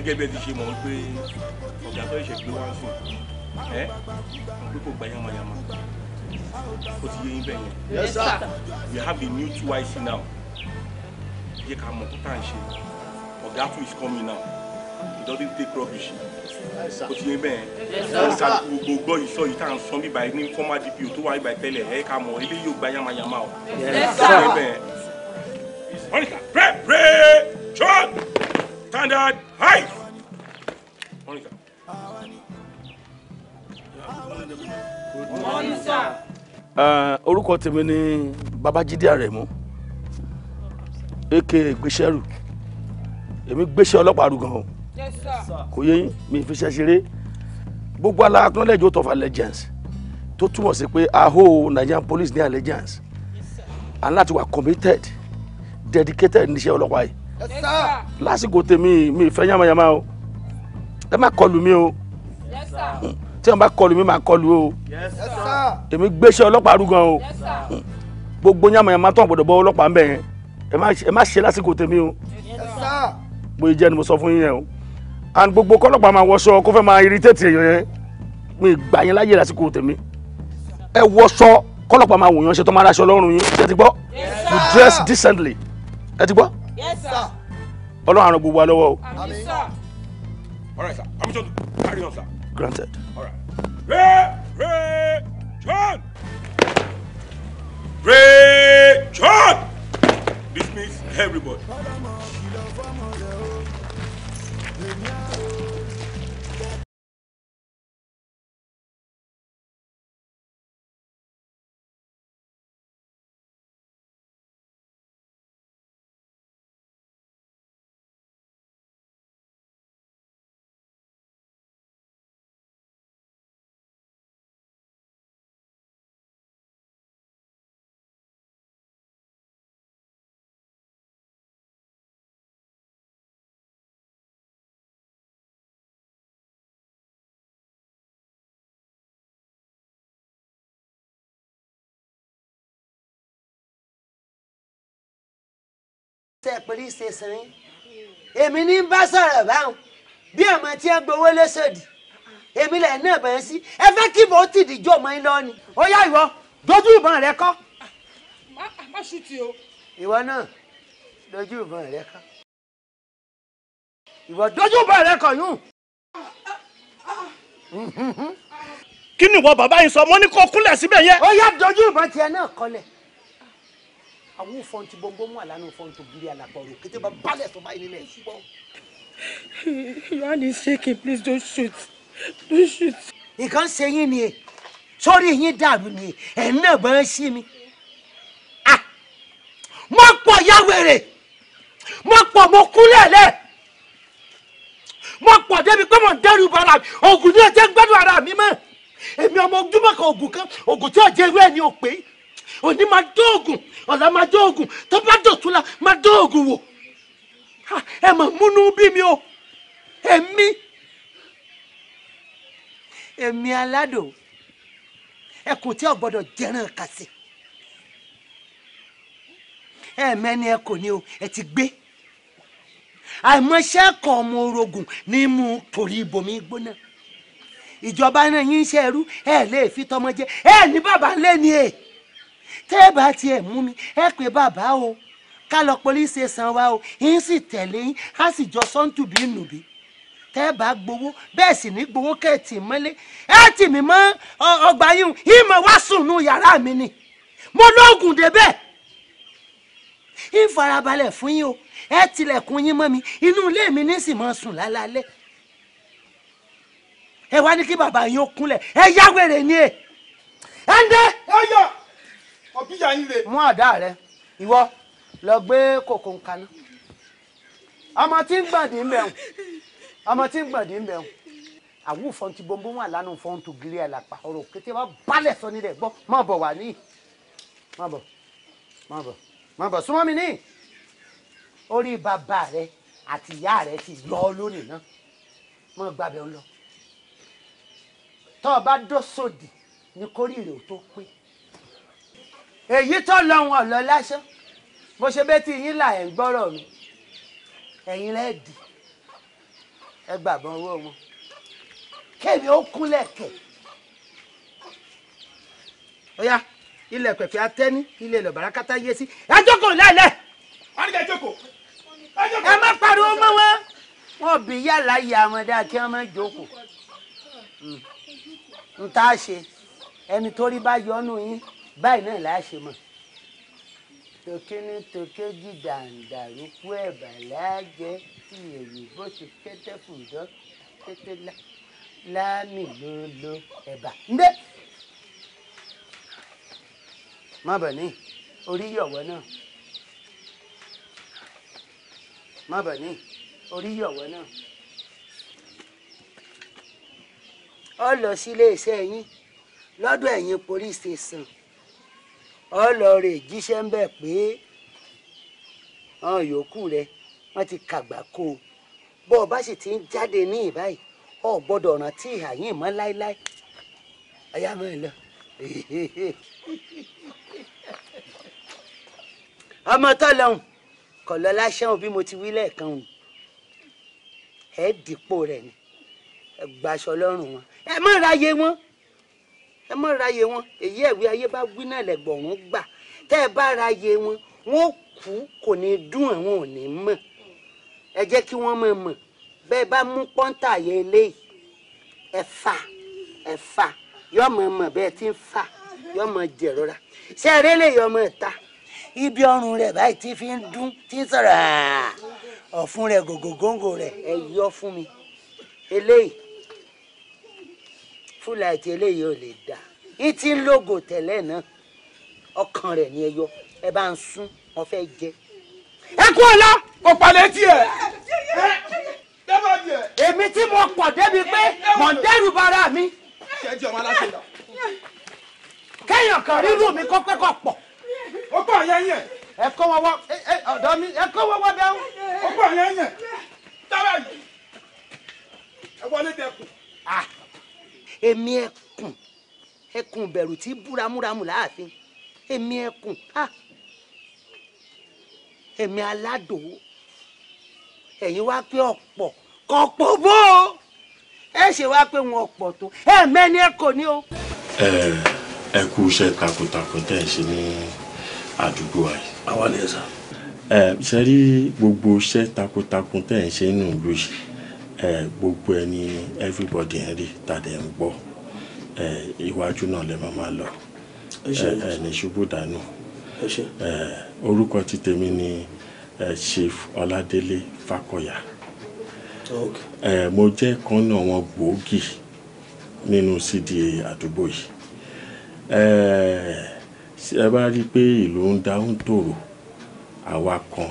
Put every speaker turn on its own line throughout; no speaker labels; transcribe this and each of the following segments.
gẹ́gẹ́ bí ẹ ti ṣe mọ̀ pé ọ̀gá tó ṣe gbé wọ́n sùn ẹ́ wọ́n pé kò gba yamayama
ó ti yé yín bẹ́ẹ̀ yẹn. yes sir. we have a new TYC now yẹ ká mọ̀ tó tà ń ṣe ọ̀gá tún is coming now he doesn't take rubbish ó ti yé bẹ́ẹ̀ yẹn gbogbo gbọ́ ìṣọ́ yìí tá à ń sọ bíbá ní former DPO
tó wà bíbá tẹ́lẹ̀ ẹ̀ ká mọ̀ eléyìí ò gba yamayama o. yes sir. Monica, pray, pray, shot, standard, high orúkọ tèmi ni babájídé àrẹ̀mú èké gbéṣẹ́rù èmi gbéṣẹ́ ọlọ́pàá rú gan-an kò yé yín mi fi ṣe ṣeré gbogbo ala acknowledge oath of allegiance tó túmọ̀ sí pé aho nigerian police ní allegiance and láti wà committed
dedicated níṣẹ́ ọlọ́pàá yìí lásìkò tèmi mi ìfẹ́ yamayama o. Yes,
ẹ má kọlù mi o
hmm.
tí wọn bá kọlù mi máa kọlù o èmi gbéṣẹ́ ọlọ́pàá arúgan o hmm. gbogbo yàmàyàmà tó ń gbọ́dọ̀ bọ ọlọ́pàá ń bẹ yẹn ẹ má ṣe lásìkò tèmi o bóyá jẹ́ ni mo sọ fún yín yẹn o and gbogbo kọlọ́pàá máa wọṣọ kó fẹ́ máa irritate èèyàn yẹn mi gbà yín láyè lásìkò tèmi ẹ wọṣọ kọlọ́pàá máa wòyàn ṣe tó máa raṣọ lọ́rùn yín ṣe ti gbọ́ you dress decently ẹ ti gbọ́ ọlọ́run àrùn gbogbo wa lọ́wọ́ o. All right, sir. Permission to carry on, sir. Granted. All right. Ray, Ray, John! Ray, John! Dismiss everybody. tẹ̀pẹ́rì ṣe sanrin èmi ní bá sọ̀rọ̀ báwọn bí ọmọ tí ń gbowó lóṣòdì èmi lẹ̀ náà bẹ̀rẹ̀ sí ẹ fẹ́ kí mo ti dìjọ́ ọmọ yín lọ́ọ́ ni ó yá ìwọ dojú ìbọn rẹ kọ́. má ṣùtì o. ìwọ náà dojú ìbọn rẹ kọ́. ìwọ dojú ìbọn rẹ kọ́ yún. kí ni ìwọ bàbá yìí sọ mo ní kó kúnlẹ̀ síbẹ̀ yẹn. ó yá dojú ìbọn tiẹ̀ náà kọlẹ̀ àwọn òfò ti gbọngbọ mú àlànà òfò tó gírí alàpọ̀rọ̀ kété bá balẹ̀ tó báyìí nílẹ̀ ṣùgbọ́. Yohane shaking please don't shoot don't shoot. nǹkan ṣe yín ni sórí yín dàrú ni ẹ̀mí ọ̀gbọ́n sí mi. mo pọ̀ ya wèrè mo pọ̀ mo kúnlẹ̀ lẹ̀ mo pọ̀ débi pé mo dẹ́rù bara oògùn ní ẹ̀jẹ̀ gbẹ́dọ̀ ara mi mọ́ èmi ọmọ ojúmọ̀ kan oògùn kan oògùn tí ò jẹ́ irú ẹ̀ ní òpè yìí òní máa dóògùn ọ̀la máa dóògùn tó bá dọ̀tún la máa dóògùn wò ẹ mà múnú bí mi o èmi èmi aládò ẹkùn tí ò gbọ́dọ̀ jẹran kà sí ẹ mẹ́ni ẹ kò ní o ẹ ti gbé àìmọṣẹ́ kọ̀ ọmọ orogún ní mú torí ibòmí gbóná ìjọba náà yín ń ṣe ẹrú ẹ lè fi tọmọ jẹ ẹ ní bàbá lé ni èè tẹ́ ẹ bá tiẹ̀ mú mi ẹ pé bàbá o ká lọ polisi san wa o yín sì tẹ̀lé yín á sì jọ sọ́ńtù bí nùbí tẹ́ gbowó bẹ́ẹ̀ sì ní gbowó kẹ́ẹ̀tì mọ́lé ẹ tì mí mọ́ ọgbà yín yín mọ̀ wá sùn yàrá mi ni mo lóògùn débẹ̀ yín farabalẹ̀ fún yín o ẹ tilẹ̀kùn yín mọ́ mi inú ilé mi ní sì máa sùn lálálẹ́ ẹ wá ní kí bàbá yín ó kúnlẹ̀ ẹ yáwèrè ni ẹ ẹ ń dẹ́ ẹ yọ ọbíyà yín rè. mú àdá rẹ ìwọ lọ gbé kòkó nkaná
ọmọ tí ń gbàdí ń
ọmọ tí ń gbàdí ń
bẹ̀rù
ti bọ́ńbọ́n wà lánàá fọ́n tó gírí ẹ̀ làpá ọ̀rọ̀ kété wá balẹ̀ sọ nílẹ̀ gbọ́ má bọ̀ wà níyì má bọ̀ má bọ̀ má bọ̀ súnmọ́ mi níyì orí bàbá rẹ àti ìyá rẹ ti lọ lónìí náà má gbàbẹ̀ ń lọ tọ́ ọ bá dọ́sọ̀dì ní kórìíre ò tó pé èyí tó lọ́hùn ọ̀lọ́ lásán mo ṣe bẹ́tí yín là ẹ̀ ń gbọ́rọ̀ mi ẹ̀yin rẹ̀ dì ẹ gbàgbọ́n owó wọn kéèmí ó kúnlẹ̀ kẹ̀ ó yá ilẹ̀ pẹ̀pẹ̀ atẹ́ní ilẹ̀ ìlọ̀ bàrákátá yé sí ẹ jókòó lẹ́lẹ̀ ẹ má pariwo mọ́ wọn wọn bí yàrá ìyá wọn dáa kí wọn má jókòó hmm. n tá a ṣe ẹni tó rí bá yọ ọ́ nù yín báyìí náà là á ṣe mọ̀ tòkínní tòkéjì dàǹdàrú kú ẹ̀bà láàjẹ́ tí èyí bó ti kété fùdọ́ kété láàmì ló lo ẹ̀bà. ǹdẹ́ má bà ní orí yọ̀wọ́ náà má bà ní orí yọ̀wọ́ náà ọ lọ sílé iṣẹ́ yín lọ́dọ̀ ẹ̀yin police station ọlọ́ọ̀rẹ́ jíṣẹ́ ń bẹ̀ pé àwọn yòókù rẹ wọ́n ti kàgbà kó o bọ́ ọ bá sì ti ń jáde ní ìbáyìí ọ gbọ́dọ̀ rántí ìhà yìí mọ́ láéláé ọ̀yá mọ́ ẹ lọ. ọmọ tó lọ́hùn kọ̀ lọ láṣẹ́hùn bí mo ti wí lẹ́ẹ̀kan hùn ẹ̀ dípò rẹ̀ ni ẹ̀ gbaṣọ lọ́rùn wọn ẹ̀ má ráyé wọn ẹ mọ̀ ráyè wọn èyí ẹ̀wí ayé bá wí náà lẹ̀gbọ̀rún gbà tẹ́ ẹ bá ráyè wọn wọn kú kò ní dùn àwọn ò ní mọ̀ ẹ jẹ́ kí wọ́n mọ̀ mọ̀ bẹ́ẹ̀ bá mú pọ́ńtà yẹ eléyìí ẹ fà ẹ fà yọmọ mọ̀ bẹ́ẹ̀ ti ń fà yọmọ jẹ̀rọra ṣé eré lè yọmọ ta ibi ọrùn rẹ̀ báyìí ti fi ń dún ti ń sọ̀rọ̀ ọ̀fun rẹ̀ gògògóńgò rẹ̀ ẹ yọ fún mi eléyìí fúláìtì eléyìí ò lè dà yìí ti ń lógo tẹ́lẹ̀ náà ọkàn rẹ̀ ni ẹ yọ ẹ bá ń sún wọn fẹ́ jẹ. ẹ kú ọ lọ kò palẹ̀ tiẹ̀. èmi tí mo pọ̀ débi pé mò ń dẹ́rù bara mi. kéèyàn kan rírú mi kó pẹ́ kó pọ̀. ó pọ̀ yẹn yẹn. ẹ kó wọn wá ọ̀dọ́ mi ẹ kó wọn bẹ́ẹ̀. ó pọ̀ yẹn yẹn. ẹ wọlé dẹkùn èmi ẹkùn ẹkùn bẹ̀rù tí búramúramù láàfin èmi ẹkùn ha èmi aládò ẹ̀yin wá pé ọ̀pọ̀ kọ̀pọ̀ bó ẹ ṣe wá pé wọn ọ̀pọ̀ tó ẹ mẹ́ni ẹ kò ní o.
ẹ ẹ kú iṣẹ́ takuntakun tẹ́ ẹ ṣe ní àdúgbò wa yìí. àwa ni ẹ sá. ẹ ṣe rí gbogbo iṣẹ́ takuntakun tẹ́ ẹ ṣe nínú ìlú yìí gbogbo ẹ ní everybody ẹ rí tàdé ń gbọ́ iwájú náà lè máa máa lọ ẹ ní ṣubú dànù orúkọ ti tèmi ni Chief Ọládélé Fákọ̀yà mo jẹ́ kan náà wọn gbòógì nínú CDA àdúgbò yìí ẹ bá rí i pé ìlú ń dáhùn tòrò àwa kan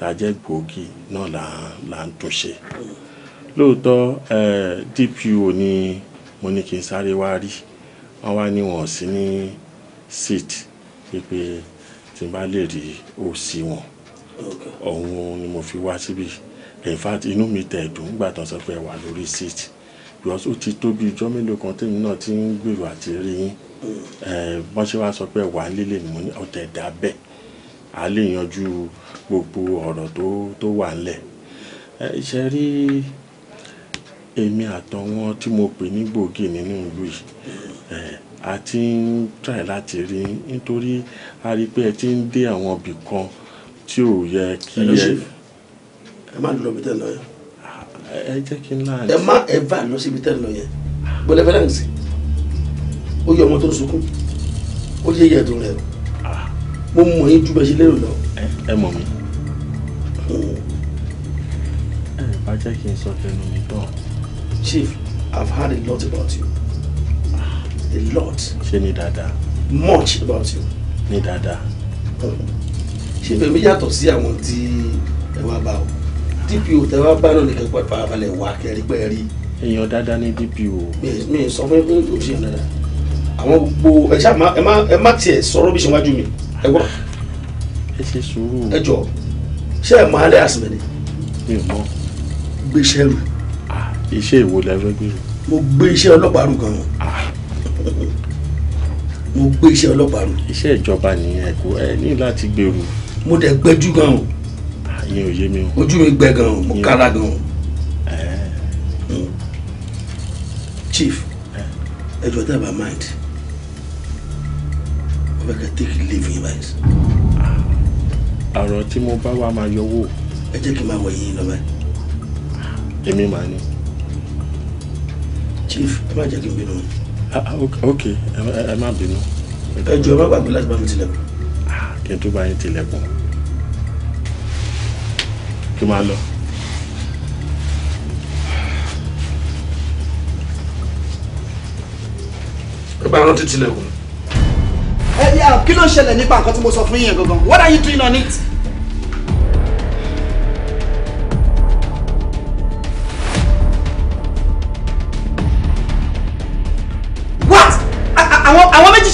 tá a gbòógì náà là ń tún ṣe. Mm lóòótọ́ um DPO ni mo ní kí n sáré wá rí wọ́n wá ní wọn ò sí ní seat pé tí n bá lè rí OC wọn òun ni mo fi wá síbí in fact inú mi tẹ̀ dùn nígbà tó ń sọ pé wà lórí seat because ó ti tó ijọ́ mélòó kan tèmi náà ti ń gbèrò àti rí yín wọ́n ṣe wá sọ pé wà nílé mo ní ọ̀tẹ̀ dá bẹ́ẹ̀ a lè yanjú gbogbo ọ̀rọ̀ tó wà ńlẹ̀ ṣe èmi àtàwọn tí mo pè ní gbòógì nínú ìlú yìí eh, a ti ń try láti rí nítorí a rí pé ẹ ti ń dé àwọn ibì kan tí ò yẹ kí ẹ. ẹ má lọ ibi tẹ́ lọ yẹn. ẹ jẹ́ kí n láàyè. ẹ má ẹ bá
lọ síbi tẹ́ lọ yẹn gbọ́dọ̀ fẹ́ láǹsì ó yẹ ọmọ tó ń sunkún ó yẹ yẹ ẹ̀dùn rẹ mo mọ̀ yín ju bẹ́ẹ̀ lérò lọ.
ẹ mọ̀ mi. ẹ bá jẹ́ kí n sọ tẹnu mi tán. Chief, I've heard a lot about you. A lot. Ṣé ní dáadáa?
Much about you.
Ní dáadáa. Hmm. Ṣé fèmí yàtọ̀ to see tí
ẹ wá bá o? DPO the wá bá náà nìkan pẹ́ farabalẹ̀ wá kẹrí pẹ́ rí.
Èèyàn dáadáa ní DPO.
Mi ì sọ fún yín pé kò ṣe ìrànlọ́dà. Àwọn gbogbo ẹ ṣáà
ẹ má tiẹ̀ sọ̀rọ̀ bí ṣe wájú mi. Ẹ gbọ́. Ẹ ṣe sùúrù. Ẹ jọ ṣé ẹ máa lé àsìmẹ́lẹ̀? Mi ò mọ̀. Gbéṣẹ́ rù iṣẹ́ ìwo lẹ fẹ́ gbèrò. mo gbé iṣẹ́ ọlọ́pàá rù gan-an ah. mo gbé iṣẹ́ ọlọ́pàá rù. iṣẹ́ ìjọba nìyẹn kò ẹ ní láti gbèrò. mo dẹ̀ gbẹ́jú gan-an. Ah, ìyẹn ò yé mi o. ojú mi gbẹ gan-an mo kára gan-an.
Hmm. chief ẹ jọ tẹ́ bá mind mo fẹ́ kẹ́ take leave yín báyìí.
àrò ah, tí mo bá wà máa yọwọ́. ẹ jẹ́ kí n máa wọ̀ yín lọ́wọ́. èmi màá ní chief ẹ má jẹ́ kí n bínú. Ah, ah, ok ẹ má bínú. ẹ jọ̀ọ́ ẹ má gbàgbé láti bá mi tilẹ̀kùn. Ah, kí n tó bá yín tilẹ̀kùn kí n máa lọ.
ẹ bá rántí tilẹ̀kùn. ẹ yà kí ló ń ṣẹlẹ̀ nípa nǹkan tí mo sọ fún yín yẹn gangan what are you doing on it.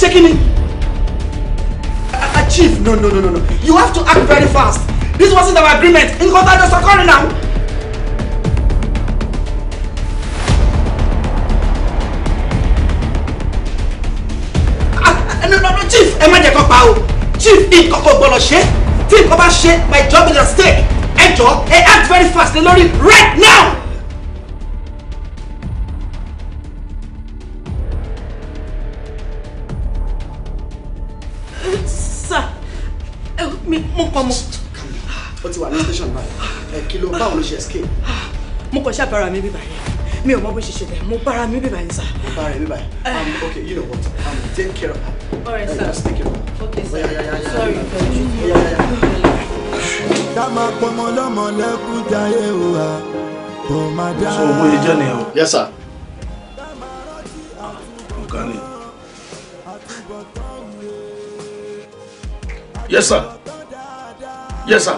ṣe kí ni. chief no no no no no you have to act very fast this wasn't our agreement nǹkan tá a now. sọ kọ́ni náà. chief ẹ má jẹ́ pa o chief in kò gbọ́dọ̀ ṣe tí nǹkan bá ṣe my job is at stake ẹ jọ ẹ act very fast lórí right now. pọ́nmọ́. ó ti wà ní station báyìí ẹ kí ló báwo ló ṣe escape. mo kàn ṣàbára mi bíbá yẹn mi ò mọ
bó ṣe ṣẹlẹ̀ mo bára mi bíbá yẹn sá. mo bára mi bíbá yẹn eh. um, okay you know what I'm um, take care of her. all right sir just take care okay oh, sorry ìtọ́jú.
ká máa pọmọ lọ́mọ lẹ́kùn jayé o wa kò má dá. so owó yìí jẹ́ nìyẹn o.
yes
sir.
yes sir yes sir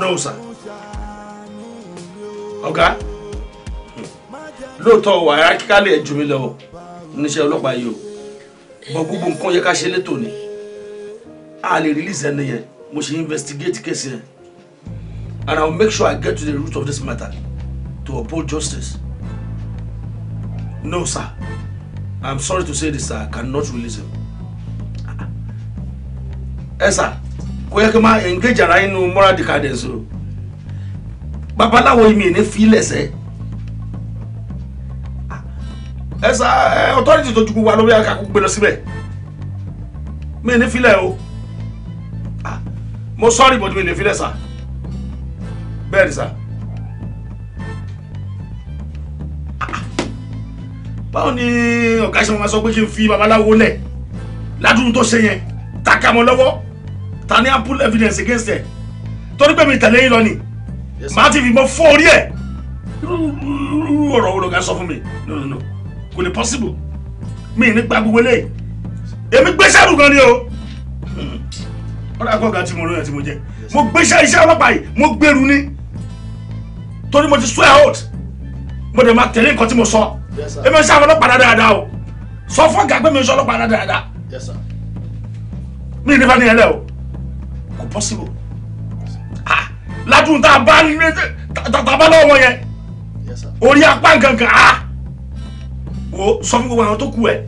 no sir ọ̀gá lóòótọ́ wàhálà kíkálẹ̀ ẹ̀ jù mí lọ níṣẹ́ ọlọ́pàá yìí o bọ gbogbo nǹkan yẹ ká ṣe létò ni a lè release ẹni yẹn mo ṣe investigate case yẹn and i will make sure i get to the root of this matter to uphold justice no sir i am sorry to say this sir i cannot release him ẹ sà kò yẹ kí n máa engage ara inú moral decadence o babaláwo mi ní fílẹ̀ sẹ́ ẹ sà ẹ authority tó jukú wa lórí akakú gbé lọ síbẹ̀ mi ní fílẹ̀ o ah, mo sorry but mi ní fílẹ̀ sà bẹ́ẹ̀ ni sà. báwo ni ọ̀gá ṣe máa sọ pé kí n fi babaláwo lẹ̀ ládùúgbò tó ṣe yẹn takamọ́ lọ́wọ́ ta ni a pull evidence against ẹ torí pé mi tẹ̀lé yín lọ ni màá ti fìbọn fọ́ orí ẹ̀ ọ̀rọ̀ wo ló ga sọ fún mi no no no kò lè possible mi ní gba gbogbo eléyìí èmi gbéṣẹ́ rù gan ni o ọ̀rọ̀ àgbọ̀gà tí mo lóyún tí mo jẹ mo gbéṣẹ́ iṣẹ́ ọlọ́pàá yìí mo gbèrú ni torí mo ti swear out mo dẹ̀ máa tẹ̀lé nǹkan tí mo sọ èmi ń ṣe àwọn ọlọ́pàá dáadáa o sọ fún ọ̀gá pé mi ń ṣe ọlọ́pàá dáadáa mi ní bá ní ẹlẹ́ o. Possible. ah ladun ládùn tá a bá tá a bá lọ́wọ́ yẹn orí apá gangan ah wo sọ fún to àwọn tó kú ẹ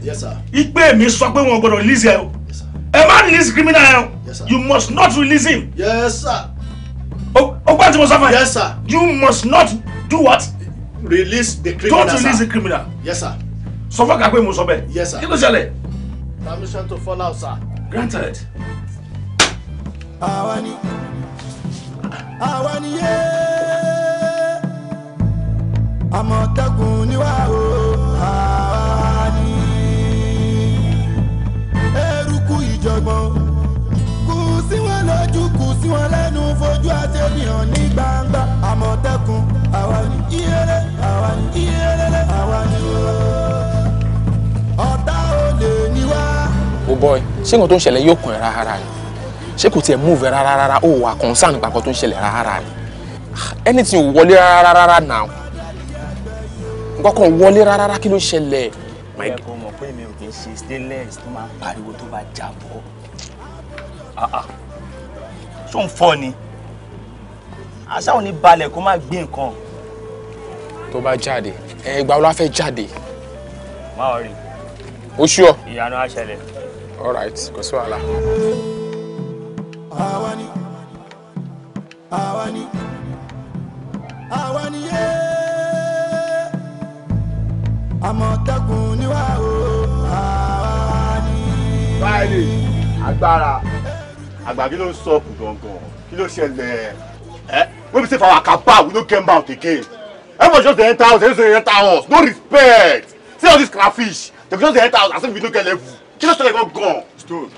ipe mi sọ pé wọn gbọ́dọ̀ release ẹ o A man is criminal Yes, sir. you must not release him. Yes, sir. o gbọ́dọ̀ tí mo sọ fún Yes, sir. you must not do what. release the criminal don't release sir. the criminal. Yes, sir. sọ fún kàpé mo sọ bẹ́ẹ̀. Yes, sir. kí ló permission to fall out, sir. granted àwa ni àwa ni yé àmọ̀tẹ́kùn ni wá o àwa eruku ìjọ̀gbọ̀n kù sí wọn lójú kù sí wọn lẹ́nu fojú àtẹ̀bí ní gbangba àmọ̀tẹ́kùn àwa iyele àwa ni iyele àwa ni o ọ̀tá olè ni o bọ ṣé nǹkan tó ń ṣẹlẹ̀ yóò kàn ẹ́ rárá ni ṣé kò tiẹ̀ move rárá rárá ó wà concern nípa nǹkan tó ń ṣẹlẹ̀ rárá ni ah, anything ò wọlé rárá rárá now nǹkan kan wọlé rárá rárá kí ló ṣẹlẹ̀. ẹ kò mọ̀ pé mi ò kì í ṣe stainless tó máa ń pariwo tó bá jà bọ́ ṣó ń fọ́ ni àṣà ah, ní balẹ̀ kó má gbé nǹkan. tó bá jáde ẹgbàá ló wá fẹ́ jáde. má ò rí.
o ṣú ọ. ìyanu á all right kò sí wàhálà
àwa ni àwa ni àwa ni yé àmọ̀tẹ́kùn ni wá o àwa ni. báyìí agbára àgbà kí ló ń sọ̀kù gangan kí ló ṣẹlẹ̀ ẹ́ wey be say for our kaba we no get mouth again everyone just dey enter house everyone dey enter house no respect see all these crayfish dem just dey enter house as if we no get level kí ló ṣẹlẹ̀ gangan. stone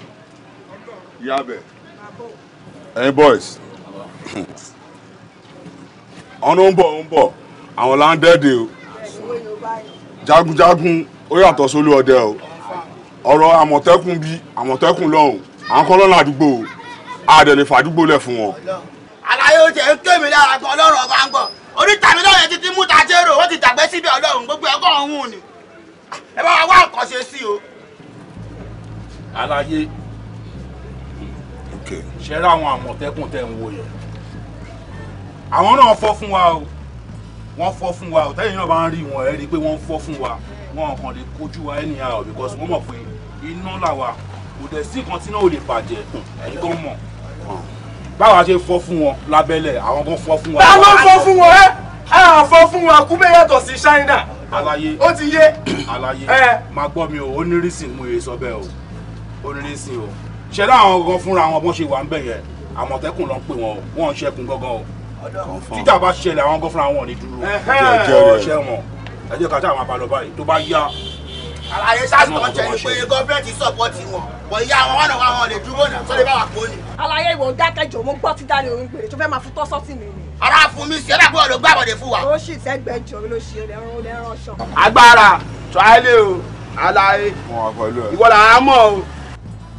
yabe. Yeah, Hey boys. ọ̀nà ń bọ̀ ń bọ̀ àwọn láńdẹ́ẹ̀dì o jagunjagun ó yàtọ̀ sólú ọdẹ o ọ̀rọ̀ àmọ̀tẹ́kùn bíi àmọ̀tẹ́kùn lọ́hùn àwọn kan lọ́nà àdúgbò o àdẹ̀ lè fàdúgbò lẹ̀ fún wọn. àlàyé oúnjẹ ń ké mi lára gan ọlọ́run ọba ń gbọ́ oríta mi náà yẹ títí mú ta jérò ó ti dàgbẹ́ síbi ọlọ́run gbogbo ẹ̀kọ́ ọ̀hún ni ẹ bá wa wá àkànṣe
ṣe rá àwọn àmọ̀tẹ́kùn tẹ̀ ń wo yẹn àwọn náà fọ́ fún wa o wọ́n fọ́ fún wa o tẹ́yìn náà bá ń rí wọn ẹ̀ rí i pé wọ́n fọ́ fún wa wọn kàn lè kojú wa ẹnì àrò because wọ́n mọ̀ pé iná làwà kò dẹ̀ sí kan tí náà ò lè bàjẹ́ ẹ̀yìn tó mọ̀
báwa ṣe fọ́ fún wọn lábẹ́lẹ̀ àwọn kan fọ́ fún wa. báwo fọ́ fún wọn ẹ́ a fọ́ fún wa kú bẹ́ẹ̀ yàtọ̀ sí China. àlàyé ó ti yé. àlàyé
máa gbọ́ mi o ó ní rísìn mú èso bẹ́ẹ̀ o ó o ṣe dá gan fúnra wọn bọ́n ṣe wà ń bẹ̀ yẹn àmọ̀tẹ́kùn ló ń wọn o wọ́n ń ṣẹ́kùn gangan o títà bá ṣẹlẹ̀ àwọn gan fúnra wọn ní dúró ọ̀ṣẹ́ wọn ẹ jẹ́ àwọn abalọ̀ báyìí tó bá yá.
àlàyé sásìkò jẹ́ ni pé gọ́ọ̀mẹ̀ntì sọ̀pọ̀tì wọn bọ̀ ìyá àwọn wọn náà wọn lè dúró náà sọ́dẹ̀ bá wà pọ̀ ni. àlàyé ìwọ dákẹ́jọ
mo gbọ́ ti dání orin gbèrè tó fẹ́ máa fún tọ́sọ́tì mi ara fún mi sí ẹ bá gbọ́dọ̀ gbàbọ̀dẹ̀ fún wa. ó sì
sẹ́gbẹ̀ẹ́jọ ló ṣe lẹ́rán lẹ́rán ṣọ.
agbára tọ́lẹ̀ o àlàyé ìwọ làá mọ̀ o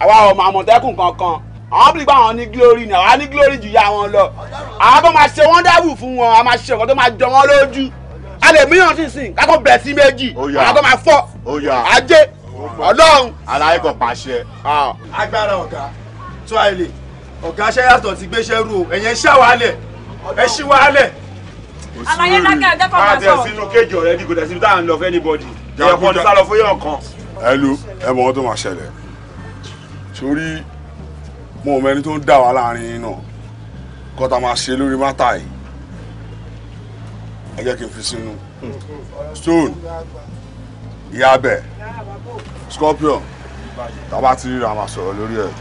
àwa ọmọ àmọ̀tẹ́kùn kankan àwọn bí báwọn ní glory ni àwa ní glory jù yá wọn lọ àwọn kan máa ṣe wọ́ndáwù fún wọn a máa ṣe ọ̀kan tó máa jọ wọn lójú a lè míyàn sí sìn kákan bẹ̀rẹ̀ sí méjì àwọn kan máa fọ́ ajé ọlọ́run. aláyé kan pàṣẹ. Ah. agbára ọ̀gá tó àìlè ọ̀gá ṣe yàtọ̀ ti gbéṣẹ́ rú o ẹ̀yẹn ṣàwálẹ̀ ẹ̀ ṣíwálẹ̀.
àlàyé lákẹ́ ẹ̀jẹ̀ ah, kan máa sọ. àti ẹ̀sìn inú
kéjì ọ̀rẹ́dì kò tẹ̀sí táwọn lọ fẹ́ anybody.
ẹ̀yọ̀kan ti sá lọ fún
yọ̀ọ̀kan. ẹ lu ẹ mọ ọdún máa ṣẹlẹ̀ sórí mo mọ ẹni tó ń dà wá láàrin yín náà kọ́ ta máa ṣe lórí mátà yìí ẹ jẹ́ kí n fi sínú stone ìyábẹ̀ scorpion tàbá ti ríra máa sọ̀rọ̀ lórí ẹ̀.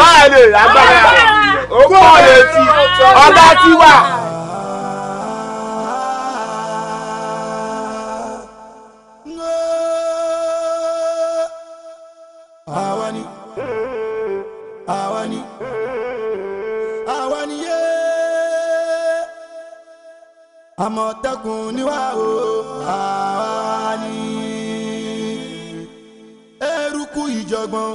báyìí lè lágbára ó pọ̀ létí ọba tiwa. àmọ̀tẹ́kùn níwá o àwa ni. eruku ìjọ̀gbọ̀n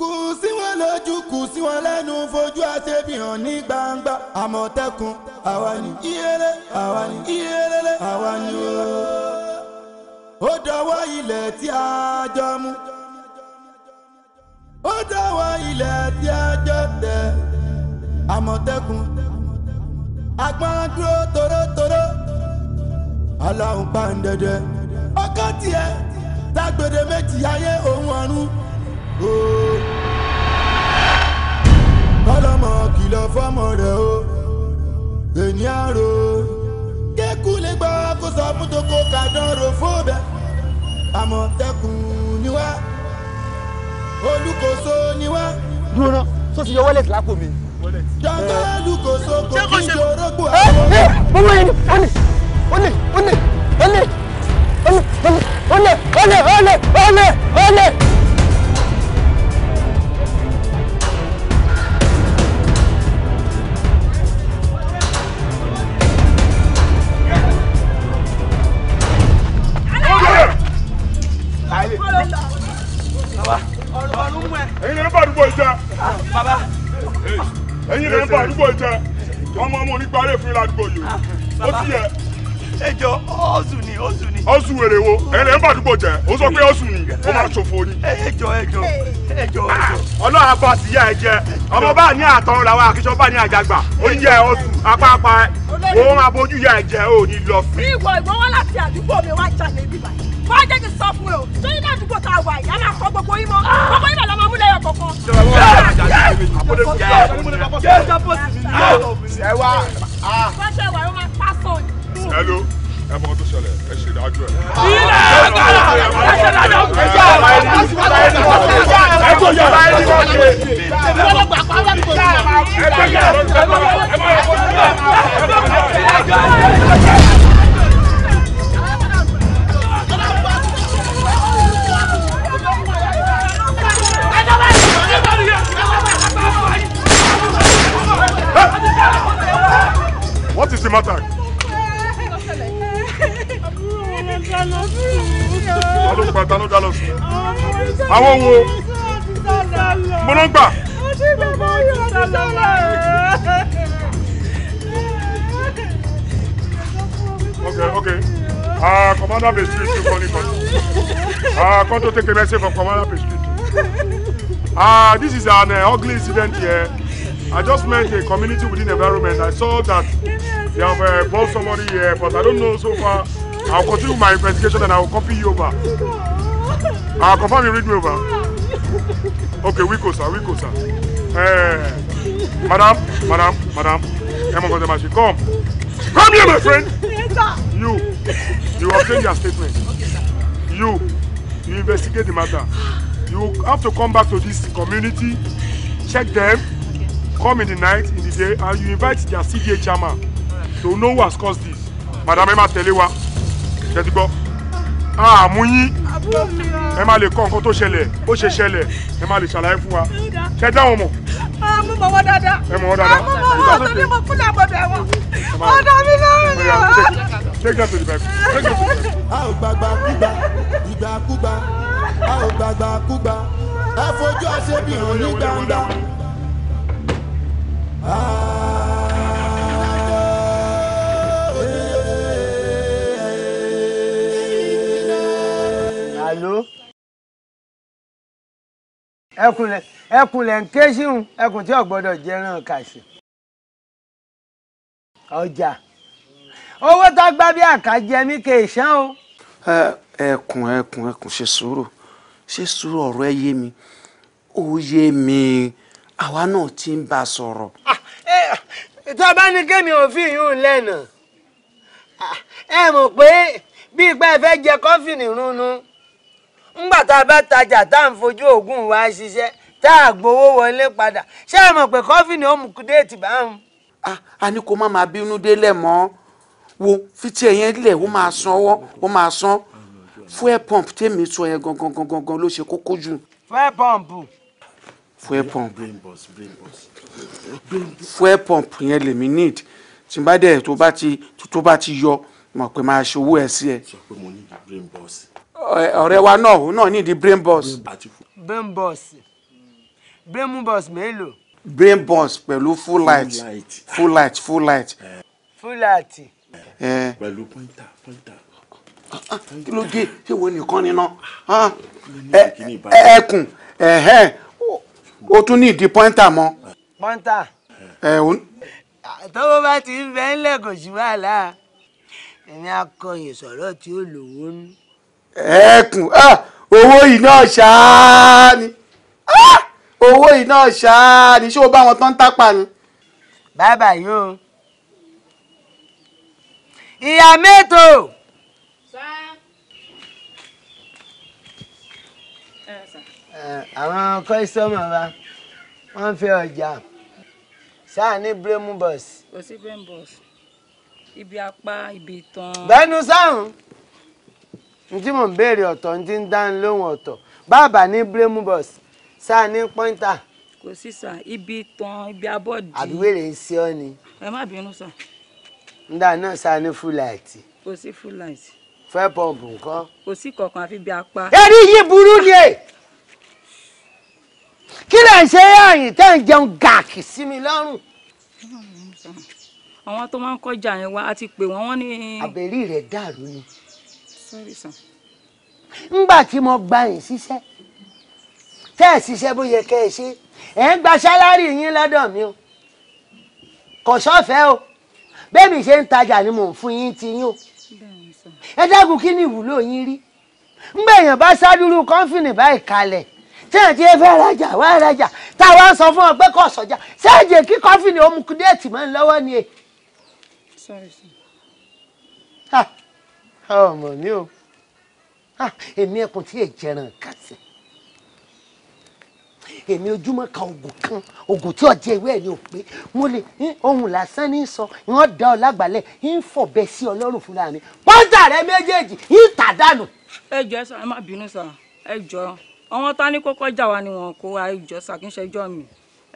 kù sí wọn lójú kù sí wọn lẹ́nu fojú àṣebí hàn ní gbangba àmọ̀tẹ́kùn àwa ni iyele àwa ni iyelele àwa ni o. ó dọwọ́ ilẹ̀ tí a jọ mú ó dọwọ́ ilẹ̀ tí a jọ tẹ̀ àmọ̀tẹ́kùn agbọn dúró torótoró aláhùn pa ń dẹdẹ ọkọ tiẹ tágbèdè méjì ayé òun ọ̀run ooo kọlọmọ kìlọ̀ fọ́mọ rẹ̀ o èní àrò kékù lè gbọ́ kó sọ fún toko kàdánrò fóbẹ àmọ̀tẹ́kùn ni wá olùkóso ni wá. dúró náà sọ ti yọ wọlé ìtìlápò mi jọ̀ngọ́lù kò sóko kí jorógbó àwọn. ọmọ yẹn ni olè olè olè olè olè olè olè olè olè olè. ẹ̀yin lè ń bá àdúgbò jẹ ọmọ ọmọ onígbàrè fún ìlàdúgbò yìí ah, ó ti yẹ. ẹjọ ọsùn ni ọsùn ni. ọsùn wèrè wo ẹ̀yin lè ń bá àdúgbò jẹ ó sọ pé ọsùn ni ó máa ṣòfò ni. ẹjọ ẹjọ ẹjọ ẹjọ. Ah, ọlọ́run apá sì yá ẹ jẹ ọmọ bá ní àtọrun làwọn akíṣọ́ bá ní àjàgbà ó yẹ ọsùn apáapá òun abojú yá ẹ jẹ ò ní lọ fún.
ìwọ ìwọ wá láti àdúgbò mi wá jalè bíbáyìí wọ́n á sọ fún ẹ o náà àdúgbò tá a wà yìí a máa kọ́ gbogbo yín mọ́ gbogbo yín lọ́mọ mú lẹ́yọ̀ kọ̀ọ̀kan. Hello ẹ mọ tó
ṣẹlẹ̀ ẹ ṣe ìdájọ́ ẹ. ilé agbára ẹ ṣe ìdájọ́ ẹ ṣe àbá ẹni ẹ ṣe àbá
ẹni ẹ tó yẹ àbá ẹni wọn ṣe. ìfọwọ́gbà pàrọ̀ ní kò sí. ẹ gbẹ́gẹ́ ẹ bá yẹ kó sílẹ̀.
What is the matter? àwọn wo mo ló ń gbà. okay okay ah commander pastry too funny funny
ah come to take a message from commander pastry too ah this is an uh, ugly incident here. I just met a community within environment. I saw that
they have uh,
brought
somebody here, but I don't know so far. I'll continue my investigation and I'll copy you over. I'll confirm you read me over. Okay, we go, sir. We go, sir. Hey, eh, madam, madam, madam. Come come on, Come. Come here, my friend. You. You obtain your statement. You. You investigate the matter. You have to come back to this community, check them, come in the night in the day and you invite their CDA chairman to know who has caused this madam Emma, máa tẹ̀lé wa ṣẹ́tí gbọ́ àmú yín ẹ máa lè kọ́ nǹkan tó ṣẹlẹ̀ ó ṣe ṣẹlẹ̀ ẹ máa lè ṣàlàyé fún wa ṣẹ́ dáhùn mọ̀.
àmú mọ̀ wọ́n dáadáa àmú mọ̀ wọ́n tó
ní mo kúlẹ̀ àbọ̀dọ̀
ẹ̀wọ̀n ọ̀dọ̀ mi
take that to the back take that to the back. a ò gbàgbà kúgbà ìgbàkúgbà a ò gbàgbà kúgbà ẹ fojú
Hello.
ẹkùnlẹ̀ ẹkùnlẹ̀ ń ké síhun ẹkùn tí ò gbọ́dọ̀ jẹran kàṣì. ọjà owó tó gbá bí àkàjẹ mi kì í ṣán o. ẹkùn ẹkùn ẹkùn ṣe sùúrù ṣe sùúrù ọ̀rọ̀ ẹ yé mi ó yé mi àwa náà ti ń bá a sọ̀rọ̀. Ah, eh, ah, tó bá ní kémi òfin yìí ń lẹ́nà ah, ẹ mọ̀ pé bí ipa ẹ fẹ́ jẹ kọ́fìnì runu ńgbà tá a bá tajà tá à ń fojú oògùn wa ṣiṣẹ́ tá a gbowó wọlé padà ṣé ẹ mọ̀ pé kọ́fìnì ó mú déètì bá ń. a ní kó má máa bínú délẹ̀ mọ́ wo fìtí ẹ̀yẹn lẹ̀ ó máa san ọwọ́ ó máa san fuel pump tèmi sọ yẹn gangan gangan ló ṣe kókó jù. fuel pump fuel pump fuel pump yẹn lèmi need tí n bá dẹ̀ tó bá ti tó bá ti yọ mọ̀ pé máa ṣe owó ẹ̀ sí ẹ. ọ̀rẹ́ wa náà òun náà nídìí brain boss. brain boss brain boss mélòó. brain boss pẹ̀lú full light full light full light. Eh. full light. Eh. pẹ̀lú pointer pointer kí ló dé ṣé wo nìkan ni náà ẹkùn ẹhẹn o tún ní ìdí pọ́ńtà mọ́. pọ́ńtà. ẹ o. tọ́wọ́ bá ti ń bẹ ńlẹ̀ kò sí wàhálà ẹni akọyìn sọ̀rọ̀ tí ó lòwó ń. ẹkùn ah, owó yìí náà ṣáá ni ah, owó yìí náà ṣáá ni ṣé o bá wọn tán tápà ni. bàbá yìí o ìyá mẹ́tò. Eh, àwọn kọ́sítọ́mù wa wọ́n fẹ́ ọjà sáà ní bremu bus. kò sí bremu bus ibi apá ibi ìtàn. bẹ́ẹ̀nu sáhùn n tí mò ń béèrè ọ̀tọ̀ n tí ń dá lóhùn ọ̀tọ̀ bàbá ní bremu bus sáà ní pọ́ńtà. kò sí sà ibi ìtàn ibi abọ́dì. àbíwèrè ń ṣe ọ́ ni. ẹ má bínú sà. nígbà náà sáà ní fúláìtì. kò sí fúláìtì. fẹ́ pọ̀mpù nǹkan. kò sí kankan àfi bí apá. eré yìí burú ni kí lè ṣe àyìn tẹ́ ń jẹun gàkì sí mi lọ́rùn.
àwọn tó máa ń kọjá yẹn wá a ti pè wọ́n
wọ́n ní. àbẹ̀rí rẹ̀ dàrú ni. ńgbà tí mo gba yín ṣiṣẹ́ tẹ́ ẹ̀ ṣiṣẹ́ bó yẹ kẹ́ ẹ ṣe ẹ̀ ń gba ṣálárì yín lọ́dọ̀ mi o kò sọ́fẹ̀ẹ́ o bẹ́ẹ̀mi ṣe ń tajà ni mò ń fún yín ti yín o ẹ dákun kí ni ìwúlò yín rí ńgbà èèyàn bá ṣáájú kọ́ńfìnì báyìí kalẹ̀ téèyàn ti fẹ́ rajà wá rajà táwa sọ fún ọ pé kò sọjà ṣéèjì kí kọ́fìnì omukudéètì mọ́ ń lọ́wọ́ ni e. ọmọ mi o èmi ẹkùn tí èjẹràn kà sí èmi ojúmọ́ kan oògùn kan oògùn tí ọjọ́ ìwé ẹ̀ ni ò pé mo lè ohun lásán ní sọ ìwọ́n da ọ lágbàlẹ̀ ń fọ̀bẹ sí ọlọ́run fúnra pọ́ńtà rẹ méjèèjì ń tà dànù.
ẹ jọ ẹ sọ ẹ má bínú sọ ẹ jọ àwọn tá ní kókó jà wá ni wọn kó wa ìjọ ṣàkínṣe ìjọ mi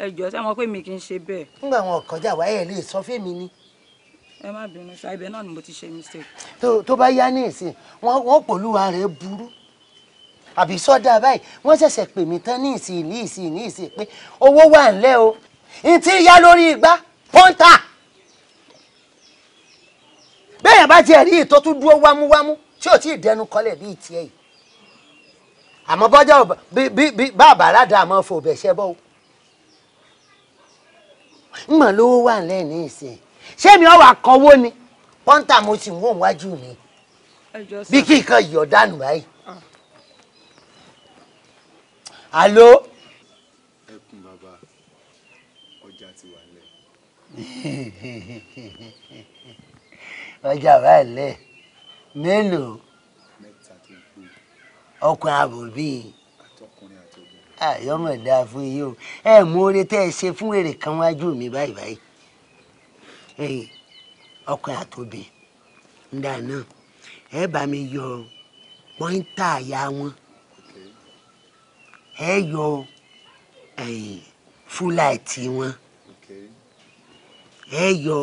ẹjọ ṣé wọn pé mi kì í ṣe bẹ́ẹ̀.
nígbà wọn kọjá wa ẹ lè sọ fèmi ni.
ẹ má bínú ṣá ibẹ̀ náà
ni mo ti ṣe mistake. tó bá yá ní ìsìn wọn pòlúwa rẹ burú àbí sọdá báyìí wọn ṣẹ̀ṣẹ̀ pè mí tán ní ìsìn ní ìsìn ní ìsìn pé owó wà ńlẹ̀ o n ti yá lórí igbá pọ́ńtà bẹ́ẹ̀ yẹn bá tiẹ̀ rí ìtọ́tún dúró wámúwámú tí ò tí ì dẹnu kọlẹ̀ bíi tiẹ̀ yìí àmọ́ bọ́jà bí bàbá aládà àmọ́ fò bẹ̀ṣẹ́ bọ́ ń mọ̀ lówó wà lẹ́ẹ̀ní ìsìn ṣé mi ò wà kọ́wó ni pọ́ńtà mo sì wọ́n wájú mi bí kí nǹkan yọ̀ dànù báyìí. alo. Ah. ẹkùn bàbá ọjà ti wà lẹ. ọjà wà lẹ mélòó ọkùnrin àbòbí àyọmọ dá fún yìí o ẹ mú oore tẹ ẹ ṣe fún èrè kan wájú mi báyìí báyìí ọkùnrin àtòbí ńdà náà ẹ bá mi yọ pọ́ńtà àyà wọn ẹ yọ fúláìtì um, wọn ẹ yọ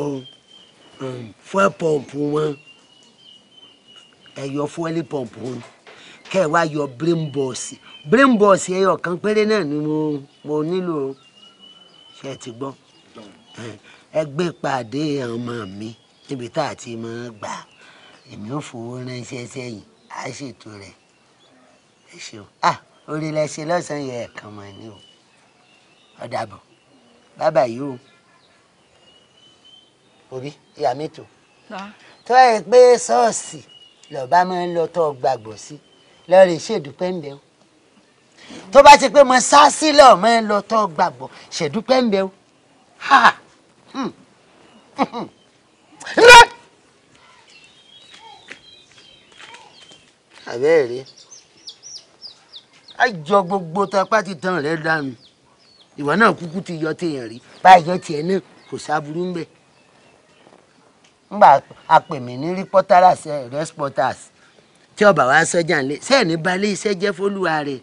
fúẹ́ pọ̀mpù wọn ẹ yọ fúẹ́lì pọ̀mpù wọn. Okay kẹ́ ẹ wá yọ brain bọ́ọ̀sì brain bọ́ọ̀sì ẹyọ kan péré náà ni mo mo nílò ṣe ti gbọ́ ẹ gbé pàdé ọmọ mi níbi tá a ti máa gbà èmi ò fowó ránṣẹ́ sẹ́yìn á ṣètò rẹ̀ ẹ ṣeun ah orí lẹ́sẹ̀ lọ́sàn-án yẹ ẹ̀kan mọ̀ ni o ọ̀dàbọ̀ bàbá yìí o orí ìyá mi tò tọ́ ẹ pé ṣọ́ọ̀ṣì lọ́ba máa ń lọ tọ́ gbàgbọ́ sí lọ́ọ̀rẹ́ ṣèdúpẹ́ ń bẹ̀ o tó bá ti pé mo sá sílẹ̀ ọmọ ẹ lọ tó gbàgbọ́ ṣèdúpẹ́ ń bẹ̀ o ha ǹlẹ́ hmm. hmm. àbẹ́ẹ̀rẹ́ àjọ gbogbo tapá ti tan rẹ̀ dànù ìwà náà kúkú ti yọ téèyàn rí báyọ̀ tiẹ̀ náà kò sáburú ń bẹ̀ ńgbà àpèmí ní reporters eh, rẹ́spọ́tàsì tí ọba wa sọ́jà ńlẹ̀ sẹ́ẹ̀ni balẹ̀ iṣẹ́ jẹ́ fólúwa rẹ̀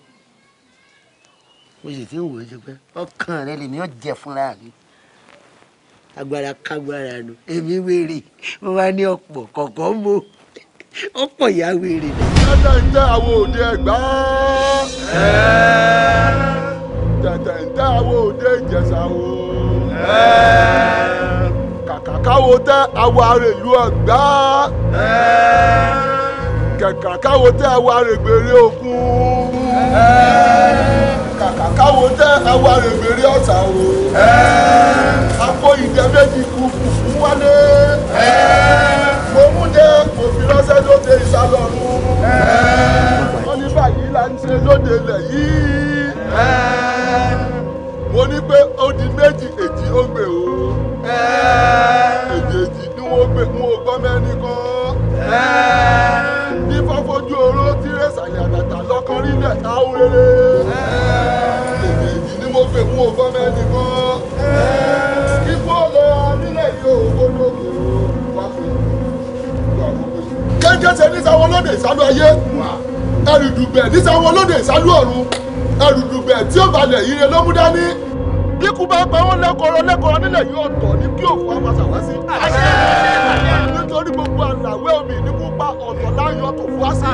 mo sì ti ń wò ó ṣe pé ọkàn rẹ lèmi ò jẹ fúnra mi agbára kágbára nu èmi wèrè mo wá ní ọ̀pọ̀ kọ̀ọ̀kan mo ọ̀pọ̀ ìyá wèrè. tẹ̀tẹ̀ǹtẹ̀ àwọn òde ẹ̀gbá tẹ̀tẹ̀ǹtẹ̀ àwọn òde ìjẹ̀ṣà o kàkà káwo tẹ àwọn ará ìlú ẹ̀gbá kàkà káwo tẹ́ ẹ wá règbèrè kàkà káwo tẹ́ ẹ wá règbèrè o àpò ìdẹ méjì kú fùfú wálé mo mú dé kò fi ránṣẹ́ lóde ìsàlọ́run wọ́n ní báyìí là ń ṣe lóde ilẹ̀ yìí mo ní pé ó di méjì èjì ó gbè o èjì èjì ni wọ́n gbé wọn ò mẹ́rin kan fọ́ fojú oró tírẹ̀sà yàgàtà lọ́kàn rílẹ̀ táwúrere. èmi èyí ni mo fẹ́ mú ọfọ́ mẹ́ni kan. ikú ọ̀lẹ́ amílẹ̀ yóò gbọ́dọ̀ gbòòrò wá fún mi. kéńkéṣe nísàwọn olóde ìsálú ayé ẹrù dùgbẹ̀ nísàwọn olóde ìsálú ọ̀run ẹrù dùgbẹ̀ tí ó balẹ̀ ire bí bá pa wọ́n lẹ́kọ̀ọ́rọ́ lẹ́kọ̀ọ́rọ́ nílẹ̀ yìí ọ̀tọ̀ ni kí òkú àpàṣà wá sí. nítorí gbogbo àlàwé omi ní kú ọ̀tọ̀ láyọ̀ tó fún àṣà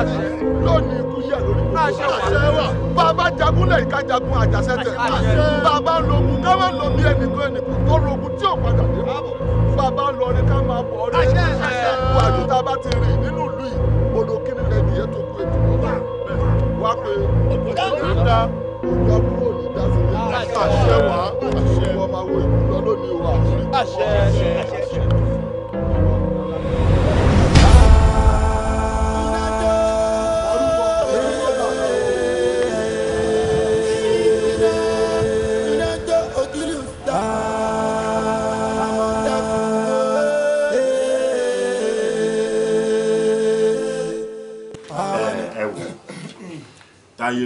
lónìí ikú yẹ̀ lórí gbogbo. bàbá jagunlẹ̀ ìka jagun àjàṣẹ́tẹ̀ bàbá logun ká má ẹnìkan ẹnìkan tó logun tí ò padà dé bàbá lọrin ká máa bọ̀ ọ́ lórí wàdúrà bá ti rìn nínú ìlú yìí olókìnnìlẹ̀ nìyẹn tó
kú ètò wá pé ọ̀gá àṣẹ wà àṣẹ wọn máa wo ìlú lọ
lónìí o àṣẹ àṣẹ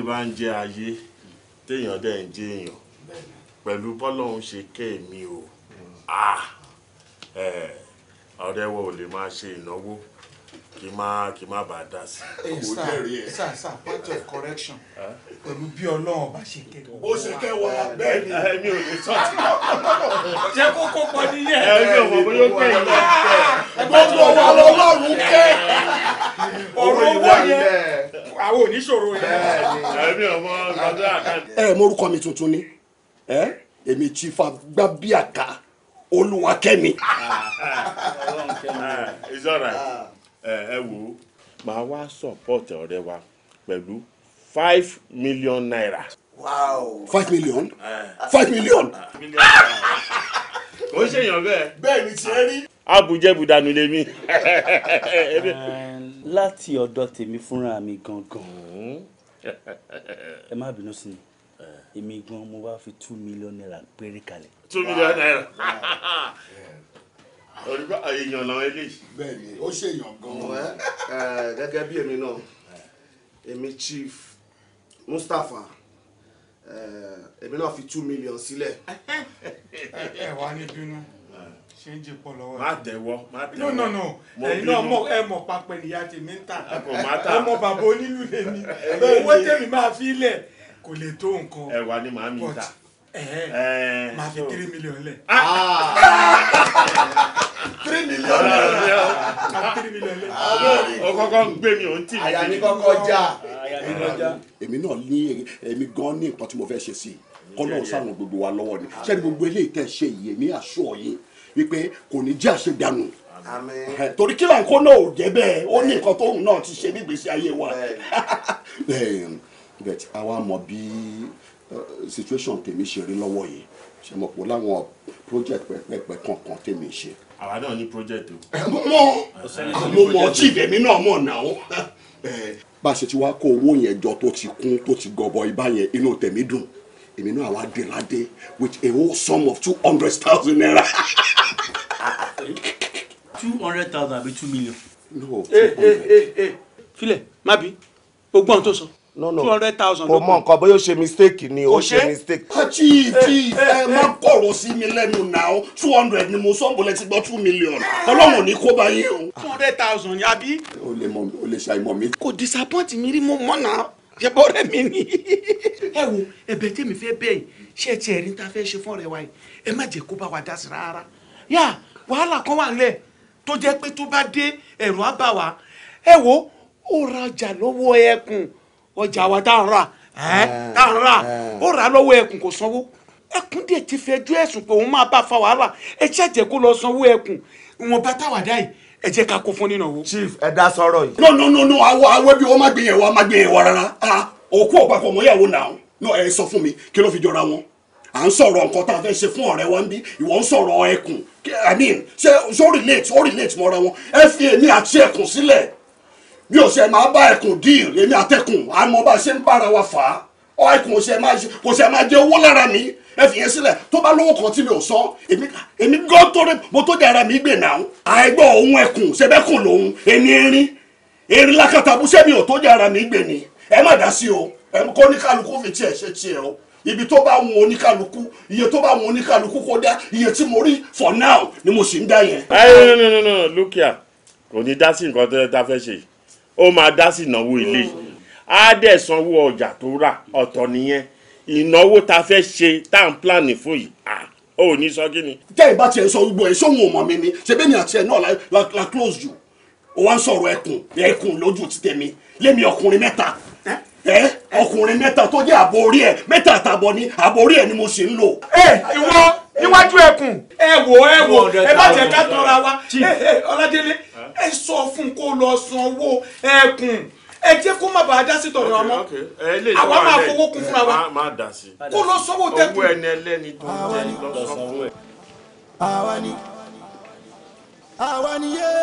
bá ń jẹ ayé téèyàn dẹ̀ ń jẹ èèyàn pẹ̀lú bọ́lọ́hún ṣe kéèmí o ọ̀rẹ́ wo ò lè máa ṣe ìnáwó kí má kí má bàa dá sí. sir
sir sir point of correction pẹ̀lú bí ọlọ́run bá ṣe kẹ́
wa. ó ṣe kẹ́ wa bẹ́ẹ̀ ni. ẹ̀mí ò lè sọ ti.
ṣé kókó pọ̀ nìyẹn. ẹ̀mí ò mọ̀ bóyá ó kẹ́ ìlú kẹ́. gbogbo wa
lọ́lọ́run kẹ́.
ọ̀rọ̀ owó yẹn àwọn oníṣòro yẹn.
ẹ̀mí ò mọ̀ ọ̀gá. ẹ mọ orúkọ mi tuntun ni ẹ èmi chief agbábíàká olúwakẹ́mi.
Ah, it's alright ah. eh, ẹ wo màá wá support ọ̀rẹ́ wa pẹ̀lú five million naira.
wow
five million eh. five million. Ah, kò ń ṣèyàn bẹ́ẹ̀. bẹ́ẹ̀ ni tiẹ̀ rí. abùjẹ́bùdànù lèmi.
láti ọ̀dọ̀ tèmi fúnra mi gangan hmm. ẹ má bínú sí mi èmi gan mo wá fi two million naira péré kalẹ̀. two million naira olùkọ́ èèyàn làwọn eléyìí. bẹ́ẹ̀ni ó ṣèyàn gan. gẹ́gẹ́ bí èmi náà èmi chief Mustapha èmi náà fi two million sílẹ̀.
ẹ wá ní bínú ṣe ń jìpọ̀ lọ́wọ́. má dẹ̀wọ́ má dẹ̀wọ́. no no no ẹ̀yin
náà mọ̀ ẹ mọ̀ papẹ̀ nìyá tèmi ń tà ẹ mọ̀ bàbá onílù lèmi owó tèmi
máa fi lẹ̀ kò lè tó nǹkan ẹ̀wà ni màá mi ta eh, eh, ah! màá fi three million lẹ̀.
three million lẹ̀ three
million lẹ̀. o kọ́kọ́ ń gbé mi ò ń tì mí. àyà mi kọ́kọ́ já. èmi náà ní èmi gan ní nǹkan tí mo fẹ́ ṣe sí i kọ́nà sáwọn gbogbo wa lọ́wọ́ ni ṣé ni gbogbo eléyìí tẹ̀ ṣe yìí èmi àṣọ yìí wípé kò ní jẹ́ àṣegbanu eh, torí kí lóun kó náà ò jẹ́ bẹ́ẹ̀ ó ní nǹkan tóun náà ti ṣe nígbésí ayé wa but àwa mọ̀ bí uh, situation tèmi ṣe rí lọ́wọ́ yìí ṣe mọ̀ pé láwọn project pẹ́pẹ́pẹ́ kankan tèmi ṣe. àwa
náà ní project o. Eh, mo mọ ah,
mo mọ tí ìdẹ̀mí náà mọ̀ náà eh, bá a ṣe ti wá kó owó yẹn jọ tó ti kún tó ti gọbọ ibà yẹn inú tèmi dùn èmi náà wá dé ládé with a whole sum of two hundred thousand naira. two hundred thousand àbí two million. no eh, two hundred. filẹ̀ má bí o gbọ́n tó sọ no no two hundred thousand lókun. o mọ nǹkan bóyá o ṣe mistake ni o ṣe mistake. àti ah, ìdí eh, eh, ẹ má kọ̀rọ̀ sí mi lẹ́nu náà two hundred ni mo sọ bọ́lẹ̀ ti gbọ́ two million ọlọ́run ò ní kó bá yín o. two hundred thousand yà bí. o le mọ o le ṣàìmọ mi. kò disappoint mi rí mo mọ̀ náà ṣe bọ́ ọ̀rẹ́ mi ni. ẹ wo ẹ̀bẹ̀ tèmi fẹ́ bẹ́ẹ̀ ṣé ẹ tiẹ̀ rí ta fẹ́ ṣe fún ọ̀rẹ́ wa yìí ẹ má jẹ́ kó bá wa dá sí rárá yà wàhálà kan wà nílẹ̀ tó jẹ́ pé tó bá dé ẹ̀rù á bà wá ẹ wo ó rajà lọ́wọ́ ẹkùn ọjà wa tá n ra tá n ra ó rà lọ́wọ́ ẹkùn kò sanwó ẹkùn dẹ̀ ti fẹjú ẹ̀sùn pé òun máa bá fa wàhálà ẹ jẹ́ jẹ́ kó lọ sanwó ẹkùn ìwọ̀n bá táwàdá yìí ẹ jẹ́ ká kó fún nínú owó. chief ẹ dá sọ̀rọ̀ yìí. no no no no awọ awọ bí wọn má gbé yẹn wá má gbé yẹn wá rárá òkú ọ̀pápọ̀ mọ́yàwó náà no ẹ sọ fún mi kí ló fi jọra wọn à ń sọ̀rọ̀ nǹkan tá a fẹ́ ṣe fún ọ̀rẹ́ wa ń bí ìwọ ń sọ̀rọ̀ ẹkùn i mean ṣé ó relate ó relate mọ́ra wọn ẹ fi èmi àti ẹkùn sílẹ̀ mi ò ṣe máa bá ẹkùn díìl èmi àtẹkùn àmọ́ bá a ṣe ń bára wa fà á ọ ẹkùn ò ṣe máa kò ṣe máa jẹ owó lára mi ẹ fi yẹn sílẹ̀ tó bá lówó kan tí mi ò sọ èmi gán tó rẹ mo tó dé ara mi gbè náà àìgbọ́ òun ẹkùn ṣẹbẹ́kùn lòun èmi erin erin lákàtàbù ṣẹ́mi ò tó dé ara mi gbè ni ẹ má dá sí o kó ní kálukú fi tiẹ̀ ṣe tiẹ̀ o ibi tó bá wọn oníkálukú iye tó bá wọn oníkálukú kó dá iye tí mo rí for now ni mo sì ń dá yẹn. ẹ
ẹ no no no look here kò ní dá sí nǹkan tó yẹ ká fẹ́ ṣe yìí ó máa dá sí ìnáwó ilé á dẹ̀ sanwó ọjà tó rà ọ̀tọ̀ nìyẹn ìnáwó tá fẹ́ ṣe tá à ń plan fún yìí ó
ní sọ kí ni. tẹ́ ẹ bá tiẹ̀ sọ gbogbo ẹ̀ sóhun ọmọ mi ni ṣebí ni àti ẹ̀ náà la close you ó wá ń sọ̀rọ̀ ẹkùn ẹkùn lójú ti tèmi lémi ọkùnrin mẹ́ta ẹ ọkùnrin mẹ́ta tó jẹ́ àbórí ẹ̀ mẹ́ta àtàbọ̀ ni àbórí ẹ̀ ni mo ṣe ń lò. ẹ ìwọ níwájú ẹkùn ẹ wò ẹ wò ẹ bá jẹ ká tọra wa ọládélé ẹ sọ fún kó lọ san owó ẹkùn ẹ jẹ kó má bàa dá sí tọrọ ọmọ
àwa máa fowó kún fúnra wa kó lọ sanwó tẹkùn. owó ẹni ẹlẹ́ni tó ń jẹ́ ní lọ́sàn-án.
àwa ni àwa ni yéé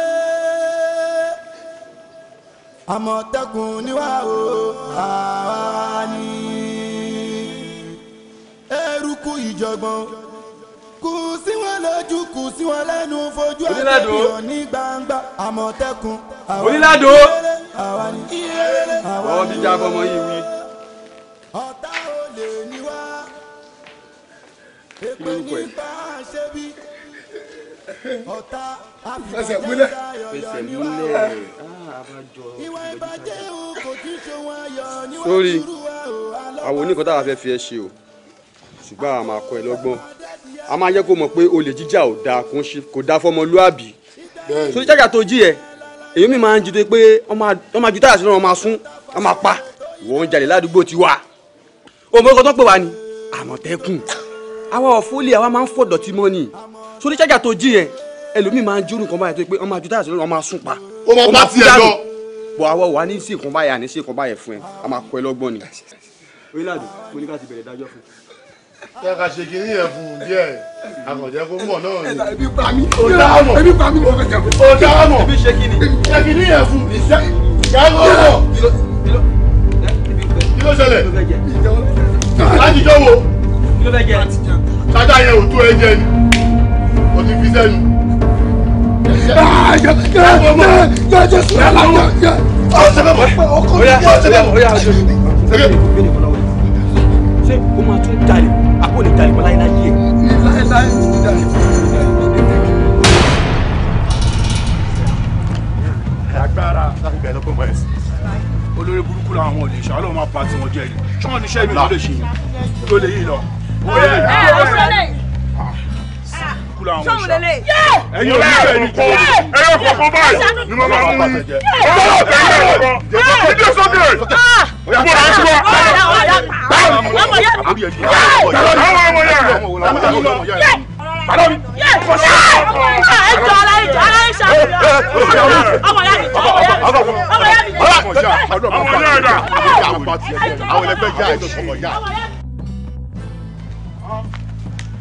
àmọ̀tẹ́kùn ni wá o àwa ni eruku ìjọ̀gbọ̀n kù sí wọn lójú kù sí wọn lẹ́nu fojú àjẹbíyọ̀ ní gbangba àmọ̀tẹ́kùn àwọn onílàdó àwa ni ìrẹ̀lẹ̀ àwa ni ìrẹ̀lẹ̀ ọwọ́ jíjà bọ́mọ ní wá èpè nípa àṣẹbí ọ̀tá àfìgbàjẹ́ ayọ̀yọ̀ ni wá ah, ìwà ìbàjẹ́ o kò kí ṣe wọn ayọ̀ ni wọ́n
ṣùrù
wa
o. sórí
àwọn oníkan tá a fẹ́ fi ẹ ṣe o ṣùgbọ́n a máa kọ́ ẹ lọ́gbọ́n a máa
yẹ kó mọ̀ pé olè jíjà ò da kò dáa fọmọlúàbí sórí jájà tó jí ẹ èyí mi máa ń jide pé wọ́n máa ju táyà sí náà wọ́n máa sún wọ́n máa pa ìwọ ń jalè ládùúgbò tiwa òun bọ́kọ tó ń pè wá ni àmọ̀tẹ́kùn àwa ọ̀fọ́lẹ̀ àwa máa ń fọ̀dọ̀ tí mọ́ ni sórí jájà tó jí ẹ ẹlòmíì máa ń jórùn kan báyà tó pé wọ́n máa ju táyà sí náà wọ́n máa sún pa wọ́n máa fún dànù bọ̀ àwa wà ní sí ìkànbáyà ní sí ìkànbáyà fún ẹ a máa ẹ lọ́gbọ́n ni. orílẹ̀ mo ní ká ti bẹ̀rẹ̀ dájọ́ fún un tẹ ka ṣe kiri yẹn fún un àkànjẹ kó mọ náà ni. ebi pa mi o da mọ ebi pa mi ni mo fẹ́ o da mọ ebi ṣe kini. ṣe kini yẹn fún mi ṣe kẹ́kọ̀ọ́ mọ. kí ló ṣẹlẹ̀ láti jọ wo. kí ló fẹ́ jẹ. tata yẹn ò tó ẹ jẹ ni o ti fi sẹ́nu. kẹ́kọ̀ọ́ mọ kẹ́kọ̀ọ́ mọ. ọ̀sẹ̀ bẹ̀ mọ̀ ọ̀sẹ̀ bẹ̀ mọ̀ ọ̀sẹ̀ bẹ̀ mọ̀ ṣé o máa tún jalè a kò lè jalè mọ́ láyé láyé ẹ̀. láyéláyé ti jalè mọ́ agbára ibẹ̀ lọ́kọ̀ mọ́ ẹ̀sìn olórí burúkú làwọn ọmọ òlèṣà ọlọ́run máa pa tiwọn jẹ́ ni ṣọ́ọ̀nù iṣẹ́ mi ló lè ṣe tó lè yí lọ kú láwọn ọmọ ìṣá
ẹ̀yin
olú ìṣe ẹni kọ ẹyọ kọkọ
báyìí ni
mo máa mú yín ọwọ́ tẹ̀lé ẹ̀kọ́ ìdí sókè ìgbò rẹ̀ ṣúwà báwọn ọmọ yẹn báwọn
ọmọ yẹn padà mi. ẹ jọ ara ẹ jọ ara ẹ ṣàkóso ọmọ yẹn mi jọ ọmọ yẹn mi jọ ọmọ yẹn mi jọ ọmọ yẹn mi jọ.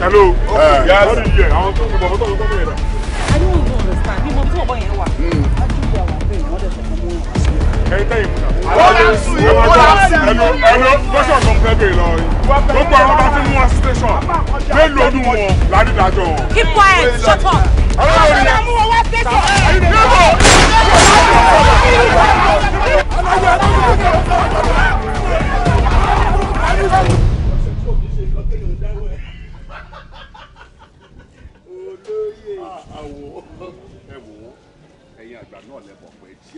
hello yà á sì yẹ
àwọn tó ń bọ̀ bọ́ tó ń bọ̀ yẹn dà. I don't even understand bí mo tí mo bọ̀ yẹn wà. ajúwe àwọn abẹ́ ìwọ́n
dẹ̀ sọ̀kọ̀ mọ́ ẹ̀ tẹ́yìn múna. wọ́n sùn yìí wọ́n sùn yìí. ẹnu ẹnu tẹ́sán kan fẹ́ bèèrè lọ yìí. gbogbo àwọn bá ti mú wọn sí tẹ́sán. mélòó ọdún wọn ládìdájọ́ wọn. keep quiet shut up. ọlọ́run yẹn. àwọn
ọmọ wọn wá tẹ́sán.
níbo.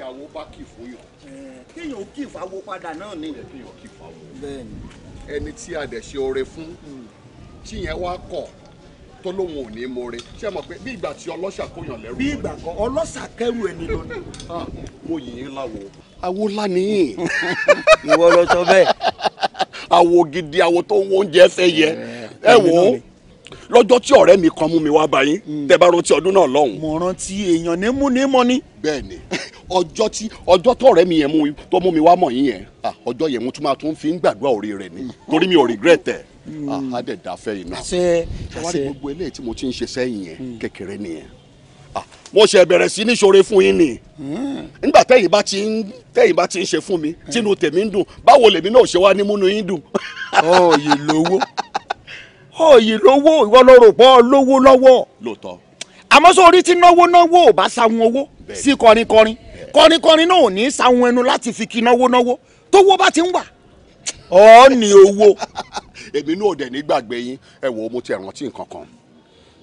awo bá kì fún yàn. Eh, kéèyàn ó kì fáwo padà náà ni. kéèyàn kì fáwo. bẹ́ẹ̀ni. ẹni tí a dẹ̀ ṣe oore fún hmm. tíyẹn wá kọ̀ tó lóun ò ní more ṣé mọ̀ pé bí ìgbà tí ọlọ́ṣà kóyàn lẹ́rù. bí ìgbà kan ọlọ́ṣà kẹrù ẹni lọ ni. Ah, mo yìn ín láwo. awo lánìyìn. ìwọ lọ sọ bẹ́ẹ̀. awo gidi awo tó ń wo oúnjẹ ẹsẹ̀ yẹ eh, ẹ wò ó lọ́jọ́ tí ọ̀rẹ́ mi kan mú mi wá báyìí hmm. tẹ́ bá rántí ọdún náà lọ́hùn. mo rántí èèyàn ní mú ní mọ ni. bẹ́ẹ̀ni ọjọ́ tí ọjọ́ tó ọ̀rẹ́ mi yẹn mú tó mú mi wá mọ yín yẹn ọjọ́ yẹn mo tún máa tún fi ń gbàdúrà orí rẹ ni hmm. torí mi ò regret ẹ hmm. a dẹ̀ da fẹ́ iná. àṣẹ àṣẹ wárí gbogbo eléyìí tí mo ti ń ṣe sẹ́yìn yẹn kékeré nìyẹn mo ṣe bẹ̀rẹ̀ sí ní ṣoore fún yín ni nígbà tẹ́yìn bá ti ń tẹ́yìn bá ti ń ṣe fún mi tínú tèmi ń dùn báwo lèmi náà ṣe wá ní múnú yín dùn. ọ yìí lówó òye lówó ìwọ ló rò pọ̀ lówó lọ́wọ́. lóòótọ́. àmọ́ sọ orí tí náwó náwó ò bá sàwọn owó sí kọrinkọrin kọrinkọrin náà ò ní sàwọn ẹnu láti fi kí náwó náwó tówó bá ti ń wà ọ ní owó. èmi náà dẹ̀ nígbàgbé yín ẹ wo mo ti rántí nǹkan kan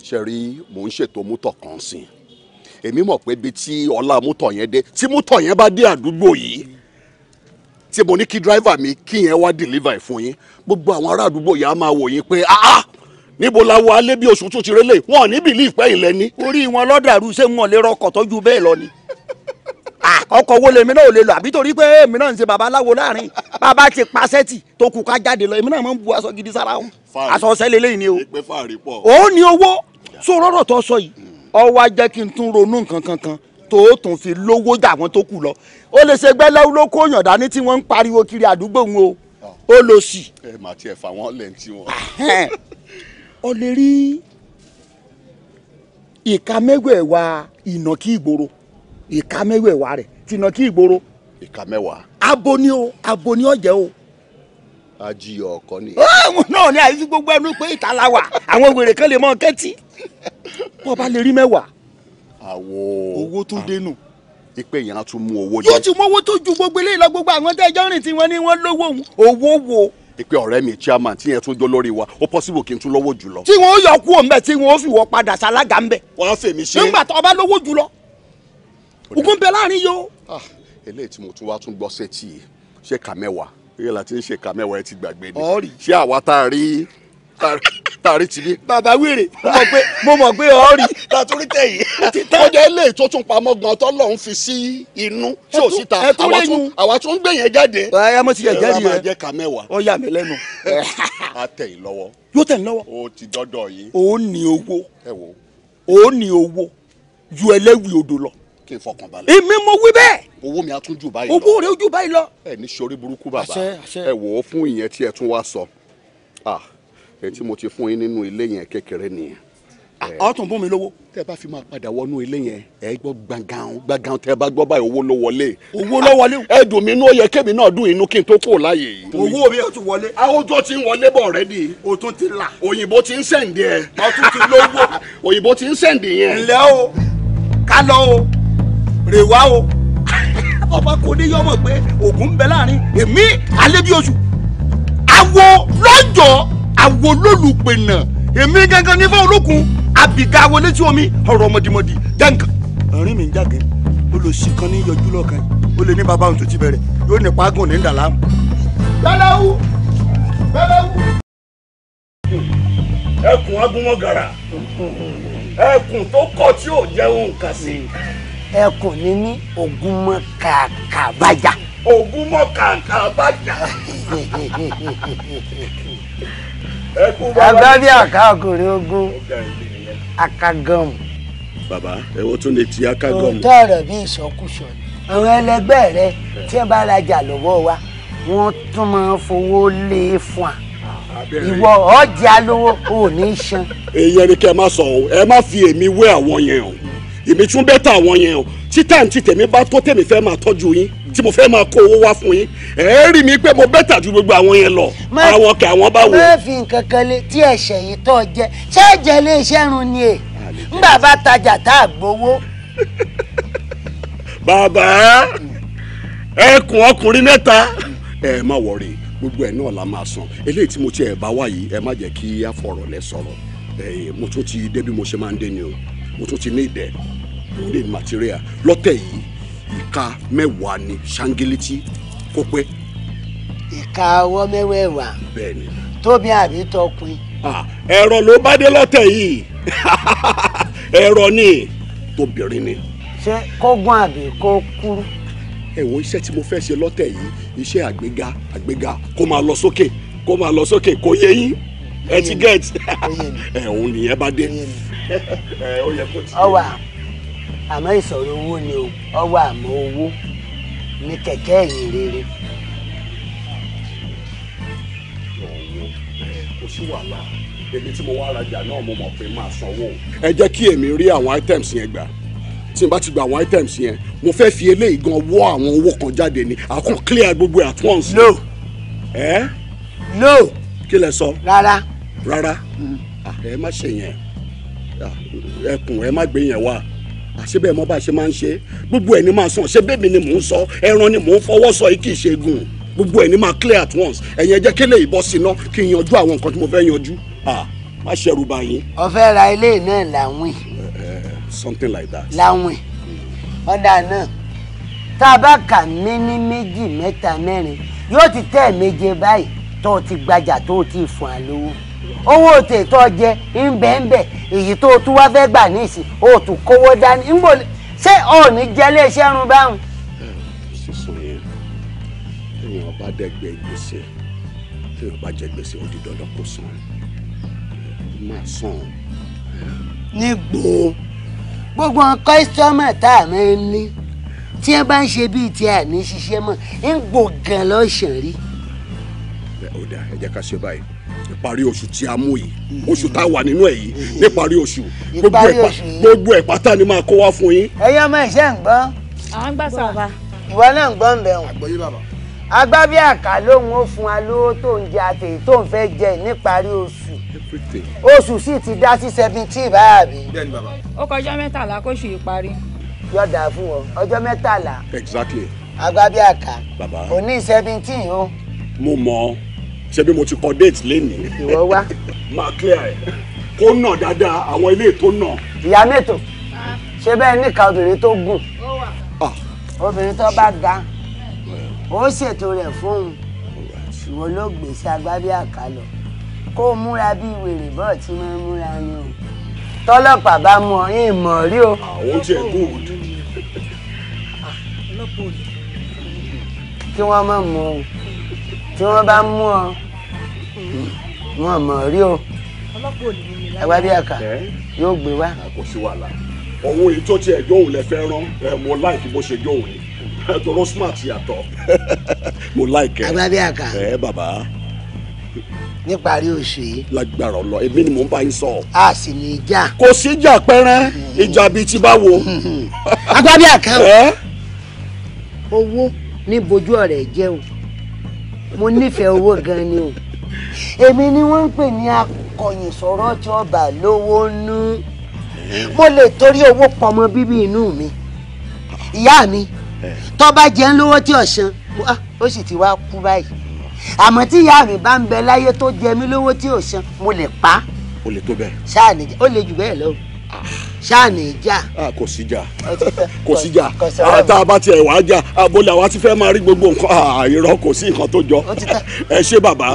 ṣe rí mò ń ṣètò mútọ̀ kan sí i èmi mọ̀ pé bíi tí ọlá mútọ̀ yẹn dé tí mútọ̀ yẹn bá dé àdúgbò yìí tí mo ní kí driver mi kí yẹn wá deliver fún yín gbogbo àwọn ará àdúgbò yà á máa wò yín pé ah, ah níbo la wo alẹ́ bí oṣù tún ti rélé wọn ò ní bìlí ìpẹ́ ìlẹ̀ ni. orí wọn lọ́dàrú ṣé wọn lè rọkọ̀ tọ́jú bẹ́ẹ̀ lọ ni. Ah, ọkọ̀ wo lèmi náà ò lè lọ àbí torí pé èmi náà ń ṣe babaláwo láàrin bàbá ti pa sẹ́ẹ̀tì tó kù ká jáde lọ èmi náà máa ń bu aṣọ gidi sára wọn. aṣọ ọ̀sẹ̀ lélẹ́yìn ni o. ó ní owó sórọ́rọ̀ tó sọ yìí ọwọ́ á kí n tún ronú nǹkan kankan tó o tún fi lówó jà wọ́n tó kù lọ ó lè ṣe gbẹ́lẹ́ ló kó yàn dání tí wọ́n ń pariwo kiri àdúgbò wọn o ó lọ sí. ẹ mà tiẹ̀ fà wọ́n lẹ́yìn tí wọ́n. ó lè rí ìka mẹ́wẹ̀ẹ̀wá ìnàkí ìgboro ìka mẹ́wẹ̀ẹ̀wá rẹ̀ tìnàkí ìgboro. ìka mẹ́wàá. abo ni o abo ni ọ̀jẹ̀ o ajiyọ ọkọ ni. ọ̀hún náà ni àyíṣú gbogbo ẹnu pé ìta la wà àwọn wèrè kan lè mọ kẹ́tì bọ́ọ̀ bá lè rí mẹ́wàá àwo owó tún ah. dénú ipe yẹn á tún mú owó jẹ. yóò ti mú owó tó ju gbogbo eléyìí lọ gbogbo àwọn tẹ́jọ́ rìn tí wọ́n ní wọ́n lówó òun owó wo. ipe ọ̀rẹ́ mi chairman tí yẹn tún jó lórí wa ó possible kí n tún lówó jùlọ. tí wọn ó yọ kú òǹbẹ tí wọn ó fi wọ padà sálága ńbẹ. wọn á fèmí ṣe. nígbà tó ọba lówó jùlọ ogun bẹ láàrin yìí o. Ah, eléyìí tí mo tún wá tún gbọ́ sétí ṣé kàmẹ́wàá eré la ti ń ṣe kàmẹ́wàá ẹ ti gbàgbé ni ṣé àwa tá a rí tàrí tìrí. bàbá wèrè mo mọ̀ pé ọ rí. látòrí tẹ̀yìn. ọjà ilé ìtọ́tún pamọ́ gan tó lọ́n fi sí inú tí ò síta àwa tún ń gbé yẹn jáde. báyà mo ti yẹ jáde yẹn. ẹ̀rọ ajẹ́ ka mẹ́wàá. ó yà mí lẹ́nu. a tẹ̀ yín lọ́wọ́. yóò tẹ̀ yín lọ́wọ́. o ti dọ́dọ̀ yìí. o ní owó. ẹ wo. o ní owó ju ẹlẹ́wìí odò lọ kí n fọkàn balẹ̀. èmi mo wí bẹ́ẹ̀. owó mi a tún jù báyìí lọ. owó rẹ̀ ó jù báyìí lọ. ẹ ní sori burúkú ah ẹ tí mo ti fún yín nínú ilé yẹn kékeré nìyẹn. ọ̀tún ah, bùn mi lówó tẹ́ bá fi máa padà wọnú ilé yẹn ẹ gbọ́ gbàngàn gbàngàn tẹ́ bá gbọ́ báyìí owó ló wọlé. owó ló wọlé. Ah, ẹ dùn mí inú ó yẹ náà dùn inú kí n tó kúrò láàyè yìí. owó mi ò tún wọlé. àwùjọ ti ń wọlé bọ̀ rẹ́dì. o tún ti là. òyìnbó ti ń sẹ̀ǹdì ẹ. ọtún ti lówó. òyìnbó ti ń sẹ̀ǹdì yẹn. ǹlẹ́ o kálọ̀ o rèwá o ọba kò ní yọmọ pé ògùn ń bẹ láàrin èmi alẹ́ bí oṣù àwo lọ́jọ́ àwo olólùpẹ̀ náà èmi gangan nífọ̀ olókun àbìgá awo létí omi ọ̀rọ̀ mọ̀dìmọ̀dì jẹ́ǹkan. ọ̀rìn mi ń jàgẹ́ olùsí kan ní yọjú lọ́kàn ó lè ní bàbá òun tó ti bẹ̀rẹ̀ yóò ní pàágùn ní dàlámù. bẹ́lẹ́wù bẹ́lẹ́wù. ẹkùn agunmọ̀gàrà ẹkùn tó kọ tí ò jẹ́ òun kà sí. ẹkùn ní ní ogunmọ̀ kàkàbájà. ogunmọ̀ kàkàbájà. bàbá bí àká ọkùnrin ogun akagọ́m. bàbá ẹ̀wọ́ tún lè ti akagọ́m. òótọ́ ọ̀rọ̀ bí ìsọkúsọ ni àwọn ẹlẹgbẹ́ rẹ tí wọ́n bá rajà lọ́wọ́ wa wọ́n tún máa fowó lé e fún wa ìwọ ọjà lówó ò ní í san. èèyàn ni kẹ́ ẹ má sọ ọ ẹ má fi èmi wé àwọn yẹn o èmi tún bẹ́ẹ̀ tà wọ́n yẹn o tí táǹtì tèmi bá tó tèmi fẹ́ máa tọ́jú yín tí mo fẹ́ máa kó owó wá fún yín ẹ rí mi pé mo bẹ́tà ju gbogbo àwọn yẹn lọ àwọn kẹ àwọn bá wò. má fi nǹkan kan lé tí ẹ̀ṣẹ̀ yìí tọ́ jẹ ṣé ẹ̀jẹ̀ lè ṣẹ́run ni è ń bàbá tajà tá a gbowó. bàbá ẹkùn ọkùnrin mẹ́ta ẹ má wọrí gbogbo ẹ náà la máa san eléyìí tí mo ti ẹ̀ bá wá ẹ má jẹ́ kí a fọ̀rọ̀ lẹ́ sọ̀rọ̀ mo tún ti dé bí mo ṣe máa ń dé ni o mo tún ti ní ìdẹ mo ní material lọ́tẹ̀ yìí ìka mẹ́wàá ni ṣáńgélítì kópẹ́. ìka ọwọ́ mẹ́wẹ̀ẹ̀wá. bẹ́ẹ̀ni. tóbi àbí tọpin. ẹ̀rọ ló bá dé lọ́tẹ̀ yìí ẹ̀rọ ni tóbìnrin ni. ṣé kó gún àbí kó kúrú. ẹ̀wọ̀n iṣẹ́ tí mo fẹ́ ṣe lọ́tẹ̀ yìí iṣẹ́ àgbéga àgbéga kó máa lọ sókè kó máa lọ sókè kó yẹ yín ẹ ti get ẹ òun nìyẹn bá dé ẹ ó yẹ kó ti. ọwà àmọ́ ìsọ̀rọ̀ owó ni o ọwọ́ àmọ́ owó ní kẹ̀kẹ́ ẹ̀yìn rere. ọ̀wọ́ kò sí wàhálà èmi tí mo wá rajà náà mo mọ̀ pé máa sanwó. ẹ jẹ́ kí èmi rí àwọn items yẹn gbà tí n bá ti gba àwọn items yẹn mo fẹ́ fi eléyìí gan wọ́ àwọn owó kan jáde ni àkàn clear gbogbo at once. no. ẹ. Eh? no. kí lẹ sọ. rárá rárá mm. ah, ẹ má ṣe yẹn ah, ẹkùn ẹ má gbé yẹn wá àṣebẹ̀ ah, mọ́ bá ṣe máa ń ṣe gbogbo ẹ̀ ní máa sàn ṣé bẹ́ẹ̀ mi ni mò ń sọ ẹran ni mò ń fọwọ́ sọ yìí kì í ṣe gùn gbogbo ẹ̀ ní máa clear at once ẹ̀yin ẹ kí lè bọ́ sí iná kí n yanjú àwọn nǹkan tí mo fẹ́ yanjú má ṣẹ̀rù bà yín. ọ̀fẹ́ ra ilé náà làwìn. Eh, eh, something like that. làwìn ọ̀dà náà tá a bá kà mí ní méjì mẹ́ta mẹ́rin yóò ti tẹ́ ẹ̀ méje báyìí tó o ti gbajà tó o ti fún àlówó owó tètò jẹ ńbẹ́ńbẹ́ èyí tó tún wá fẹ́ gbà nísìn o tún kówó dání ńbò ṣé òní jẹlé iṣẹ́ run báwọn. sísun yẹn èèyàn bá dẹ́gbẹ́ gbèsè èèyàn bá jẹ gbèsè ó di dandan kó san máa san. ní gbòó gbogbo kọ́sítọ́mà tá a máa ń ní tí wọ́n bá ń ṣe bíi ti àní ṣiṣẹ́ mọ́ ń gbòó gan lọ́sàn-án rí. ó dà ẹ jẹ́ ká ṣe báyìí níparí oṣù tí a mú yìí oṣù tá a wà nínú ẹ̀ yìí níparí oṣù gbogbo ẹ̀ pátá ni máa kó wá fún yín. ẹyẹ ọmọ ìṣe ń gbọ́. ìwọ náà ń gbọ́ ń bẹ̀ wọ̀n. agbábí fún wa lówó tó ń jẹ àti tó ń fẹ́ jẹ níparí oṣù oṣù sì ti dá sí seventeen báyà bí. ó kọjọ́ mẹ́tàlá kóṣù ìparí. yọ̀dà fún ọ ọjọ́ mẹ́tàlá. exactly. agbábí àká. bàbá òní seventeen o. mo mọ̀ ọ́ ṣebí mo ti kọ déètì lénìí. ìwọ wá. máa clear ẹ kó nà dáadáa àwọn ilé tó nà. ìyá mẹ́tò ṣé bẹ́ẹ̀ níka obìnrin tó gùn obìnrin tó bá ga ó ṣètò rẹ̀ fóun ìwọ ló gbèsè agbábí àkàlọ̀ kó o múra bí wèrè bọ́ọ̀ tí máa ń múra ni o tọ́lọ́pàá bá mú ọ yín mọ̀ rí o. àwọn jẹ gold. kí wọ́n má mú o tí wọ́n bá mú ọ wọn mọ̀ rí o ẹwà bí ẹ̀ka yóò gbé wá. kò sí wàhálà owó yìí tó tiẹ̀ jó òun lẹ fẹ́ rán mo láìkí bó ṣe jó òun yìí tọrọ smart yàtọ̀ mo láìkẹ́. ẹwà bí ẹ̀ka ẹ bàbá. níparí oṣù yìí. lágbára ọlọ èmi ni mò ń bá yín sọ. a sì ní ìjà. kò sí ìjà pẹ́rẹ́ ìjà bíi ti báwo. agbábíàká owó ní bojú ọ̀rẹ́ o mo nífẹ̀ẹ́ owó gan ni o èmi ni wọ́n ń pè ní akọ̀yìn sọ̀rọ̀ tí ọba lówó nú mo lè torí owó pọmọ bíbí inú mi ìyá mi tó bá jẹ́ ń lówó tí ọ̀sán ah, ó sì ti wá kú báyìí àmọ́ tí ìyá mi bá ń bẹ láyé tó jẹ mí lówó tí ọ̀sán mo lè pa á. o lè tó bẹ́ẹ̀. sáà nìjẹ́ o lè jù bẹ́ẹ̀ lọ ṣáàní jà. Ah, kò sí jà kò sí jà ah, tá a bá tiẹ̀ wá jà abọ́lẹ̀ àwa ti fẹ́ máa rí gbogbo nǹkan ah, irọ́ kò sí nǹkan tó jọ ẹ ṣé bàbá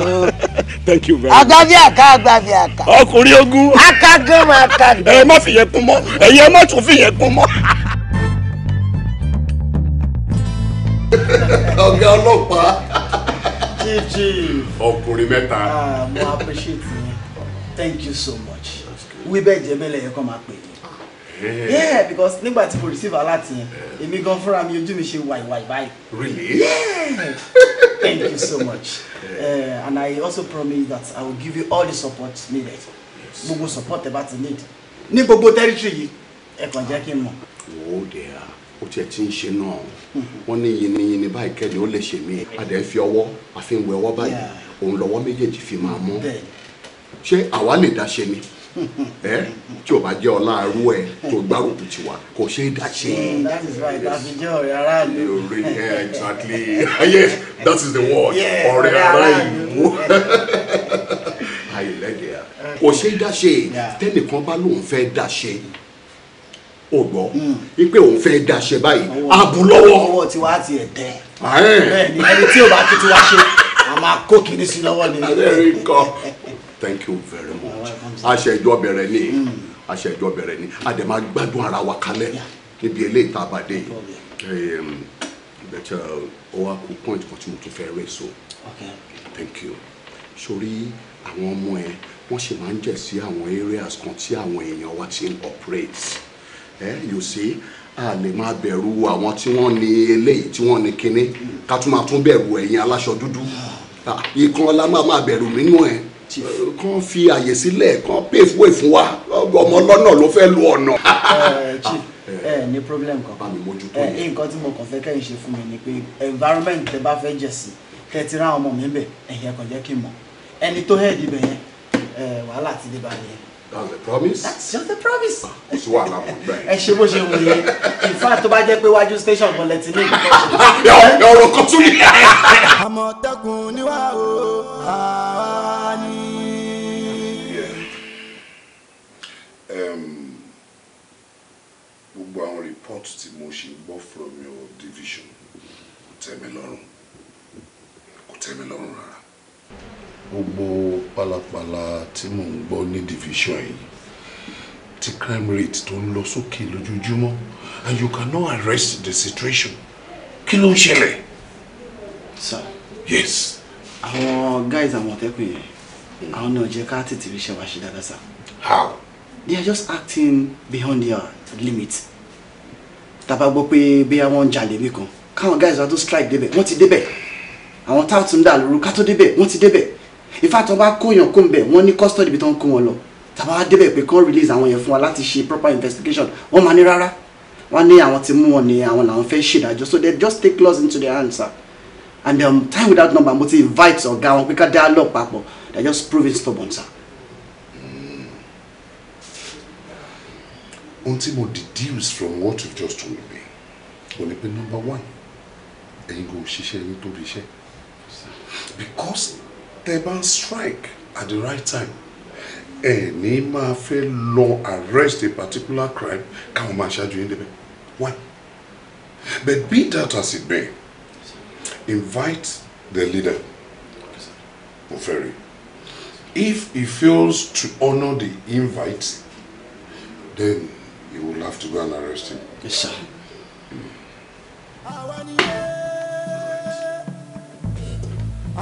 thank you very much. àgbàbí àká àgbàbí àká. ọkùnrin ogun. aká gan máa ka dùn. ẹ má fìyẹn kún mọ́ ẹ̀yin ẹ má tún fìyẹn kún mọ́. ọ̀gá ọlọ́pàá. chief. ọkùnrin mẹ́ta. mo appreciate you thank you so much wíbẹ̀ jẹ́ bẹ́lẹ̀ yẹn kọ́ máa pè é
yeah
because nígbà tí mo receive alert yẹn èmi gan fúnra mi ojú mi ṣe wàìwàì báyìí. really yeah thank you so much yeah. uh, and i also promise that i will give you all the support needed gbogbo yes. support ẹ bá ti need ní gbogbo territory yìí ẹ kàn jẹ́ kí n mọ̀. wo oh, de a o tiẹ̀ ti ń ṣe náà mm-hmm. wọ́n ní yiniyini báyìí kẹ́lẹ́ ó lè ṣe mí adẹ̀ fi ọwọ́ àfi ń wẹ ọwọ́ báyìí òun lọ́wọ́ méjèèjì fi máa mú ṣé àwa lè dá ṣe ni ẹ tí o bá jẹ́ ọlá arú ẹ tó gbárùkù tì wá kò ṣe é dàṣe. Mm, that is right àfi jẹ́ ọ̀rẹ́ aráàlú. lórí ẹ exactly yes that is the word ọ̀rẹ́ aráàlú àìlẹ́gẹ̀ẹ́ kò ṣe é dàṣe tẹ́nìkan bá lóun fẹ́ dàṣe o gbọ́ ipe mm. òun fẹ́ dàṣe báyìí abu lọ́wọ́. ọwọ́ tí wàá tiẹ̀ tẹ́ bẹ́ẹ̀ ni ẹni tí o bá tuntun wá ṣe a máa kó kinní sí lọ́wọ́ ni thank you very much àṣẹjọ bẹ̀rẹ̀ ni hmm. àṣẹjọ bẹ̀rẹ̀ ni àdèmà gbádùn ara wa kalẹ̀ níbi eléyìí tá a bá dé bẹ̀tẹ̀ uh, ó wá kú point kan tí mo tún fẹ́ rẹ̀ so thank you sórí àwọn ọmọ ẹ wọ́n sì máa ń jẹ̀ sí àwọn areas kan tí àwọn èèyàn wa ti ń operate ẹ eh, you see a lè máa bẹ̀rù àwọn tí wọ́n ní eléyìí tí wọ́n ní kinní hmm. ká tún máa tún bẹ̀rù ẹ̀yin aláṣọ dúdú ìkan ah, ọlá máa máa bẹ̀rù nínú ẹ̀ kàn fi àyè sílẹ̀ kàn pè fún èfún wa ọmọ lọ́nà ló fẹ́ lu ọ̀nà. Eh, chief ẹ ah. eh, ní problem kankan eh, ẹ nǹkan tí mo kàn fẹ́ kẹ́yìn ṣe fún mi ni pé environment tẹ bá fẹ́ jẹ̀ sí tẹ ti rán ọmọ mi bẹ̀ ẹ̀yẹ kàn jẹ́ kí n mọ̀ ẹni tó hẹ́ẹ̀dì bẹ̀ yẹn wàhálà ti dé bá yẹn that's the promise. that's
just the promise. Ah,
kò sí I'm mọ bẹ́ẹ̀. ẹ ṣe bó ṣe in fact tó bá jẹ́ pé wájú station for letting ní ìdíkọ́ ṣe. ọ̀rọ̀ kan tún yẹ. àmọ̀tẹ́kùn ni wàá o àwa ni. Um, gbogbo àwọn rìpọ́tù tí mo ṣe gbọ́ from your division kò tẹ́ mi lọ́rùn kò tẹ́ mi lọ́rùn rárá gbogbo pálapàla tí mò ń gbọ́ ní division yìí ti crime rate tó ń lọ sókè lójoojúmọ́ and you cannot arrest the situation kí ló ń ṣẹlẹ̀. sir yes. àwọn guys àmọ̀tẹ́kùn yẹn àwọn náà jẹ́ ká tètè rí iṣẹ́ wa ṣe dáadáa sir. how. they are just acting beyond their limit. tá a bá gbọ́ pé bí wọ́n ń jalè nìkan káwọn guys wa tó strike débẹ̀ wọ́n ti débẹ̀ àwọn táwọn tún dà lóru ká tó débẹ̀ wọ́n ti débẹ̀ ìfàtàn bá kóyàn kó ń bẹ̀ wọ́n ní custody ibi tó ń kó wọn lọ tàbá wá débẹ̀ pé kán release àwọn yẹn fún wa láti ṣe proper investigation wọ́n máa ní rárá wọ́n ní àwọn ti mú wọn ní àwọn làwọn fẹ́ ṣèdájọ́ so they just take laws into their hands and um, time without number mo ti invite ọ̀gá wọn pé ká dialogue papọ̀ they just prove it stubborn sir. ohun tí mo deduce from what you just told me ò ní pé number one ẹ̀yin kò ṣiṣẹ́ yín tó rí iṣẹ́ because tẹ́ bá
strike at the right time ẹ ní máa fẹ́ lọ arrest a
particular crime káwọn máa ṣáájú yín débẹ̀ why but be that as it may invite the leader mo if he fails to honour the invite then you will have to go and arrest him. Yes, sir. Hmm.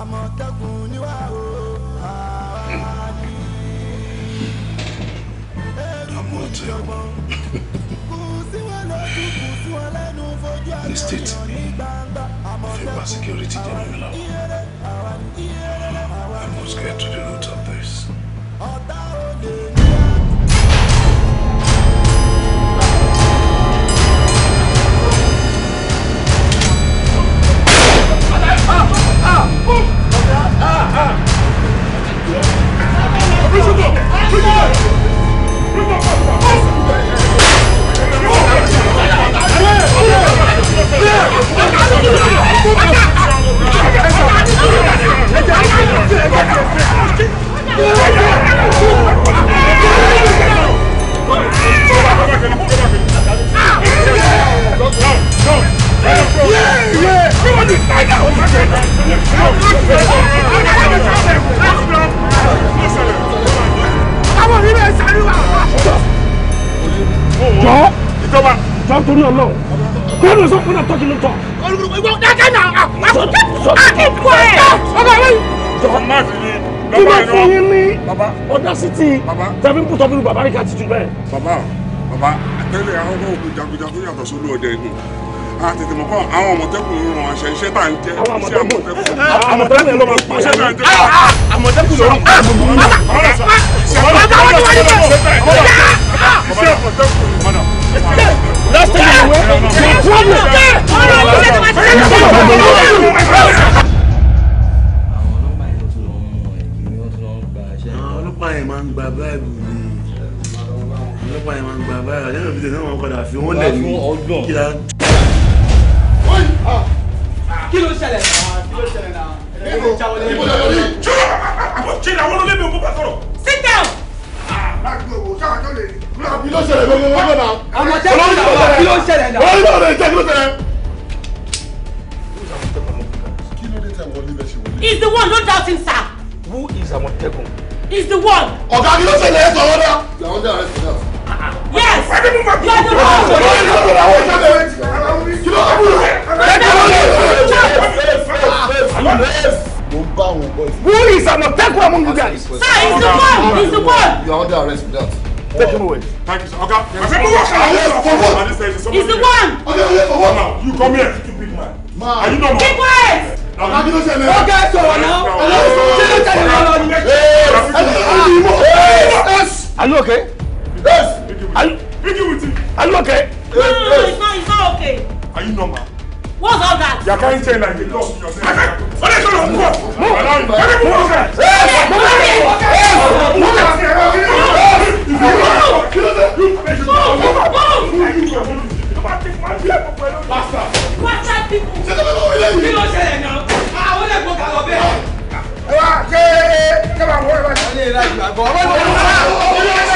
àmọ̀tẹ́kùn ni wà ó àwa ni. ewu ti ọgbọ́n kù sí wọn lójú kù sí wọn lẹ́nu fojú àjọyọ̀ ní gbangba
àmọ̀tẹ́kùn ni wà ó àwa ni ìyẹrẹ àwa ni. I must get to the root of this. ọ̀tá ò lè Go,
go, go! you àwọn òbí bẹ́ẹ̀ sáré wà. jọ
ìjọba jọ torí Ọlọ́run kí ló sọ fún àtọkì ló tọ. olùkọ́ dákẹ́ náà àkíkọ́ ẹ̀ ọba ẹ̀ jọ kí ló fún yín ní ọ̀dà sítì tẹ̀bí ń pùtọ́ fún bàbá rí ká ti jù bẹ́ẹ̀. bàbá bàbá àtẹlẹ àwọn ọmọ òkú jagunjagun yàtọ̀ sólú ọdẹ inú a tètè mọ̀ kọ́ àwọn àmọ̀tẹ́kùn ń ràn àṣẹ iṣẹ́ tá à ń jẹ́ iṣẹ́
àmọ̀tẹ́kùn.
ló máa ń pàṣẹ náà jẹ́ iṣẹ́ àmọ̀tẹ́kùn mọ̀nà. máa ń
gba báìbù ni ọlọ́pàá yẹn máa
máa ń gba
báìbù ni ọlọ́pàá yẹn máa máa ń gba báìbù ni ọlọ́pàá yẹn máa máa ń gba báìbù ni ọlọ́pàá yẹn máa máa ń máa ń gba báìbù ni ọlọ́pàá yẹn máa ń gba
báìbù ni ọlọ́pàá yẹn máa kí ló ṣẹlẹ̀ náà kí ló ṣẹlẹ̀ náà ẹ̀rọ ìjáwọlé ìbò lọ́yọ̀ yìí. àbọ̀ sit down. kí ló ṣẹlẹ̀ lọ́wọ́ náà. àmọ̀tẹ́kùn náà kí ló ṣẹlẹ̀ náà. olórí náà lè jẹ́ kí ló ṣẹlẹ̀. kí the one no doubt him sir. who is àmọ̀tẹ́kùn. is the one. ọ̀gá kí ló ṣẹlẹ̀ ẹ̀ Yes! Why did you move my You are the one! No, no, no, no, I want you to You don't have to Let me alone! Let Who is Amotekun among you guys? Sir, he's the one! He's the one! You are under arrest for that. Take him away. Thank you, sir. Okay. Yes. I said, move on. Yes. For He's the one. Okay, wait, for what? Now, you come here, you big
man. Man. Are you normal? Keep
quiet. Now, you don't say nothing. Okay, so now. Hello, sir. Hey, hey, hey. Are you okay? Are you Vicky with it? Are you okay? No, no, no, no, it's not,
it's not okay.
Are you normal? What's all that? You're carrying chain like a dog in your hand. What is all that? Move! Move! Allow him. Let me move outside. Hey! Move
outside!
Move outside! Move outside! Move! Move! Move! Move! Move! Pasta! Pasta people! Ṣé ló ń lọ? Kí ló ṣẹlẹ̀ náà? Àwọn olè kò kà lọ bẹ́ẹ̀. Ẹ wá ṣe é. Kí ló máa wọ ẹ bá ṣe? Ọlé ìlà ìgbàgbọ́. Ọlé ìlà ìgbàgbọ́.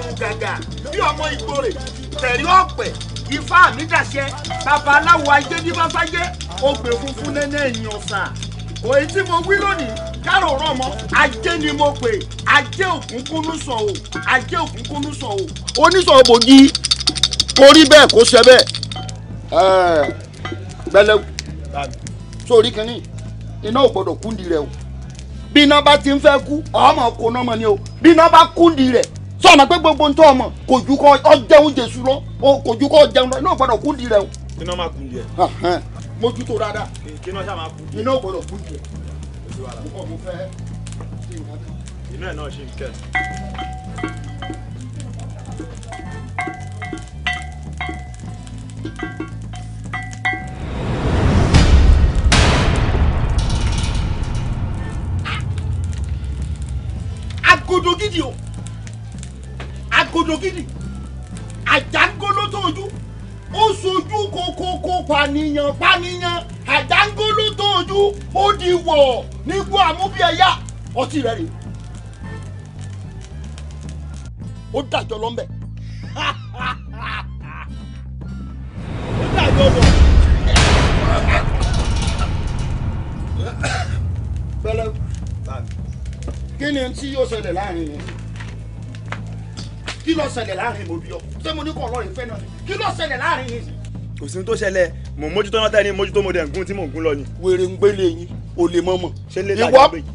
irun gàgà bí ọmọ ìgbòrè tẹ̀rí ọ̀pẹ̀ ifá mi dàṣẹ babaláwo ajé ogbè funfun nẹ́nẹ́ èèyàn sà òye tí mo wí lónìí kárò rán ajé ni mo pè ajé òkúnkúnú sọ o ajé òkúnkúnú sọ o. oníṣòwò bògì kò rí bẹ́ẹ̀ kò ṣe bẹ́ẹ̀ gbẹlẹ sórí kínní iná ò gbọdọ̀ kúndì rẹ o bí iná bá ti ń fẹ́ kú ọmọ kò náà mọ̀ ni o bí iná bá kúndì rẹ sọ ma pé gbogbo ntọ́ ọmọ kò ju kọ́ ọjẹun jésù lọ kò ju kọ́ ọjẹun lọ iná gbọ́dọ̀ kú di rẹ o. iná máa kú di ẹ. mójútó dáadáa. iná ṣáà máa kú di iná gbọ́dọ̀ kú di ẹ. mo fẹ́ ṣe nǹkan kan. iná ẹ̀ náà ṣe ń kẹ́. agudu gidi o àkójọ gidi àjàngóló tó ojú ó sojú kókókó pànìyàn pànìyàn àjàngóló tó ojú ó di wọ̀ nígbó àmúbíẹ̀yà ọtí rẹ̀ rè ó dàjọ lọ́nbẹ̀ ó dàjọ lọ. kí ni tí yóò ṣẹlẹ̀ láàrin yìí kí ló ṣẹlẹ̀ láàrin mo bí ọ ṣé mo ní kọ́ ọlọ́rin fẹ́ náà kí ló ṣẹlẹ̀ láàrin yìí. kò sí ní tó ṣẹlẹ̀ mò ń mójútó náà tẹ́ni mójútó mo dẹ̀ ń gún tí mò ń gún lọ ni. wèrè ń gbélé yín o lè mọ̀ mọ̀. ṣé lè dàgbé yìí.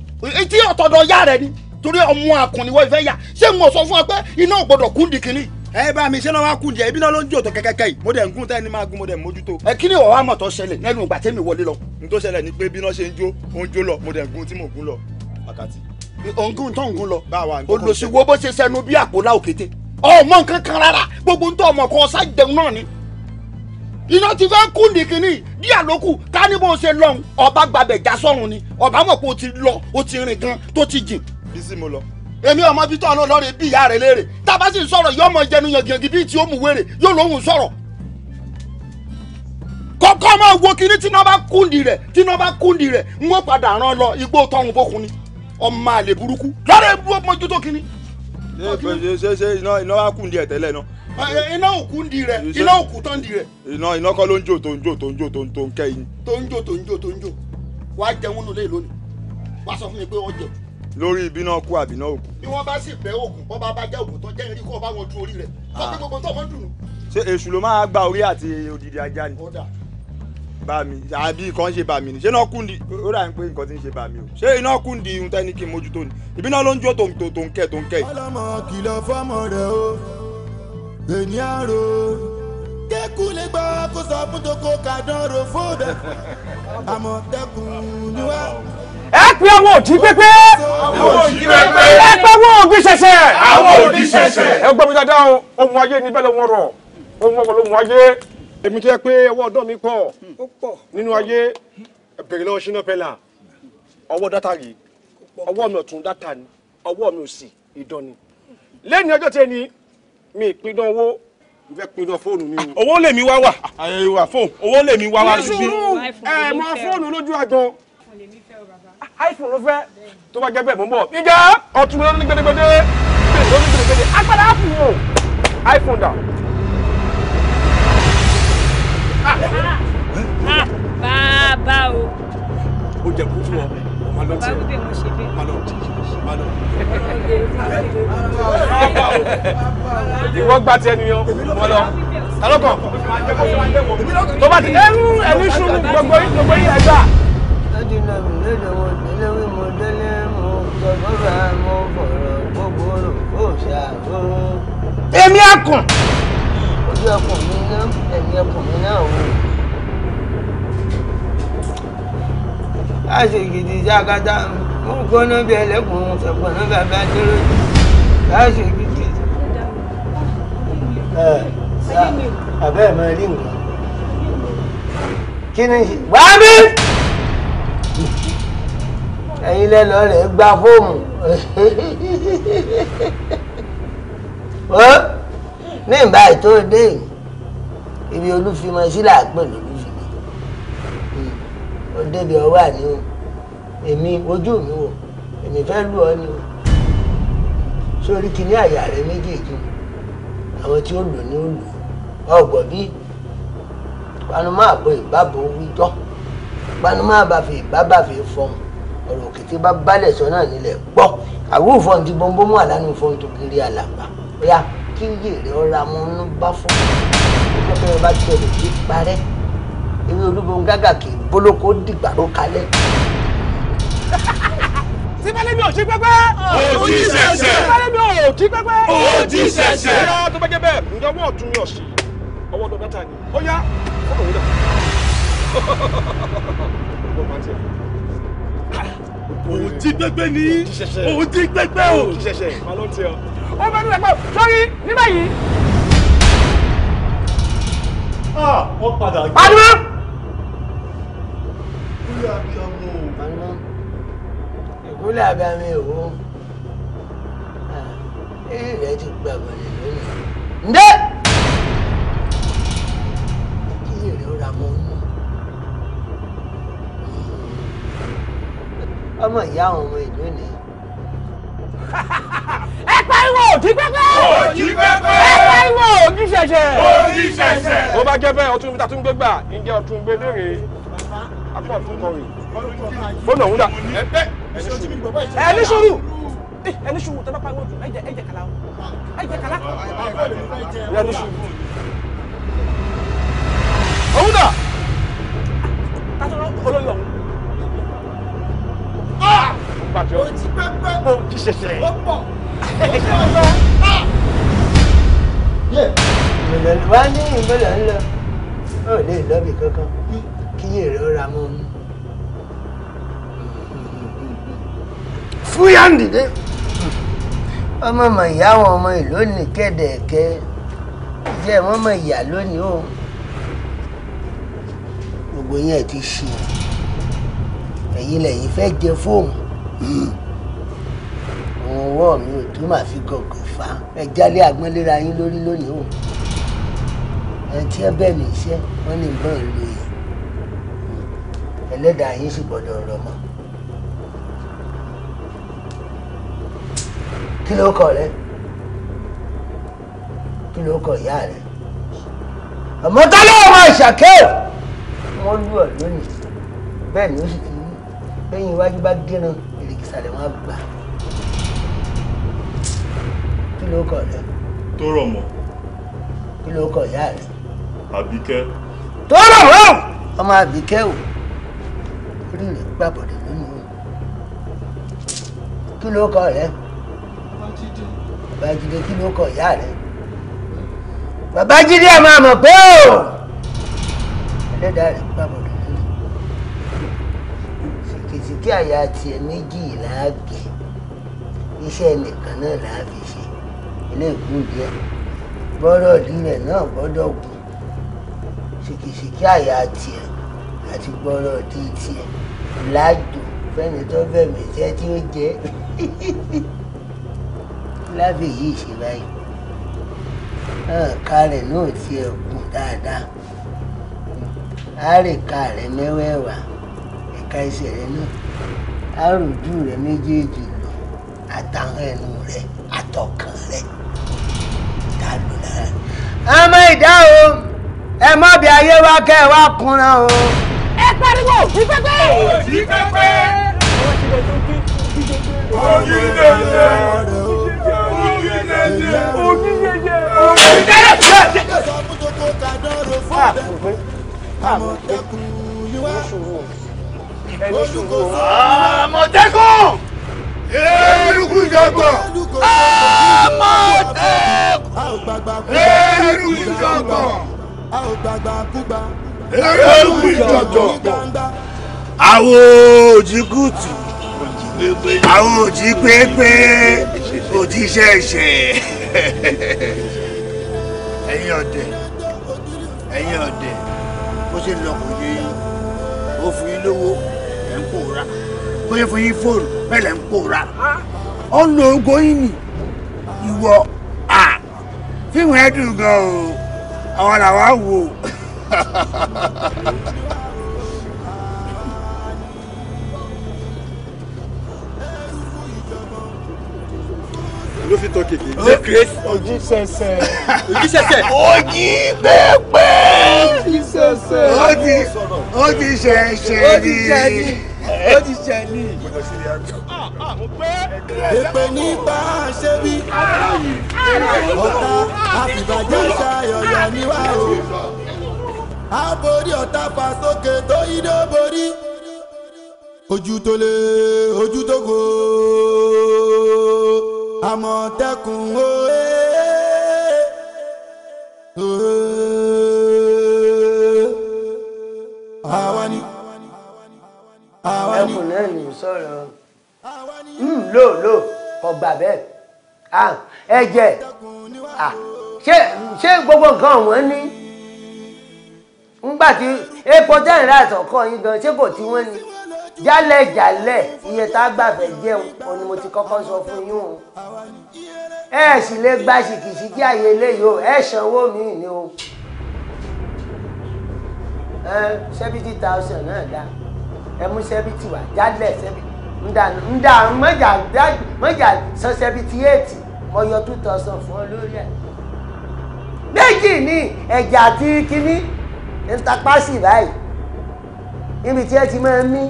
tí ọ̀tọ̀dọ̀ yá rẹ ni torí ọmọ àkùnrin wọ́n fẹ́ yà ṣé n ò sọ fún ọ pé iná ò gbọdọ̀ kúndì kínní ẹ bá mi ṣe lọ́wọ́ kùn jẹ́ ibi náà ló ń jò tó kẹ́kẹ́kẹ́ yìí mo dẹ̀ ń gún tẹ́ni máa gún mo dẹ̀ mójútó. ẹ kí ni ọ̀wá mọ̀tọ́ ṣẹlẹ̀ lẹ́nu ìgbà tẹ́mi wọlé lọ. n mo dẹ̀ ń gún tí mò ń gún lọ. wákàtí. òǹgùn tó ń gún lọ. báwa ń ọmọ nǹkan kan rárá gbogbo nítorí ọmọ kan ọsá jẹun náà ni iná ti fẹ́ kú nìkíní díẹ̀ ló kù ká ní bó ṣe lọ́hùn ọba gbàbẹ̀ já sọ́run ni ọba mọ̀ pé o ti lọ o ti rìn gan tó ti jìn. bísí mo lọ. èmi ọmọ bíi tọ́nà lọ́rẹ̀ bí ìyá rẹ̀ léèrè tábà sì ń sọ̀rọ̀ yọ ọmọ jẹnu yangiyangi bíi tí ó mú wèrè yóò lóhùn sọ̀rọ̀. kọ́kọ́ máa wo kiri tí náà bá kúndì rẹ̀ tí náà bá kúndì rẹ̀ ń wọ́n padà rán lọ igbó tọ́hún bókun ni ọmọ àlè burúkú lọ́rẹ̀ bú ọmọ jútó kiri ṣe ṣe iná iná wá kùn di ẹ tẹ́lẹ̀ náà. E, iná òkú ń di rẹ iná òkú tán di rẹ. iná iná kọ́ ló ń jò tó ń jò tó ń jò tó ń tó ń kẹ́yìn. tó ń jò tó ń jò tó ń jò wàá jẹun nulẹ̀ lónìí wàá sọ fún mi pé wọ́n jẹun. lórí ibi kú àbí òkú. bí wọ́n bá sì bẹ́ òògùn bọ́ bá bá jẹ́ òògùn tó jẹ́ kó bá wọn du orí rẹ̀ kọ́ pé ah. gbogbo tó mọ́ dùn. ṣé èṣù ló máa gba orí àti odidi ajá ni. ó dà bàmí àbí nǹkan ṣe bàmí ni ṣé iná kún di ó dà ń pé nǹkan ti ń ṣe bàmí o ṣé iná kún di ohun tẹ́ni kí n mójútó ni ìbí náà ló ń jó tó tó tó ń kẹ́ tó ń kẹ́ ọlọmọ kìlọ̀ fọmọ rẹ o èmi àrò kékun lè gbọ́ kó sọ fún toko kàdánrò fóòdà àmọ̀tẹ́kùn ni wá. ẹ pé àwọn òjì pépé. ẹ pé àwọn òbí ṣẹṣẹ. àwọn òbí ṣẹṣẹ. ẹ gbọ́ mi dáadáa ohun ayé níbẹ̀ ló ń rọ̀ ohun ọkọ̀ èmi tó yẹ pé ọwọ́ ọdọ́ mi pọ̀ nínú ayé bèrè lọ́wọ́ ṣínà pẹ́lá ọwọ́ dátà yìí ọwọ́ mi ọ̀tún dátà ni ọwọ́ mi òsì idán ni lẹ́nu ọjọ́ tẹ ni mi ìpinnu owó mo fẹ́ pinnu fóònù mi o. owó lèmi wá wà àyẹ̀wò fóònù owó lèmi wá wà síbí. ẹ mọ fóònù lójú àgbọn iphone ló fẹ́ tó bá jẹ́ bẹ́ẹ̀ mọ́ bọ̀ ìjà ọ̀tún lórí gbẹdẹgbẹdẹ lórí gbẹdẹgbẹdẹ agbára ápù wò iphone dà. gba ti ẹnu yan wọn lọ talọkàn
tó bá ti ẹnu ẹni sùn gbogbo gbogbo yìí ẹgbà.
èmi
àkùn. ojú ẹkùn mi náà ẹ̀mí ẹkùn mi náà wò. láti gidi jágádá mo gbóná bí ẹlẹ́kùn ṣẹ̀gbọ́n náà bàbá dúró láti abẹ́ mọ rí nǹkan kí ni wá ẹ̀yin lẹ́lọ rẹ̀ gba fóòmù ní ìbáyìí tó dé ibi olúfimọ sílẹ̀ àpè lólúfimọ ó débi ọwọ́ àní o èmi ojú mi wò èmi fẹ́ lù ọ́ ni o sórí kìíní àyà rẹ méjèèjì o àwọn tí ó lò ní ó lò ọgbọ bí panumọ àbọ ìbábọ wíjọ panumọ àbàfẹ ìbábàfẹ fọhùn ọ̀rọ̀ òkété bá balẹ̀ sọ náà nílẹ̀ gbọ́ àwọn òfòun ti bọ́ńbọ́mú àlánú fọ́n tó kiri àlàgbà ya kí yèrè ọ̀rọ̀ àwọn ọ̀nà bá fún un pẹ́pẹ́ bá tiẹ̀ lè dé parẹ́ ewé olúbohun gágà kì í bólókó dìgbà ó kalẹ̀. tí bálẹ̀ mi ò ṣí pẹ́pẹ́. ó ti ṣẹ̀ṣẹ̀. tí bálẹ̀ mi ò ṣí pẹ́pẹ́. ó ti ṣẹ̀ṣẹ̀. ìyá tó bá jẹ́ bẹ́ẹ̀ ǹjẹ́ ọwọ́ ọ̀tún mi ò ṣí ọwọ́ tó bẹ́tà ni ó yá fọ́nà òun dà. ó ti pẹ́pẹ́ ni ó ti pẹ́pẹ́ o. ó bẹ́ẹ̀ nílẹ̀ pé sọ́rí ní báyìí. Ah, wọ́n padà gbé. pàdé kúlẹ̀ abẹ́mi òwò èyí rẹ̀ ti gbà bọ̀lẹ̀ lónìí. ǹdẹ́ kí èrè ó ra mọ́ ọ́nà
ọmọ ìyá àwọn ọmọ ìlú ni. ẹ pariwo
òdì pẹ́pẹ́. òdì
pẹ́pẹ́. ẹ pariwo òdì ṣẹ̀ṣẹ̀. òdì ṣẹ̀ṣẹ̀. bó bá jẹ́ bẹ́ẹ̀ ọtún ta tún gbé gbà ń ọtún gbé léèrè apá ọtún kọrin fóònù ọ̀hún dà ẹni sùúrù ẹni sùúrù tẹ bá pariwo jù ẹ jẹ ẹ jẹ kala o ẹ jẹ kala ẹni sùúrù. òun dà. tásán olóyè ọ̀hún. pàtó ah! o ti pẹ́pẹ́ o ti ṣẹ̀ṣẹ̀. o pọ̀ o ti ọ̀sán. ìbẹ̀rẹ̀ wá ní ìbẹ̀rẹ̀ ńlọ ó lè lọ́bì kankan kí yèrè ó ra mọ́ mi.
fúyàǹdìdé ọmọ ọmọ ìyá
àwọn ọmọ ìlú ní kẹ́dẹ̀ẹ̀kẹ́ jẹ́ wọ́n mọ̀ ìyá lónìí o gbogbo yẹn ti ṣe ẹ̀yin lẹ́yìn fẹ́ jẹ fóòmù òun ọwọ́ mi ò tó máa fi gọ̀gọ̀ fà ẹ jálé àgbọ́nlera yín lórí lónìí o ẹ tí ẹ bẹ̀ mí iṣẹ́ wọ́n ní nǹkan ìlú yìí ẹlẹ́dàá yín sì gbọ́dọ̀ rọ̀ mọ́. kí ló kọ rẹ kí ló kọ ìyá rẹ àmọ́ tá ló wà máa ṣàkẹ́ wọ́n lù ọ́ lónìí bẹ́ẹ̀ ni ó sì ti rí lẹ́yìn iwájú bá dínà ìrìkìsà rẹ̀ wọ́n á gbà kí ló kọ rẹ. tó rọ̀ mọ́. kí ló kọ ìyá rẹ. àbíkẹ́. tó rọ̀ mọ́ Babájídé. Babájídé kí ló kọ ìyá rẹ Babájídé ẹ máa mọ̀ pé o ẹlẹ́dàá rẹ̀ pàmò lórí
ṣèkèṣèkè
àyà tiẹ̀ méjì làágbé iṣẹ́ nìkan náà làáfi ṣe ilé ìkú díẹ̀ bọ́rọ̀ òdì rẹ̀ náà gbọ́dọ̀ wù ṣèkèṣèkè àyà tiẹ̀ àti bọ́rọ̀ òdì tiẹ̀ láàjò fẹ́ni tó fẹ̀mí iṣẹ́ tí ó jẹ́. láfi yìí ṣe báyìí ẹ̀ka rẹ̀ náà tiẹ̀ kù dáadáa àárẹ̀ka rẹ̀ mẹ́wẹ́ẹ̀wá ẹ̀ka ẹsẹ̀ rẹ̀ náà àròjù rẹ̀ méjèèjì lò àtàwọn ẹnu rẹ̀ àtọkàn rẹ̀ tá a lò lára. ọmọ ìdá o ẹ mọ bí ayé wa kẹ ẹ wá kunra o.
ẹ pariwo òkú pẹpẹ. òkú pẹpẹ. òkú
pẹpẹ. òkú jẹjẹ òní jẹjẹ òní jẹjẹ. àmọ̀tẹ́kùn yíwá àmọ̀tẹ́kùn eruku ìjọba àmọ̀tẹ́kùn eruku ìjọba eruku ìjọba àwọn òjì gùtù àwọn òjì pépé kò tí ì ṣẹ̀ṣẹ̀ ẹ̀yin ọ̀dẹ̀ ẹ̀yin ọ̀dẹ̀ bó ṣe lọ kò yé yín ó fún yín lówó ẹ̀ ń pòórá bó ṣe fún yín fóònù bẹ́ẹ̀ lẹ̀ ń pòórá ó ń lo yín nì ìwọ fíìmù ẹ̀ dùn gan o àwọn làwọn wò ó. ló fi tọ kèké. ṣé grace. ojú sẹsẹ. ojú sẹsẹ. ojú pẹpẹ. ojú sẹsẹ. ojú ojú sẹsẹ ni. ojú sẹ ni. ojú sẹ ni. èpè nípa ṣẹ́bí ọ̀tá àfìbàjẹ́ ṣayọ̀yọ̀ níwá o. a borí ọ̀tá pa sókè tó yí ló borí. ojú tó lé ojú tó gbòó àmọ̀tẹ́kùn òye. àwa ni àwa ni. ẹkùn náà ní sọ̀rọ̀ hmm, lóòlò ọgbà bẹ́ẹ̀ ẹ̀jẹ̀ ṣé gbogbo nǹkan wọ́n ní ńgbà tí epo tẹ́ ń ra àtọ̀kọ́ yín gan ṣé kò tí wọ́n ní jálẹ̀jálẹ̀ iye tá a gbàgbẹ́ jẹun òun ni mo ti kọ́kọ́ sọ fún yín o ẹ sì lè gba ṣìkìṣìkì àyè eléyìí o ẹ sanwó mi ni o seventy thousand náà dá ẹ mú seventy wá jálẹ̀ seventy ndà mọ́jà mọ́jà san seventy eight mo yọ two thousand fún ọ lórí ẹ̀ méjì ni ẹ̀jà àti kínní ń tapá báyìí ibi tí ẹ ti máa mí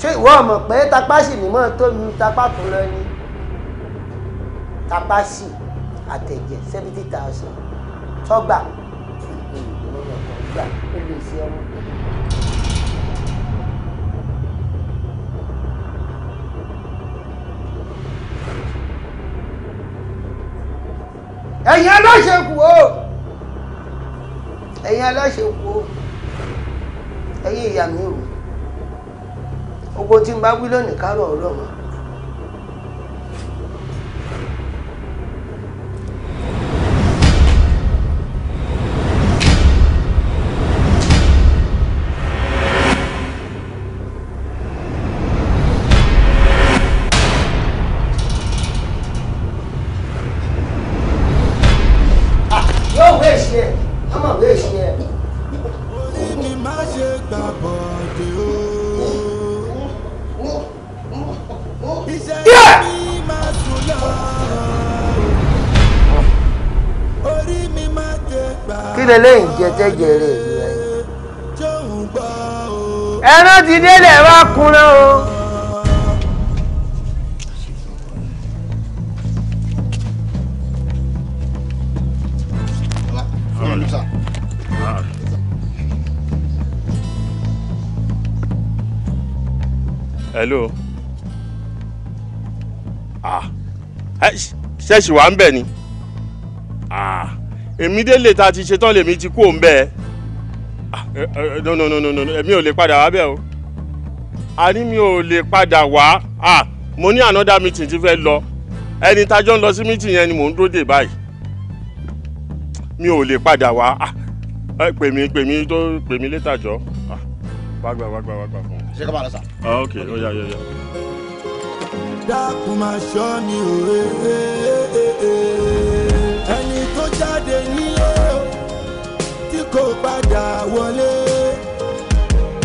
ṣé ìwọ pé tapá sì ní mọ́ tó mi tapá tó lọ ni tapá sì àtẹ̀jẹ̀ seventy thousand tọ́gbà ẹ̀yin aláṣẹ o ẹ̀yin aláṣẹ o. e ìyá ya o ogun tí n bá wí lónìí kárọ̀ jẹjẹrẹ rẹ.
ti délẹ̀ wá kúnná o.
hello ah ṣẹ́ẹ̀ṣì wà ń bẹ̀ ni èmi délé ta ti ṣetán lèmi ti kú òun bẹ́ẹ̀ no no no no no èmi ò lè padà wá bẹ́ẹ̀ o a mi ò lè padà wá ah mo ní another meeting ti fẹ́ lọ ẹni tájọ́ ń lọ sí meeting yẹn ni mò ń dúró dè báyìí mi ò lè padà wá ah pè mí pè mí tó pè mí létà jọ ah
wàgbà wàgbà wàgbà fún mi. ṣé ká sà.
Ah, ok ó yà yà
yà.
dákun máa ṣọ́ ni òwe jáde nílé tí kò padà wọlé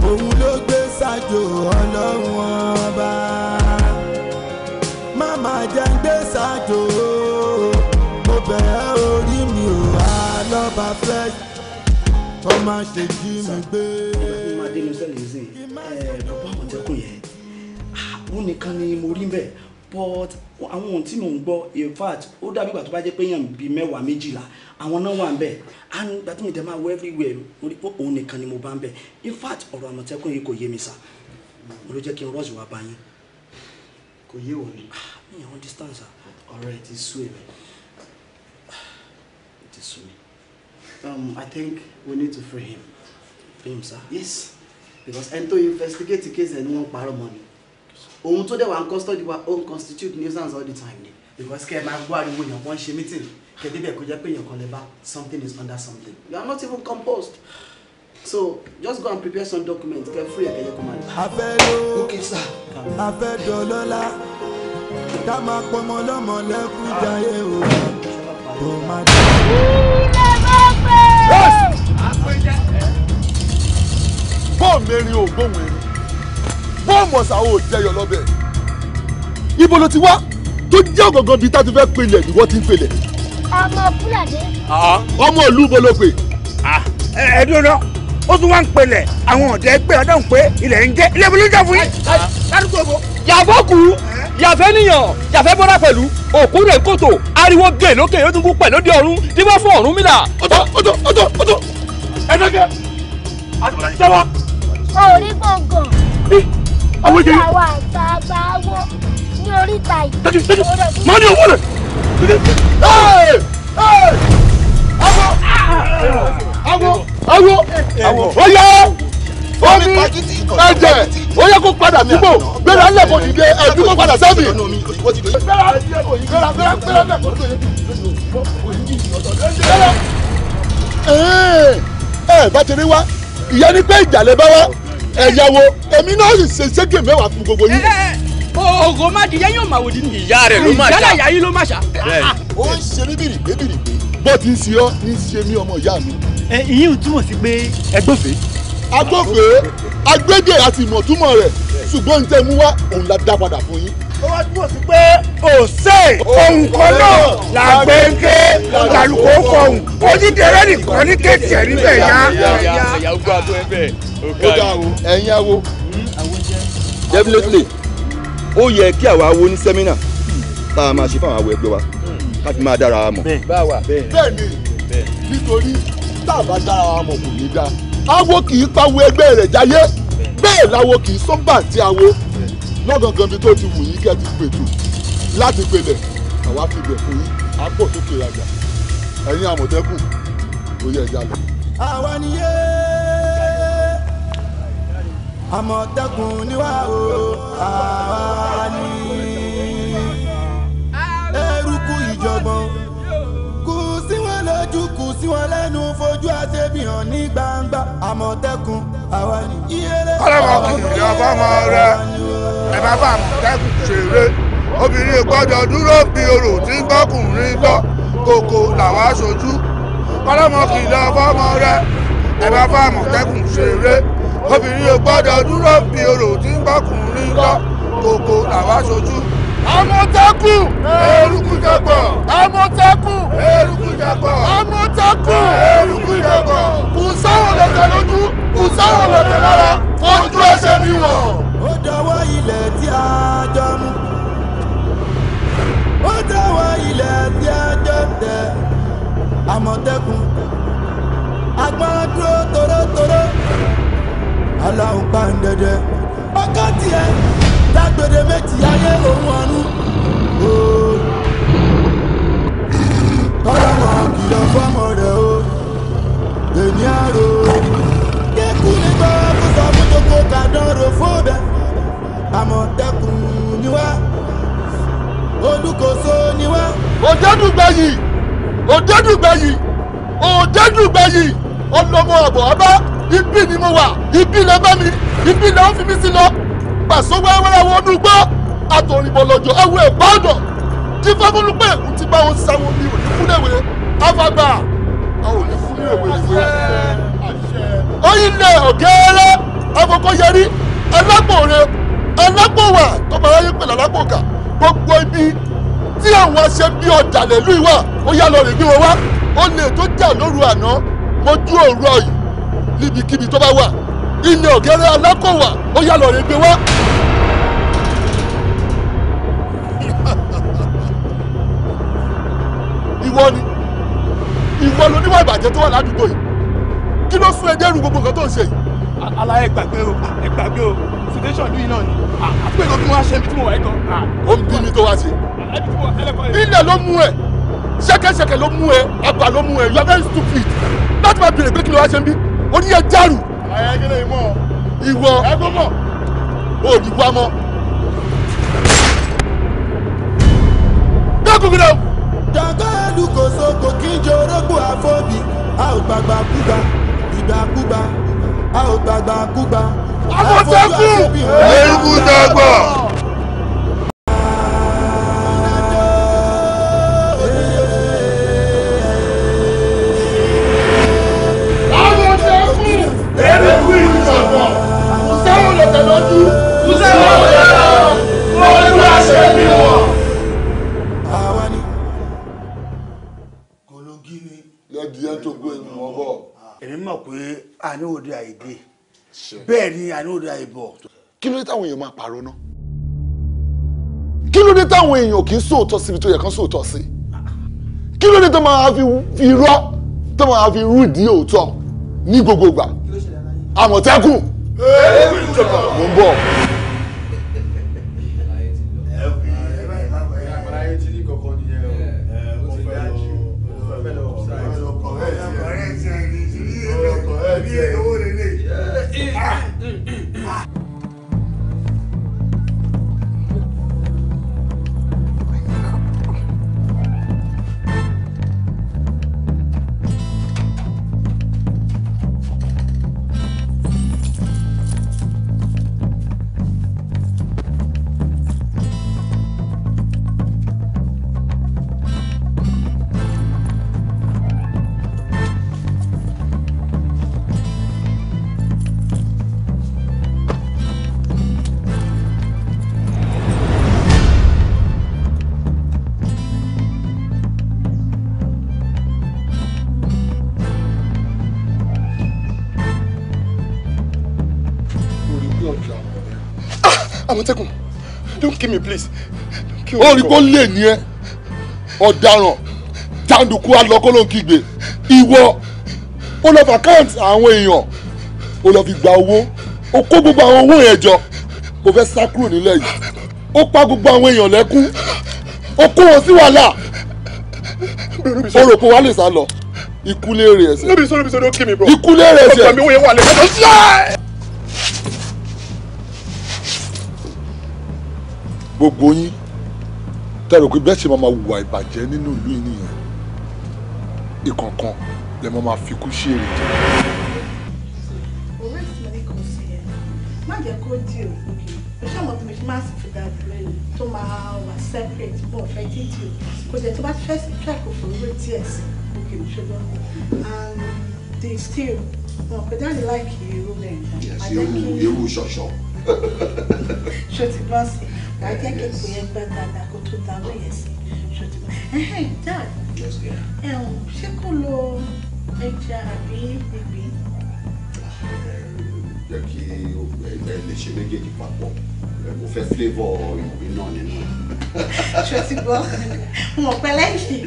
òun ló gbé ṣáájú ọlọ́run ọba má jẹ́ ń gbé ṣáájú mo bẹ̀rẹ̀ orí mi ò wá lọ́ba fẹ́ wọ́n má mi gbé. ọ̀gá mi máa dé ní sẹ́lẹ̀ bàbá àmọ̀tẹ́kùn yẹn àwọn ah, nìkan ni mo rí bẹ́ẹ̀ but àwọn ohun tí mò ń gbọ́ in fact ó dàbí ìgbà tó bá jẹ́ pé èèyàn bíi mẹ́wàá méjìlá àwọn náà wà ń bẹ̀ and ìgbà tí mi dẹ̀ máa wọ everywhere mo rí pé òun nìkan ni mo bá ń bẹ̀ in fact ọ̀rọ̀ àmọ̀tẹ́kùn yìí kò yé mi sà mo ló jẹ́ kí n rọ́ọ̀sì wá bá yín. kò yé wọn ni. Ah, mi àwọn distance sà. ọ̀rọ̀ ẹ ti sú èmi ẹ ti sú mi. Um, I think we need to free him. free him sir. yes because ẹni tó investigate case ẹ ní wọn parọ́ mọ́ ni ohun tó dẹ̀ wà ń custody wa own constitute nuisance all the time ni because kẹ́ ẹ máa gbọ́ ariwo èèyàn kan ṣe meeting kẹ́ ẹ débẹ̀ kó jẹ́ pé èèyàn kan lè bá something is under something you are not even composed so just go and prepare some documents kẹ́ ẹ free ẹ̀kẹ́ yẹ kó máa lọ. afẹ́dọ́ afẹ́dọ́ lọ́la ká máa pọmọ lọ́mọ lẹ́kùn jayé o kò má dé. kó o mérin o gbóhùn fọ́ọ̀mù ọ̀sà ò jẹyọ lọ́bẹ̀. ibo ló ti wá tó jẹ́ ọ̀gọ̀ngàn bíi táti fẹ́ pelẹ̀ ni wọ́n ti ń pelẹ̀.
ọmọ fúlàdé.
Ah. ọmọ ìlú ibo ló pe. Ah, ẹ̀ẹ́dùn náà ó tún wá ń pelẹ̀ àwọn ọ̀dẹ́ pé ọdún pé ilẹ̀ ń jẹ́ ilé ìbílẹ̀ ń jẹ́ fún yín. Ah. yàbọ̀ kú yàfẹ́ níyàn yàfẹ́ bọ́dá pẹ̀lú òkú rẹ̀ kòtò ariwo gè lókè yóò tún kú pẹ̀ lóde ọ̀run tí wọ́n fún ọ̀run mìlà. ọjọ́ ọjọ́ ọjọ́ ọjọ́ ẹ̀dọ́gẹ́ àti bọ́dá ti jẹ́ wa.
orí gbọ̀ngàn àwọn èdè. ọjà wa àgbààgbà wọ ní oríta yìí. máa ní owó rẹ̀. awo awo awo
awo omi ẹ̀jẹ̀ oya kó padà síbò gbéra lẹ́kọ̀ọ́ dìde ẹ̀dùn kó padà sẹ́mi. gbéra gbéra bá ti rí wa ìyá ni pé ìjà bá wa ẹ̀yàwó èmi náà sì ṣe ṣẹ́gẹ̀ mẹ́wàá fún gbogbo yín. Eh, eh, eh, oògùn má di yẹ́yìn òmàwò di nìyí. ìyá rẹ̀ ló má ṣá ìyá yàrá yín ló má ṣá. Ah, ah. ó ń ṣe mí bìrìgbé bìrìgbé bó ti ń ṣe ọ́ ní ṣe mí ọmọ ìyá mi. ìyín ò túmọ̀ sí pé ẹgbọ́fẹ́. agbófẹ́ agbẹ́dẹ̀ àti ìmọ̀túmọ̀ rẹ̀ ṣùgbọ́n ní tẹ́ mú wá òun la dá padà fún yín tó wá túbọ̀ sí pé òsè ohun kan náà làgbẹ́ńké làlùkò fọhùn onídẹrẹ́ nìkan ní kéètì ẹ̀ níbẹ̀ yá. ó dà o ẹ̀yin awo definitely ó yẹ kí àwa awo ní sẹ́mínà tá a máa ṣe fáwọn awo ẹgbẹ́ wa ká fi máa dára wa mọ̀. bẹ́ẹ̀ ni nítorí tá a bá dára wa mọ̀ kò ní dáa awo kì í pawó ẹgbẹ́ rẹ̀ jáyé bẹ́ẹ̀ làwo kì í sọ́gbà tí awo lọ́gàngàn bí tó ti wù yín kẹ́ ti pètò láti pelẹ̀ àwa ti bẹ̀ fún yín à ń pọ̀ sókè rajà ẹ̀yin àmọ̀tẹ́kùn ó yẹ ẹja lọ. àwa niyé àmọ̀tẹ́kùn ni wá o àwa ni. sí wọn lẹ́nu fojú àṣebí hàn ní gbangba àmọ̀tẹ́kùn àwa ni. kọ́lọ́mọ kùnìyàn ọmọ rẹ ẹ má bá àmọ̀tẹ́kùn ṣeré obìnrin gbọ́dọ̀ dúró bí orò tí ń gbọ́kùnrin gbọ́ kòkò làwọn aṣojú kọ́lọ́mọ kìlọ̀ ọmọ rẹ ẹ má bá àmọ̀tẹ́kùn ṣeré obìnrin gbọ́dọ̀ dúró bí orò tí ń gbọ́kùnrin gbọ́ kòkò làwọn aṣojú àmọ̀tẹ́kùn eruku jẹ̀pọ̀ àmọ̀tẹ́kùn eruku jẹ̀pọ̀ àmọ̀ takú eruku ìdẹ̀kọ̀ kù sáwọn
lẹ̀tẹ̀ lójú
kù sáwọn lẹ̀tẹ̀ lára fojú ẹsẹ̀ mi wọ̀. ó dọwọ́ ilẹ̀ tí a jọ mú ó dọwọ́ ilẹ̀ tí a jọ tẹ̀ àmọ̀tẹ́kùn agbọ́n dúró torótoró aláhùn pàǹdẹ̀dẹ̀ ọkọ̀ tiẹ̀ dágbére ayé òun ọ̀run ọlọ́mọ kìlọ̀ fọ́mọ rẹ̀ o èmi àrò. kékù ní bá kó sọ fún joko kàdánrò fóbẹ àmọ̀tẹ́kùn ni wá olùkóso ni wá. òjòdùgbẹ̀yì òjòdùgbẹ̀yì òjòdùgbẹ̀yì ọlọ́mọ ọ̀bọ̀ ọba ibi ni mo wà ibi lẹ mi ibi lẹ ń fi mi sí lọ pàṣẹ wẹ́wẹ́rẹ́ wọnú gbọ́ àtòrìbọ̀lọ̀jọ̀ ẹ̀wù ẹ̀ bá ti fábọ́lù pé òun ti bá wọn sáwọn mi ò ní kúlẹ̀wé afagba a ò ní kúlẹ̀wé ìwé. oyin lẹ ọ̀gẹ́rẹ́ afọkọ yẹrí alápòore alápòwà tọmọ aráyé pẹ̀lú alápòkà gbogbo ibi tí àwọn aṣẹ bí ọ̀dàlẹ̀ lù wà ó yá lọ rè gbé wọn wá ó lè tó jà lóru àná mọ́jú òru ọ̀yìn níbikíbi tó bá wà ilé ọ̀gẹ́rẹ́ alákọ̀wà ó yá lọ rè gbé wá. ìwọ ni ìwọ ló níwọ̀n ìbàjẹ́ tó wà ládùúgbò yìí kí ló fún ẹjẹ́ rú gbogbo nǹkan tó ń ṣe yìí. aláyẹ gbàgbé o ẹ gbàgbé o situation yìí náà ni àpérò bí wọn ṣe ibi tí mo wà yìí gan. ó ń bí mi tó wá sí. ilẹ̀ ló mú ẹ ṣẹ̀kẹ̀ṣẹ̀kẹ̀ ló mú ẹ àgbà ló mú ẹ you are very stupid láti máa bèrè pé kí ló wá ṣe ń bí oníyẹ járù. ayẹyẹ ìmọ̀ ìwọ òògùn wa mọ́. dákúndínlẹ́wò gbọ́ọ̀lù kò sóko kí n jorógbó àfọ́bì a ò gbàgbà kúgbà ìgbà kúgbà a ò gbàgbà kúgbà. àmọ̀tẹ́kùn eruku dàgbà. bẹ́ẹ̀ ni i know that about. kí ló dé táwọn èèyàn máa pààrọ̀ náà kí ló dé táwọn èèyàn kì í sòótọ́ síbi tó yẹ kán sòótọ́ sí kí ló dé tó máa fi irọ́ tó máa fi rúdi òótọ́ ní gbogbogbà àmọ̀tẹ́kùn mo ń bọ̀. Àmọ̀tẹ́kùn don't kill me please don't kill me. olùkọ́ lè ní ẹ ọ̀daràn jàǹdùkú alọ́kọ́lọ́kígbe ìwọ ó lọ vacant àwọn èèyàn ó lọ fi gba owó ó kó gbogbo àwọn owó yẹn jọ ó fẹ́ sá kúrò nílẹ̀ yìí ó pa gbogbo àwọn èèyàn lẹ́kún ó kó wọn sí wàhálà ó rò pé wàá lè sá lọ ikú lé rẹ̀ ẹsẹ̀ ikú lé rẹ̀ ẹsẹ̀. gbogbo yín tẹ̀rọ pé bẹ́ẹ̀ ṣe máa wùwà ìbàjẹ́ nínú ìlú yìí nìyẹn ìkọ̀ọ̀kan lẹ máa máa fikú ṣe èrè jẹ.
ọ̀rẹ́ ìsìn ní kò sí ẹ̀ má jẹ́ kó di òkè ó ṣàmọ̀ tó mi o kò jẹ́ tó bá fẹ́ sí track òfò lórí díẹ̀ sí òkè mi ṣùgbọ́n and they still wọn kò dáàbò láìkì irú lẹ́yìn. yẹ sí ewu
ewu ti bá
sí i wàá jẹ́ kí èkó yẹn pẹ́ dáadáa kó tó dáwọ́ yẹn sí ṣùgbọ́n ẹ̀hìn dad ẹ̀hún ṣé kò lo ẹja àbí bèbè.
Eh, jẹ́ kí ẹ lè ṣe méjèèjì papọ̀ eh, mo fẹ́ flavour ìgbín náà nínú ẹ̀. ṣé o ti gbọ́
wọn pẹ́ lẹ́yìn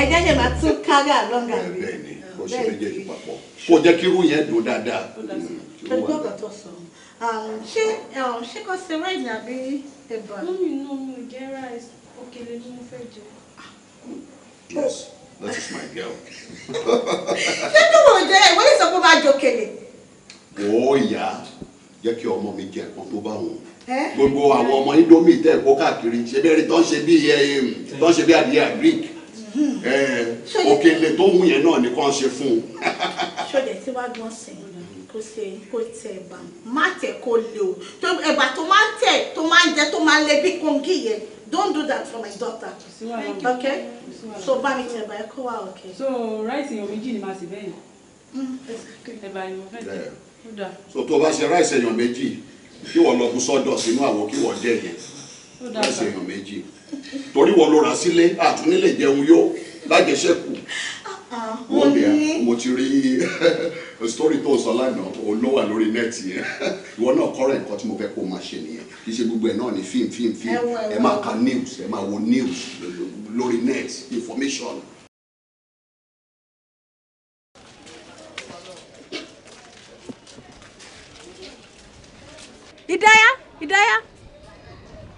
ẹ̀jẹ̀ yẹn máa tún kárí àlọ́ngà mi. bẹ́ẹ̀ni kò ṣe méjèèjì papọ̀
kò jẹ́ kí irú yẹn dùn dáadáa.
pẹ̀lú ọ̀gá tó sọ um, ṣé um, ṣé kò ṣe rẹ́ẹ̀dì àbí ẹ̀bà. mọ́mí náà mi ò jẹ rice òkèlè ni mo fẹ́ jẹ.
yes that is my girl. ṣé
kí wọ́n jẹ ìwé lè sọ pé ó bá jọ òkèlè.
ó yá jẹ́ kí ọmọ mi jẹ ẹ̀pọ̀n tó bá wọn gbogbo àwọn ọmọ indomie tẹ́ ẹ̀kọ́ káàkiri ṣe bẹ́ẹ̀ rí tó ń ṣe bí tó ń ṣe bí adìyẹ greek hmm. òkèlè tó mú yẹn náà nìkan ṣe fún un.
ṣọdẹ tí wàá gbọ́n sẹ́yìn kó ṣe kó tẹ ẹ̀bà má tẹ̀ kó le o tó ẹ̀bà tó máa ń tó máa jẹ tó máa le bí kòǹgì yẹn don't do that for my daughter okay so bá mi tẹ̀ ẹ̀bà ẹ̀ kó wá
okay. so rice èèyàn méjì ni màá sì bẹ́ẹ̀ mm, yẹn ẹ̀bà ni mo
fẹ́ jẹ ó dà. so tó o bá ṣe rice èèyàn méjì kí wọ́n lọ bu sọ́dọ̀ sínú àwọ̀ kí wọ́n jẹ yẹn rice èèyàn méjì torí wọ́n lọ rà sílé àtúnilè jẹun yó lájẹsẹ́kù
mo ah, ah, ní mo
ti rí story tó sọ lánàá òun ló wà lórí nẹ́ẹ̀tì yẹn ìwọ náà kọ́rẹ́ nǹkan tí mo fẹ́ kó máa ṣe nìyẹn kì í ṣe gbogbo ẹ̀ náà ni fíìm fíìm fíìm ẹ máa ka news ẹ máa wo news lórí net information.
ìdáyà ìdáyà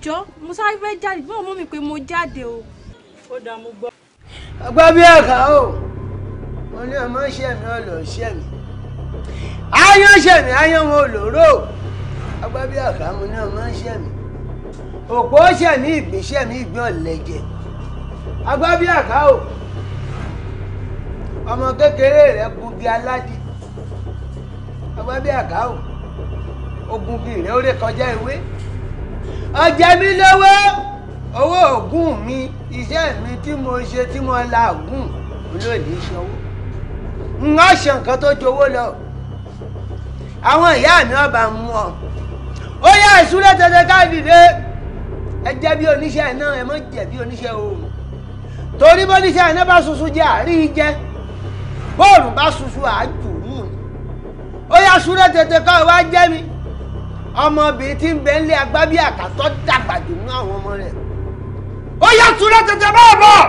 jọ mo sáré fẹ́ jáde bí wọ́n mú mi pé mo jáde o. ó dá mo gbọ́.
ọgbà bíi ẹ̀ka o mo ní ọmọ iṣẹ́ mi ọ lọ iṣẹ́ mi ayán ṣẹ̀mí ayán wọn olóró ọgbà bíi àkàmú náà máa ń ṣẹ̀mí òpó ṣẹ̀mí ìgbín ṣẹ̀mí ìgbín ọ̀lẹ́jẹ̀ agbá bíi àká o ọmọ kékeré rẹ̀ gun bíi aládì agbá bíi àká o ogun bíi rẹ̀ ó lè kọjá ìwé ọjà mi lówó owó ògùn mi iṣẹ́ mi tí mo ṣe tí mo la ògùn olóòdì ṣọwọ́ ń wá ṣe nǹkan tó jowó lọ àwọn ìyá mi ọba ń mú ọ ó yá ìsúlẹ̀ tẹ̀tẹ̀ káàdìdé ẹ jẹ́ bí oníṣẹ́ náà ẹ má jẹ́ bí oníṣẹ́ oòrùn torí bóníṣẹ́ iná bá ṣoṣo jẹ́ àárín jẹ́ bóòrùn bá ṣoṣo àájù mú ni ó yá súlẹ̀ tẹ̀tẹ̀ ká wá jẹ́ mi ọmọbìnrin tí ń bẹ ń lé agbábí àkàtọ́ dàgbà jù mú àwọn ọmọ rẹ̀ ó yá súlẹ̀ tẹ̀tẹ̀ bọ́ọ̀ bọ́ọ̀.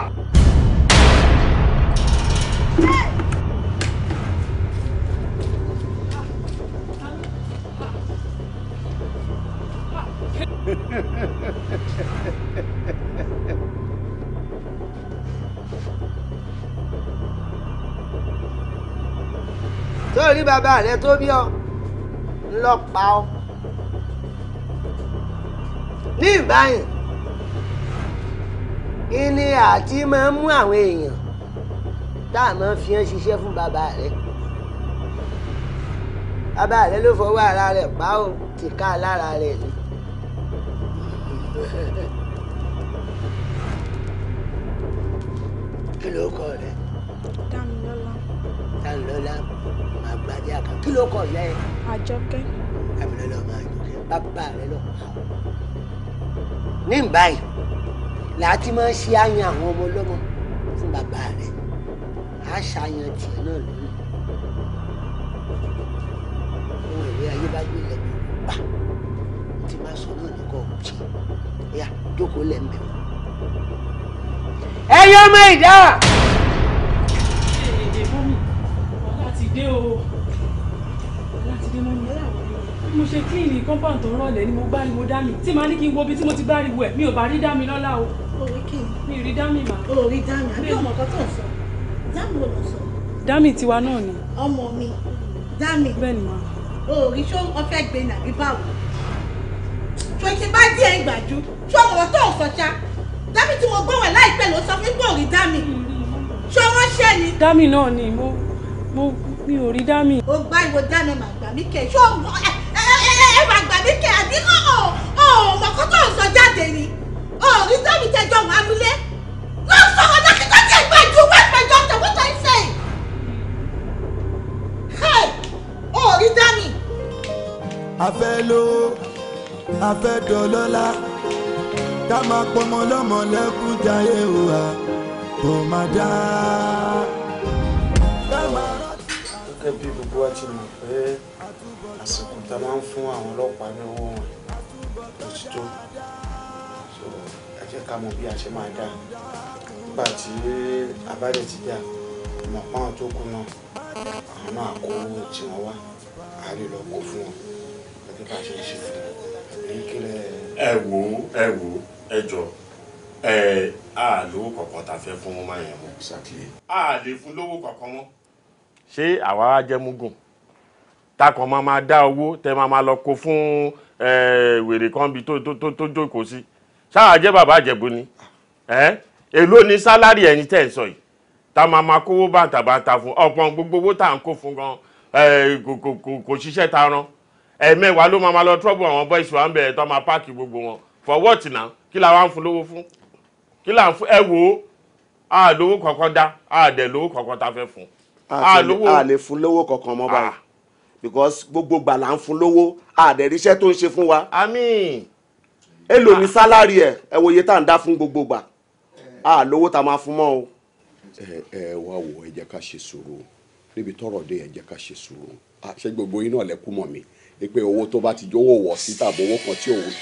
sórí bàbá rẹ tó bí ọ ńlọ pa ọ ní ìbáyìn ìní àti máa ń mú àwọn èèyàn tá a máa fi hàn ṣiṣẹ́ fún bàbá rẹ bàbá rẹ ló fọwọ́ ara rẹ pa ó ti lára rẹ ni. kí ló kọ rẹ? Dámilọ́lá. Dámilọ́lá ìbàjẹ́ àkàn kí ló kọ̀ yẹ. àjọkẹ́. àbúrò lọ máa jọkẹ́ bàbá rẹ lọ kọ́ àwọn. ní báyìí làá ti máa ń ṣe àyàn àwọn ọmọ ọlọ́mọ fún bàbá rẹ á ṣàyàn tiẹ̀ náà lónìí. ohun ìwé ayé bá gbé ilẹ̀ pa tí máa sọ náà ní kò jì yá jókòó lẹ́ńbẹ̀ẹ́. ẹ̀yin ọmọ ìdá. ìdè mọ́mì ọ̀la ti dé o
dènà ni mo ṣe
clean compound tó rọlẹ̀ ni mo gbá ni dá mi tí màá ní kí n wo ibi tí mo ti bá rí wẹ̀ mi ò bá rí dá mi lọ́la o. orí kí ni mi rí dá mi mà. orí dá mi àbí ọmọ kan tó ń sọ dá mi ò lọ sọ. dá mi tiwa náà ni. ọmọ mi dá mi.
bẹ́ẹ̀ ni mà. orí ṣó wọn fẹ́ gbé nàbí báwo. twenty bá díẹ̀ ń gbàjú ṣó ọmọ tó ń sọ ṣá dá mi tí mo gbọ́ wọn láìpẹ́ ló mo gbá ìwọ dá mi màá mí kẹ́ ṣó ẹ máa gbà mí kẹ́ àbí ọmọ kan tó ń sọ jáde ni òòrí tẹ́mi tẹjọ wà nílé lọ́ọ́ sọ̀rọ̀ dókítà tí ẹ gbàjú wọ́n gbàjọ tẹ̀ wọ́n tẹ̀ sẹ́yìn.
òòrí dání. a fẹ́ lówó a fẹ́ dọlọ́lá ká máa pọmọ lọ́mọ lẹ́kùn jayé òwà kò má dá. ẹbí gbogbo wa ti mọ̀ pé àsìkò tá a máa ń fún àwọn ọlọ́pàá ní owó wọn tó so ẹ jẹ́ ká mọ bí a ṣe máa dá nígbà tí abájẹ́ ti dá mọ̀ páwọn tó kú náà àwọn náà kó tí wọ́n wá
a lè lọ kó fún wọn gẹ́gẹ́ bá ṣe ń ṣe fún wọn èyí kílẹ̀. ẹ wò ó ẹ wò ó ẹ jọ ẹ a lówó kọ̀ọ̀kan tá a fẹ́ fún wọn máa yẹn mọ́ a lè fún lówó kọ̀ọ̀kan mọ́. ṣé àwa á jẹ́ múgùn takàn máa máa dá owó tẹ máa máa lọ kó fún wèrè kan bí tó tó tó jókòó sí ṣáà jẹ́ bàbá àjẹ̀bù ni èló ni sálárì ẹ̀yin tẹ̀ ń sọ yìí tá máa máa kówó bàtà bàtà fún ọ̀pọ̀ gbogbo owó tá à ń kó fún gan kò ṣiṣẹ́ ta ran ẹ̀ẹ̀mẹ́wàá ló máa máa lọ trọ́bù àwọn bọ́ìsì wa ń bẹ̀rẹ̀ tó máa páàkì gbogbo wọn for what now kí la wá ń fún lówó fún kí la ń fún ẹ wò ó a lówó kọ̀ọ̀kan dá a dẹ̀ lówó kọ̀ọ̀kan ta fẹ́ fún
a lówó a lè fún lówó kọ̀ọ̀kan mọ́ báyìí ah because gbogbo gbà là ń fún lówó àdẹ̀ríṣẹ́ tó ń ṣe fún wa. àmín. èlò ní sálárì ẹ ẹ wo iye tá à ń dá fún gbogbo gbà á lówó tá a máa fún mọ́ o. ẹ ẹ wá wo ẹ jẹ́ ká ṣe sùúrù níbi tọ́rọ̀ dé ẹ ká ṣe sùúrù ṣé gbogbo yín náà lẹkú mọ̀ mi pé owó tó bá ti jówó wọ̀ sí tàbówó kan tí òun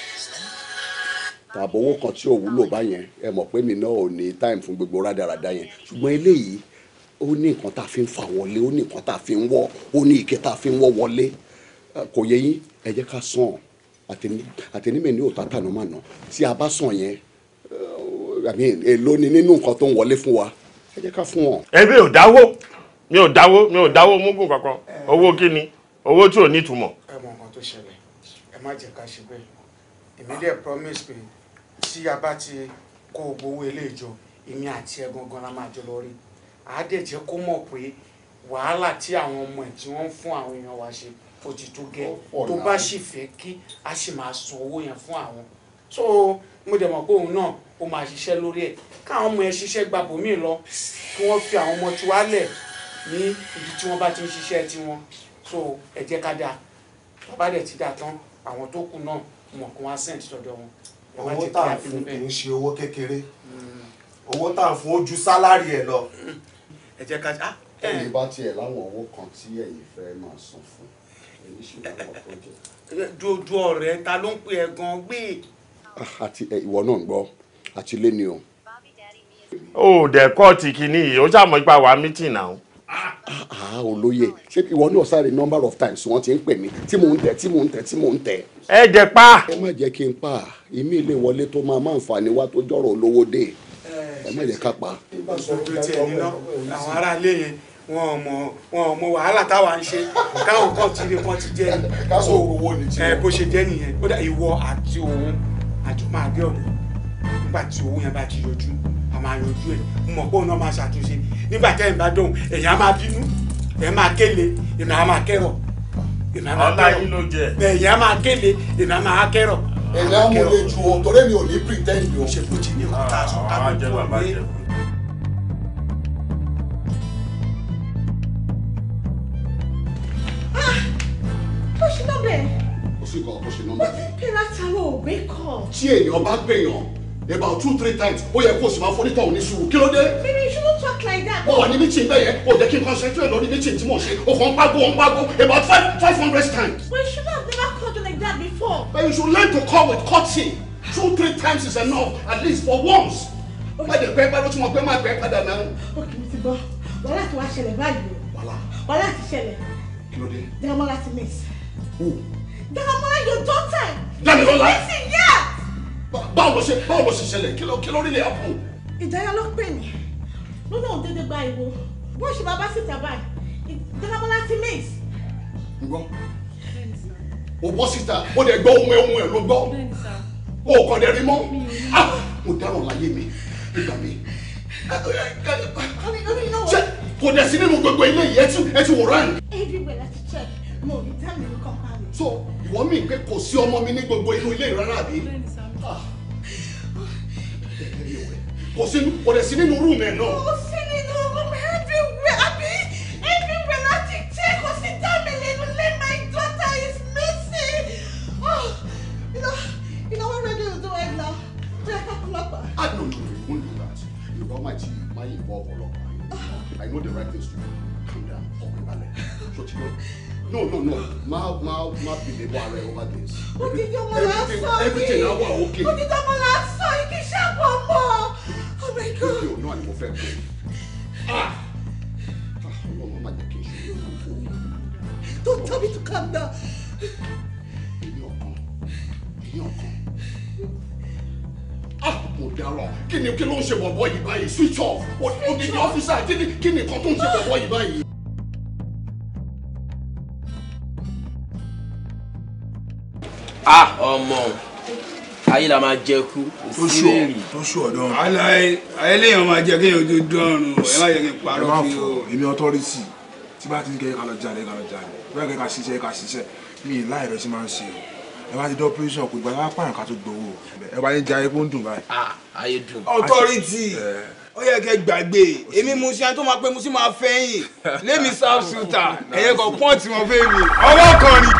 tàbówó kan tí òun lò bá yẹn ẹ mọ̀ pé mi náà ò ní time fún gbogbo rádaràda yẹn ṣùgbọ́n eléyìí ó ní nǹkan tá a fi ń fà wọlé ó ní nǹkan tá a fi ń wọ́ ó ní ike tá a fi ń wọ́ wọlé kò yẹ yín ẹ jẹ́ ká sàn àtẹnimẹ̀ ní òtá tànà mànà tí a bá sàn yẹn èlò ni nínú nǹkan tó ń wọlé fún wa
ẹ jẹ́ ká fún wọn. ẹbí ò dáwó mi ò dáwó mi ò dáwó mugun kankan owó kíni owó tí ò ní ìtumọ̀.
ẹ mọ nǹkan tó ṣẹlẹ̀ ẹ má jẹ́ ká ṣe bẹ́ẹ̀ èmi promise pé tí a bá ti kó gbowó ilé ìjọ èmi àti ẹ gangan la máa jọ lọ rí àádẹ́jẹ́ kó mọ̀ pé wàhálà tí àwọn ọmọ ẹ̀ tí wọ́n ń fún àwọn èèyàn wa ṣe ó ti tó gẹ́ tó bá sì fẹ́ kí a sì máa san owó yẹn fún àwọn so mo dẹ̀ mọ̀ pé òun náà ó máa ṣiṣẹ́ lórí ẹ̀ káwọn ọmọ ẹ̀ ṣiṣẹ́ gbapò míì lọ kí wọ́n fi àwọn ọmọ tí wàá lẹ̀ ní ibi tí wọ́n bá ti ń ṣiṣẹ́ tiwọn so ẹ jẹ́ ká dáa bàbá dẹ̀ ti dáa tán àwọn tó kù náà mọ̀ kí wọ́n á sẹ́ǹtì sọ́dọ̀ wọn. Hmm. owó tá à ń fún kì í ṣe owó kékeré owó tá à ń fún ojú sálárì ẹ̀ lọ hmm ẹ jẹ́ ká ah. ẹ̀yin eh. bá tiẹ̀ láwọn owó kan tí ẹ̀yin fẹ́ máa san fún ẹ̀yin ṣe láwọn project. dodo ọ̀rẹ́ ta ló ń pè ẹ gan gbé. Ah, àti eh, ìwọ náà ń gbọ́ àti ilé ni o. ó dẹ̀ kọ́ọ̀tì kìíní
yìí ó ṣàmọ́ ipa wa meeting náà ah,
ah, olóyè ṣé ìwọ náà sáré number of times wọn ti ń pè mí tí mò ń tẹ tí mò ń tẹ tí mò ń tẹ. ẹ jẹ pa. ẹ má jẹ́ kí n pa èmi lè wọlé tó máa máa ń fà ní wá tó jọ̀rọ̀ olówó dé. Eh, ẹ mẹjẹ ká pa. ìṣòro tiẹ̀ níná àwọn ará ilé yẹn wọn ò mọ wọn ò mọ wàhálà táwa ń ṣe káwọn kan ti rí kan ti jẹ ni. káwọn owó ni tiẹ̀. Eh, bó ṣe jẹ́ nìyẹn ó dà ìwọ àti òun àjọ máa gé ọ̀nà nígbà tí owó yẹn bá ti yọjú a máa yọjú ẹ̀ mọ̀ pé òun náà máa ṣàtúnṣe nígbà tẹ́ ẹ̀ bá dóhùn ẹ̀yà máa bínú ẹ̀ máa kéle ẹ̀ máa máa kẹ́rọ̀ ẹ̀ máa máa kẹ́rọ̀ ẹ̀yà máa kéle ẹ̀ máa máa èmi á mú le ju o
torí mi ò ní pretend o. ṣe fújì ní ọ̀tá àtúntà mi kò ní.
ó ṣe nọ́bẹ̀.
ó sì kọ́ ó ṣe nọ́bẹ̀.
wọ́n ti tẹ́lá ta ló ògbé kan.
tí èèyàn bá gbèyàn about two three times ó yẹ kó o sì máa fọ́nítọ̀ òní sùúrù kí ló dé.
bíbí you shouldn't talk like that. mo wà ní
meeting bẹ́ẹ̀ yẹn o jẹ́ kí n concentrate lórí meeting tí mo ṣe o kàn ń pàgó ń pàgó about five five hundred times.
we should have never that before.
But you should learn to call with courtesy. Two, three times is enough, at least for once. Má jẹ́ pé báwo tí My pẹ́ máa pẹ́ padà náà.
Òkè mi ti gbọ́, wàhálà ti wá ṣẹlẹ̀ báyìí o. Wàhálà. Wàhálà ti ṣẹlẹ̀. Kí ló dé? Dẹ́rẹ́mọ́lá ti miss. Who? Dẹ́rẹ́mọ́lá your daughter.
Dẹ́rẹ́mọ́lá. She miss it yet. Báwo ló ṣe báwo ló ṣe ṣẹlẹ̀? Kí ló kí ló rí lè hàpù?
Ìdáyà ló pè mí. Lọ́nà òdédé gba ìwo. Bó ṣe bàbá síta báyìí. Dẹ́rẹ́mọ́lá ti miss.
Ǹgbọ́n o bọ́ síta o dẹ̀ gbọ́ ohun ẹ̀hún ẹ̀ ló gbọ́ o kò dẹ̀ rí mọ́ ah, mo dáràn láyé mi nígbà mi kò dẹ̀ sí nínú gbogbo ilé yìí ẹ ti wòrán. everywhere láti check mo rí tẹ́lẹ̀ ní kọ́ńpáàlì. so ìwọ mi pé kò sí ọmọ mi ní gbogbo inú ilé rárá àbí ah. kò sí nínú rúùmù ẹ̀ náà. I know you won't do that. You got my tea, my involve all of I know the right things to do. Calm down, ọkùnrin balẹ̀. Ṣọtí lọ. No, no, no. Má má má bìlẹ̀ bọ́ ara over this. Òtítọ́ mo la sọ yìí. Everything na wà okay. Òtítọ́
mo la sọ yìí kì í ṣe àpọ̀
mọ́. Oh my God. Òkè òun náà ni mo fẹ́ kó.
Ọlọ́run má jẹ́ kí n ṣe òun. Don't tell me to
calm down. Èmi ọ̀kan. Èmi ọ̀kan ọ̀daràn kí ni kí ló ń ṣe bọ̀bọ̀ yìí báyìí switch off odidi ọ́fíìsà kí ni nǹkan tó ń ṣe bọ̀bọ̀ yìí báyìí. a ah, ọmọ ayé la máa
jẹ kú oṣù
oṣù ọdọ. ayé lèèyàn máa jẹ kéèyàn ojú dọrùn ẹ
má yẹ kí n parọ́ fi o. èmi ọtọ́rìtì tí bá ti ń kẹ́ ká lọ jalè ká lọ jalè bẹ́ẹ̀ kẹ́ ká ṣiṣẹ́
ká ṣiṣẹ́ mi ì láì rẹ̀ ṣe máa ń ṣe o ẹ wá ti dé operation kò gbà lápá ká tó gbowó ẹ wá ní jayé kó ń dùn báyìí. ah ayé dùn. authority ó yẹ kẹ́ gbàgbé èmi mo ṣe tó máa pé mo sì máa fẹ́yìn lémi south suta ẹ̀yẹ kan pọ́ǹtì wọn fẹ́ mi ọwọ́ kan ni.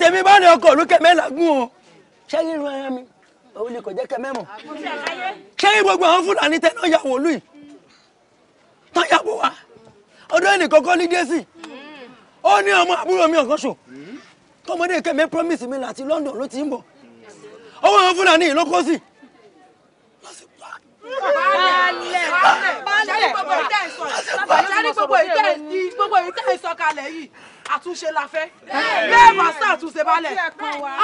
tèmi bá ní ọkọ̀ òlú kẹ̀mẹ́ làgùn o ṣé irú ara mi òun lè kọ̀ jẹ́ kẹ̀mẹ́ mọ̀ ṣé gbogbo àwọn fúlàní tẹ náà yàwó lù yìí tán yàwó wa ọdún ẹnì kọ́kọ́ ní dé sí ó ní ọmọ àbúrò mi ọ̀kan ṣò tọmọdé kẹ̀mẹ́ promise mi láti London ló ti ń bọ̀ owó àwọn fúlàní yìí ló kó sí
balẹ̀
balẹ̀ balẹ̀ gbogbo
ìtẹ̀ ìsọ̀kalẹ̀ yìí àtúnṣe la fẹ́ bẹ́ẹ̀ bá sí àtúnṣe balẹ̀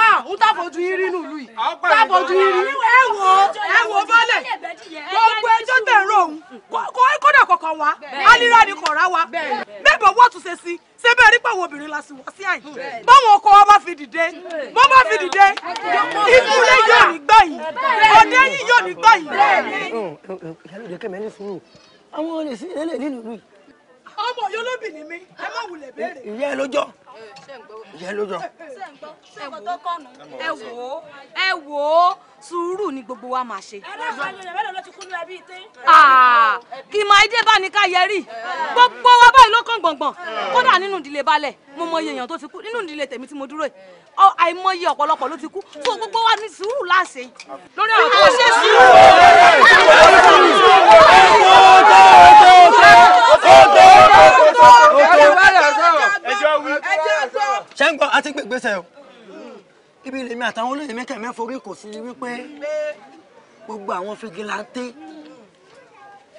ah n tá fojú yín rínú ìlú yìí tá fojú yín rí ẹ wò ẹ wò bọ́lẹ̀ gbogbo ẹjọ́ tẹ̀ ń rò òun kódà kọ̀ọ̀kan wa alira ni kọ̀ọ̀rá wa bẹ́ẹ̀ bọ̀ wọ́ọ̀tún ṣe sí ṣé bẹ́ẹ̀ rí pàwọn obìnrin la sì wá sí àyè báwọn ọkọ wa bá fi dìde bó bá fi dìde ìkúlé yóò
ní gbà yìí ọdẹ yìí yóò ní gbà yìí. ìyálò ìdẹ́kẹ́ mẹ́rin sùúrù àwọn olè sí ilé nílùú yìí
ọmọ yóò lóbìnrin mi ẹ má wulẹ̀ béèrè. ìyá ẹ lójọ ìyá ẹ lójọ. ẹ wò ó ẹ wò ó sùúrù ni gbogbo wa máa ṣe. kì í máa dé bá ní ká yẹrí gbogbo wa báyìí ló kàn gbọ̀ngbọ̀n kódà nínú ìdílé balẹ̀ mo mọ iye èèyàn tó ti kú nínú ìdílé tèmi tí mo dúró yìí àìmọye ọ̀pọ̀lọpọ̀ ló ti kú tó gbogbo wa ní sùúrù láṣẹ lórí àwọn tó ṣe sùúrù.
ń gbọ́ a ti gbègbèsè o ibi lèmi àtàwọn olóyè mẹ́kẹ̀mẹ́ forí kò sí wípé gbogbo àwọn fìgìláńtẹ́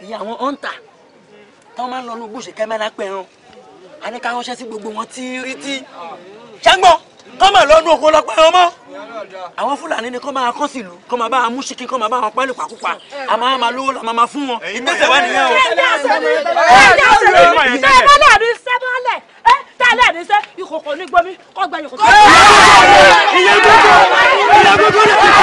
ìyá àwọn ọ̀ǹtà tó máa ń lọ ní gbòòsè kẹ́mẹ́rà pẹ̀rùn a ní ká ránṣẹ́ sí gbogbo wọn tírítí ṣẹ́gbọ́n kọ́ máa lọ inú oko lọ pẹ́rùn mọ́ àwọn fúlàní ni kọ́ máa kọ́ sílùú kọ́ máa bá wọn mú ṣíkí kọ́ máa bá wọn pẹ́lú pàkúpa a máa máa lówó la máa máa fún wọn ìgbésẹ̀ wá nìyẹn o lálẹ́ ní sẹ́
ìkòkò ní gbomi kọ́ gba ìkòkò. ìyá gbogbo ìyá gbogbo lè fi kọ́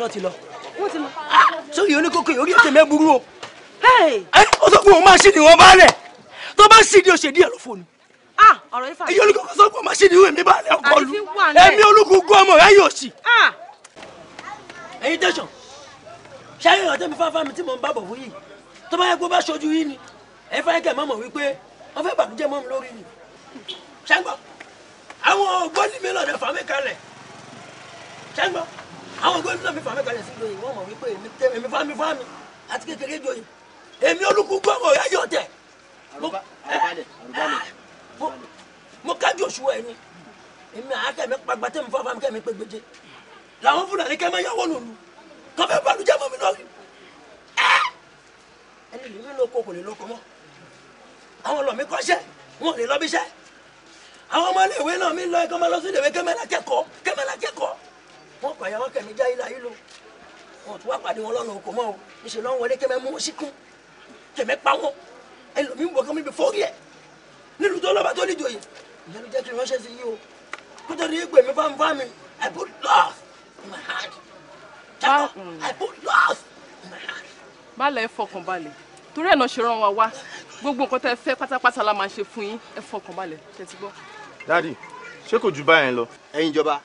sọ́ọ́ ti lọ. Wọ́n ti lọ.
Sọ́ọ́ ah, yìí oníkókó yìí orí ètè o ó sọ pé òun máa ṣì ní wọn bá lẹ̀ tó bá ṣì ní òṣèlú ẹ̀rọ fóònù. èyí ah, olùkọ́ sọ pé òun máa ṣì ní èmi bá lẹ̀ ọkọ lu èmi olùkọ́ gún ọmọ rẹ yóò ṣì. Ah! ẹ̀yin tẹsán ṣáyé ọ̀rọ̀ tẹ́mi fáfá mi tí mò ń bá bọ̀ fún yìí tó bá yẹ kó bá ṣojú yìí ni ẹ̀yin fáyé kẹ̀ mọ́mọ́ wípé wọ́n fẹ́ bàbújẹ́ mọ́ mi lórí ni. ṣẹ́ńgbọ́ àwọn ògbóni mi lọ́dẹ fàmí kalẹ̀ ṣẹ́ńgbọ́ àwọn ògbóni mi lọ́dẹ fàmí kalẹ̀ sí lóyìn wọ́n mọ̀ wípé èmi fámi fámi àti kékeré jòyìn èmi olúkúgbọ́ mọ̀ ọ̀yá yóò tẹ̀. Ah, mo kájú òṣùwọ̀ ẹni èmi àákẹ́mi pàgbà tẹ́mi fún abámi kẹ́mi pé gbèjé làwọn fúnra ní kẹ́mi yáwó lòlù kọ́fẹ́ balùjẹ́ mọ́ mi lọ́rí. Ah! ẹni lèmi lóko kò lè lóko mọ́ àwọn ọlọ́mi kọ́ṣẹ́ wọn ò lè lọ bíṣẹ́ àwọn ọmọ iléèwé náà mi lọ ẹ̀kọ́ máa lọ sí iléèwé kẹ́mẹ́lá kẹ́kọ̀ọ́ kẹ́mẹ́lá kẹ́kọ̀ọ́ wọn kọ̀ àyàwó kẹ́mi já ilé ayé lò wọn ò tún wá pàdé wọn lọ́nà òkò mọ́ o níṣẹ́ lọ́wọ́ wọlé kẹ́mẹ́ mú wọn síkún tẹ̀mẹ́ pa wọ́n ẹlòmí ń bọ̀ kán mi bẹ fọ́ọ̀rì ẹ̀ nílùú tó lọ́ba tó ní ìjòyè ìyá ló jẹ́ kí n ránṣẹ́ sí yìí o kótó ní ìgbè mi fáwọn mi I put love in my heart jacob I put love in my heart. balẹ̀ ẹ fọkàn balẹ̀
torí ẹ̀ náà ṣe rán wa wá gbogbo nǹkan tẹ́ fẹ́ pátápátá la máa ṣe fún yín ẹ fọkàn balẹ̀ tẹ́tí gbọ́.
dádì ṣé kò ju báyẹn lọ. ẹ̀yin ìjọba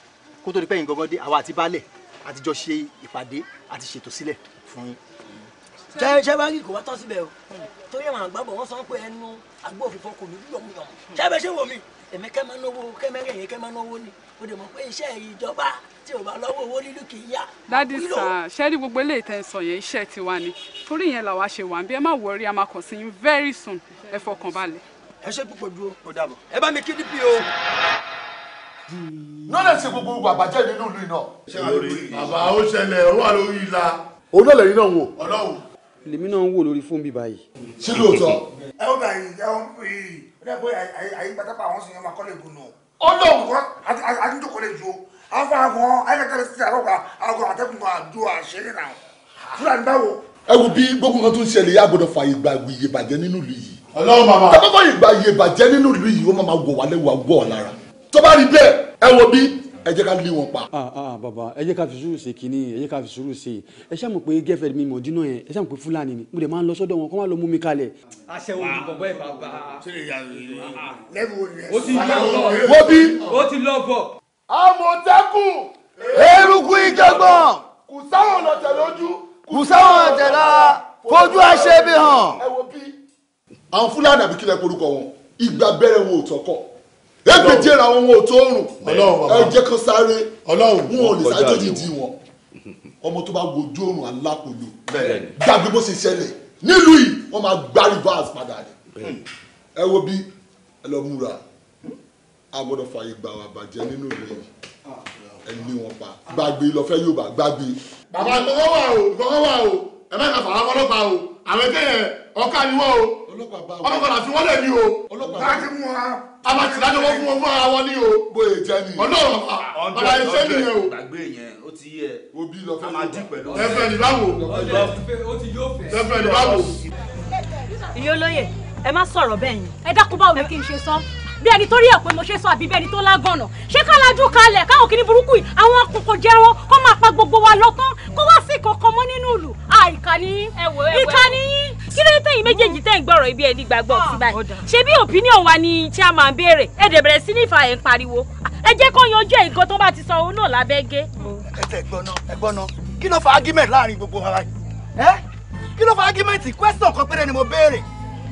kó tó di pẹ́yìn gangan dé àwa àti baálẹ̀ àtijọ́ ṣe ìpàdé àti ṣètò sílẹ̀ fún yín ṣe bá yìí kò wá tán síbẹ̀ o torí àwọn àgbàbọ̀ wọ́n sọ pé ẹnu àgbò òfìfọ kò ní yọmuyọmu ṣe bẹ ṣe wò mí èmi kẹ́ máa náwó kẹ́ mẹ́rin èyí kẹ́ máa náwó ni o dẹ̀ mọ̀ pé iṣẹ́ ìjọba tí ò bá lọ́wọ́ owó lílù kì í yá.
dádì sà ṣe rí gbogbo eléyìí tẹ́ ń sọ yẹn iṣẹ́ tiwa ni torí yẹn làwa ṣe wà bí ẹ má wọrí a máa kàn sí
very soon ẹ fọkàn balẹ̀. ẹ ṣe púpọ̀ dúró kò dàbọ̀ ẹ bá mi kí dípì o. nọ́ọ̀lẹ̀ ṣe gbogbo àbàjẹ́ nínú ìlú iná. bàbá ó ṣẹlẹ̀ ó wà lórí ìlà. òun náà náà wò. ọlọ́run lèmi náà ń wò lórí fóònù bíbá yìí. ṣé lóòótọ́. ẹ ó bá ìyá wọn pè é ó dẹ́ pé àyípadàpọ̀ àwọn sì yẹn máa kọ́lé gùn nù. ó lóun kọ́ àdújókòó lè ju afa àwọn ayélujára sí àlọ́gbà àwọn àtẹ̀kùn àjò àṣírí náà fúlàní báwo. ẹ wo bí gbogbo nǹkan tó ń ṣẹlẹ̀ yá gbọ́dọ̀ fà ìgbà ìyè bàjẹ́ nínú ìlú yìí. ọlọ́run màmá. tọ́ba ìgbà ìyè bàjẹ́ nínú ìlú yìí ó máa wọ̀ wálé wà wọ̀ lára. tó bá rí bẹ́ẹ̀ ẹ wo bí ẹ jẹ́ ká lé wọn pa. Ah, ah, bàbá ẹ jẹ́ ká fi sùúrù ṣe kínní ẹ jẹ́ ká fi sùúrù ṣe ẹ ṣàmù pé gẹ́fẹ̀ẹ́ mi mọ̀dínà yẹn ẹ ṣàmù pé fúlàní ni mo dẹ̀ máa ń lọ sọ́dọ̀ wọn kó má lọ mú mi kalẹ̀. aṣẹ́wó ni bọ̀bọ̀ ẹ̀ bàbá. Ah, ó ti lọ bọ̀ ó ti lọ bọ̀. àmọ̀tẹ́kùn eruku ìjọgbọ̀n kù sáwọn ọ̀tẹ̀ lójú
kù sáwọn ọ̀tẹ̀ lára fojú aṣebi hàn.
àwọn fúlàní àbíkílẹ̀ korúkọ wọn ìgbà bẹ́rẹ̀ wọn ò tọkọ̀ ẹgbẹ́ jẹ́ra wọn wọn ò tó rùn ẹ jẹ́ kan sáré wọn ò lè sáájọ́ dídì wọn ọmọ tó bá wojú òrùn alákòlò dàbí bó ṣe ṣẹlẹ̀ nílùú yìí wọ́n máa gbá rivers padà ni ẹ wo bí ẹ lọ múra a gbọ́dọ̀ fààyè gbà wà bàjẹ́ nínú ìlú yìí ẹ ní wọn pa gbàgbé lọ́fẹ́ yóò bá gbàgbé.
bàbá gbọ́ngàn wà
o gbọ́ngàn wà o ẹ má kàfà àwọn ọlọ́pàá o àwọn ẹgbẹ́ yẹn ọ̀ka ni wọ́n o ọlọ́pàá bá wọn ọlọ́pàá fi wọ́n lẹ̀ ní o ọlọ́pàá bá wọn a máa ti dájọ́ wọ́n fún wọn fún ara wọn ní o. bó e jẹ nìyẹn. ọlọ́run ọ̀la ẹ̀ṣẹ́ nìyẹn o. gbàgbé yẹn ó ti yẹ. obi lọ fẹ́ máa dín pẹ̀lú. ẹfẹ ní báwo. ó ti yóò fẹ́. ẹfẹ ní báwo.
ìyólóye ẹ má sọ̀rọ̀ bẹ́ẹ̀ yẹn ẹ dákun báwo ni kí n ṣe sọ bí ẹni tó rí ẹ̀ pé mo ṣe sọ àbí bí ẹni tó lágànà ṣé ká lajú kalẹ̀ káwọn kìíní burúkú yìí àwọn kòkò jẹran kó máa pa gbogbo wa lọ́kàn kó wá sí kankan mọ́ nínú ìlú àìkànnì ìkànnì yín kí ló tẹ̀yìn méjèèjì tẹ̀ ń gbọ́rọ̀ ibi ẹni gbàgbọ́ ti báyìí ṣé bí opinion wa ni tí a máa ń béèrè ẹ dẹ̀ bẹ̀rẹ̀ sí ní ìfà ẹ̀ ń pariwo ẹ jẹ́ kó yanjú ẹ̀ nǹkan tó bá ti sọ òun náà lábẹ́ gé. ẹ tẹ
ẹgbọn náà ẹgbọn náà kí ló fa argument láàrin gbogbo wa báyìí ẹ kí ló fa argument question kan péré ni mo béèrè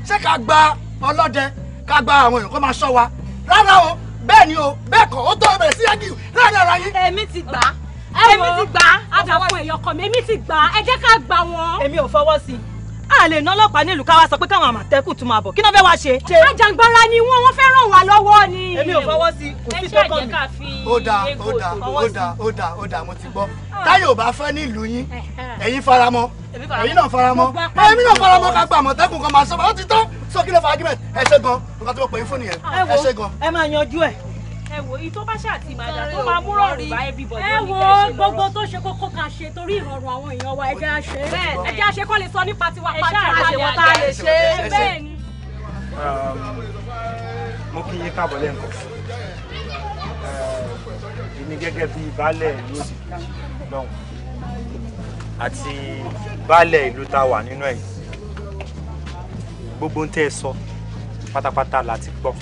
ṣé ká gba ọlọ́dẹ ká gba àwọn èèyàn kó máa ṣọ́ wa rárá o bẹ́ẹ̀ ni o bẹ́ẹ̀ kọ́ ó tó bẹ̀rẹ̀ sí yagi láàrin ara yín. èmi ti gbà á èmi ti gbà á àdàpọ̀
èèyàn kọ̀ mi èmi ti gbà á ẹ ká gbà wọ́n. èmi ò fọwọ́ sí i a lè ná ọlọ́pàá nílùú ká wá sọ pé káwọn àmọ̀tẹ́kùn tún máa bọ̀ kí náà fẹ́ wá ṣe. àjàǹgbara ni wọn wọn fẹ́ràn wà lọ́wọ́ ni. èmi ò fọwọ́ sí kò sí tó kàn mí. ó dáa ó dáa ó dáa
ó dáa ó dáa mo ti gbọ́ ah. táyọ̀ bá fẹ́ nílùú yín ẹ̀yin faramọ́ ẹ̀yin náà faramọ́ ẹ̀yin náà faramọ́ ká gba àmọ̀tẹ́kùn kan máa sọ
ẹ wo ìtọ́ bá ṣáà ti máa dà tó máa mú rọrùn bá everybody. ẹ wo gbogbo tó ṣe kókó ká ṣe torí ìrọ̀rùn àwọn èèyàn wa ẹja ṣe ẹja ṣe kó lè sọ nípa tiwa pàtó àṣewọ́ tá a lè ṣe bẹ́ẹ̀
um, mo kí yín káàbọ̀ lẹ́ǹkan sí
um,
èmi gẹ́gẹ́ bí baálẹ̀ ìlú òsì lọ́hùn
àti baálẹ̀ ìlú tá a wà nínú ẹ̀ gbogbo ń tẹ́ ẹ sọ pátápátá la ti gbọ́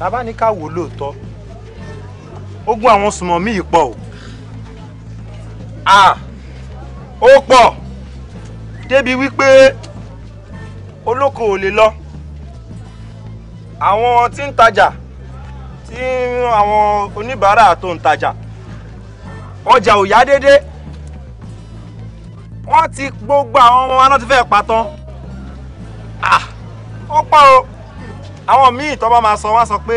tàbá ní ká wò lóòótọ́ ogún àwọn sùmọ̀mí yìí pọ̀ o à ó pọ̀ débi wípé olóko ò lè lọ àwọn tí ń tajà tí àwọn oníbàárà tó ń tajà ọjà ò yá déédéé wọ́n ti gbogbo àwọn ọmọ wa ti fẹ́ pa tán ó pọ̀ o àwọn míì tó bá máa sọ wọ́n sọ pé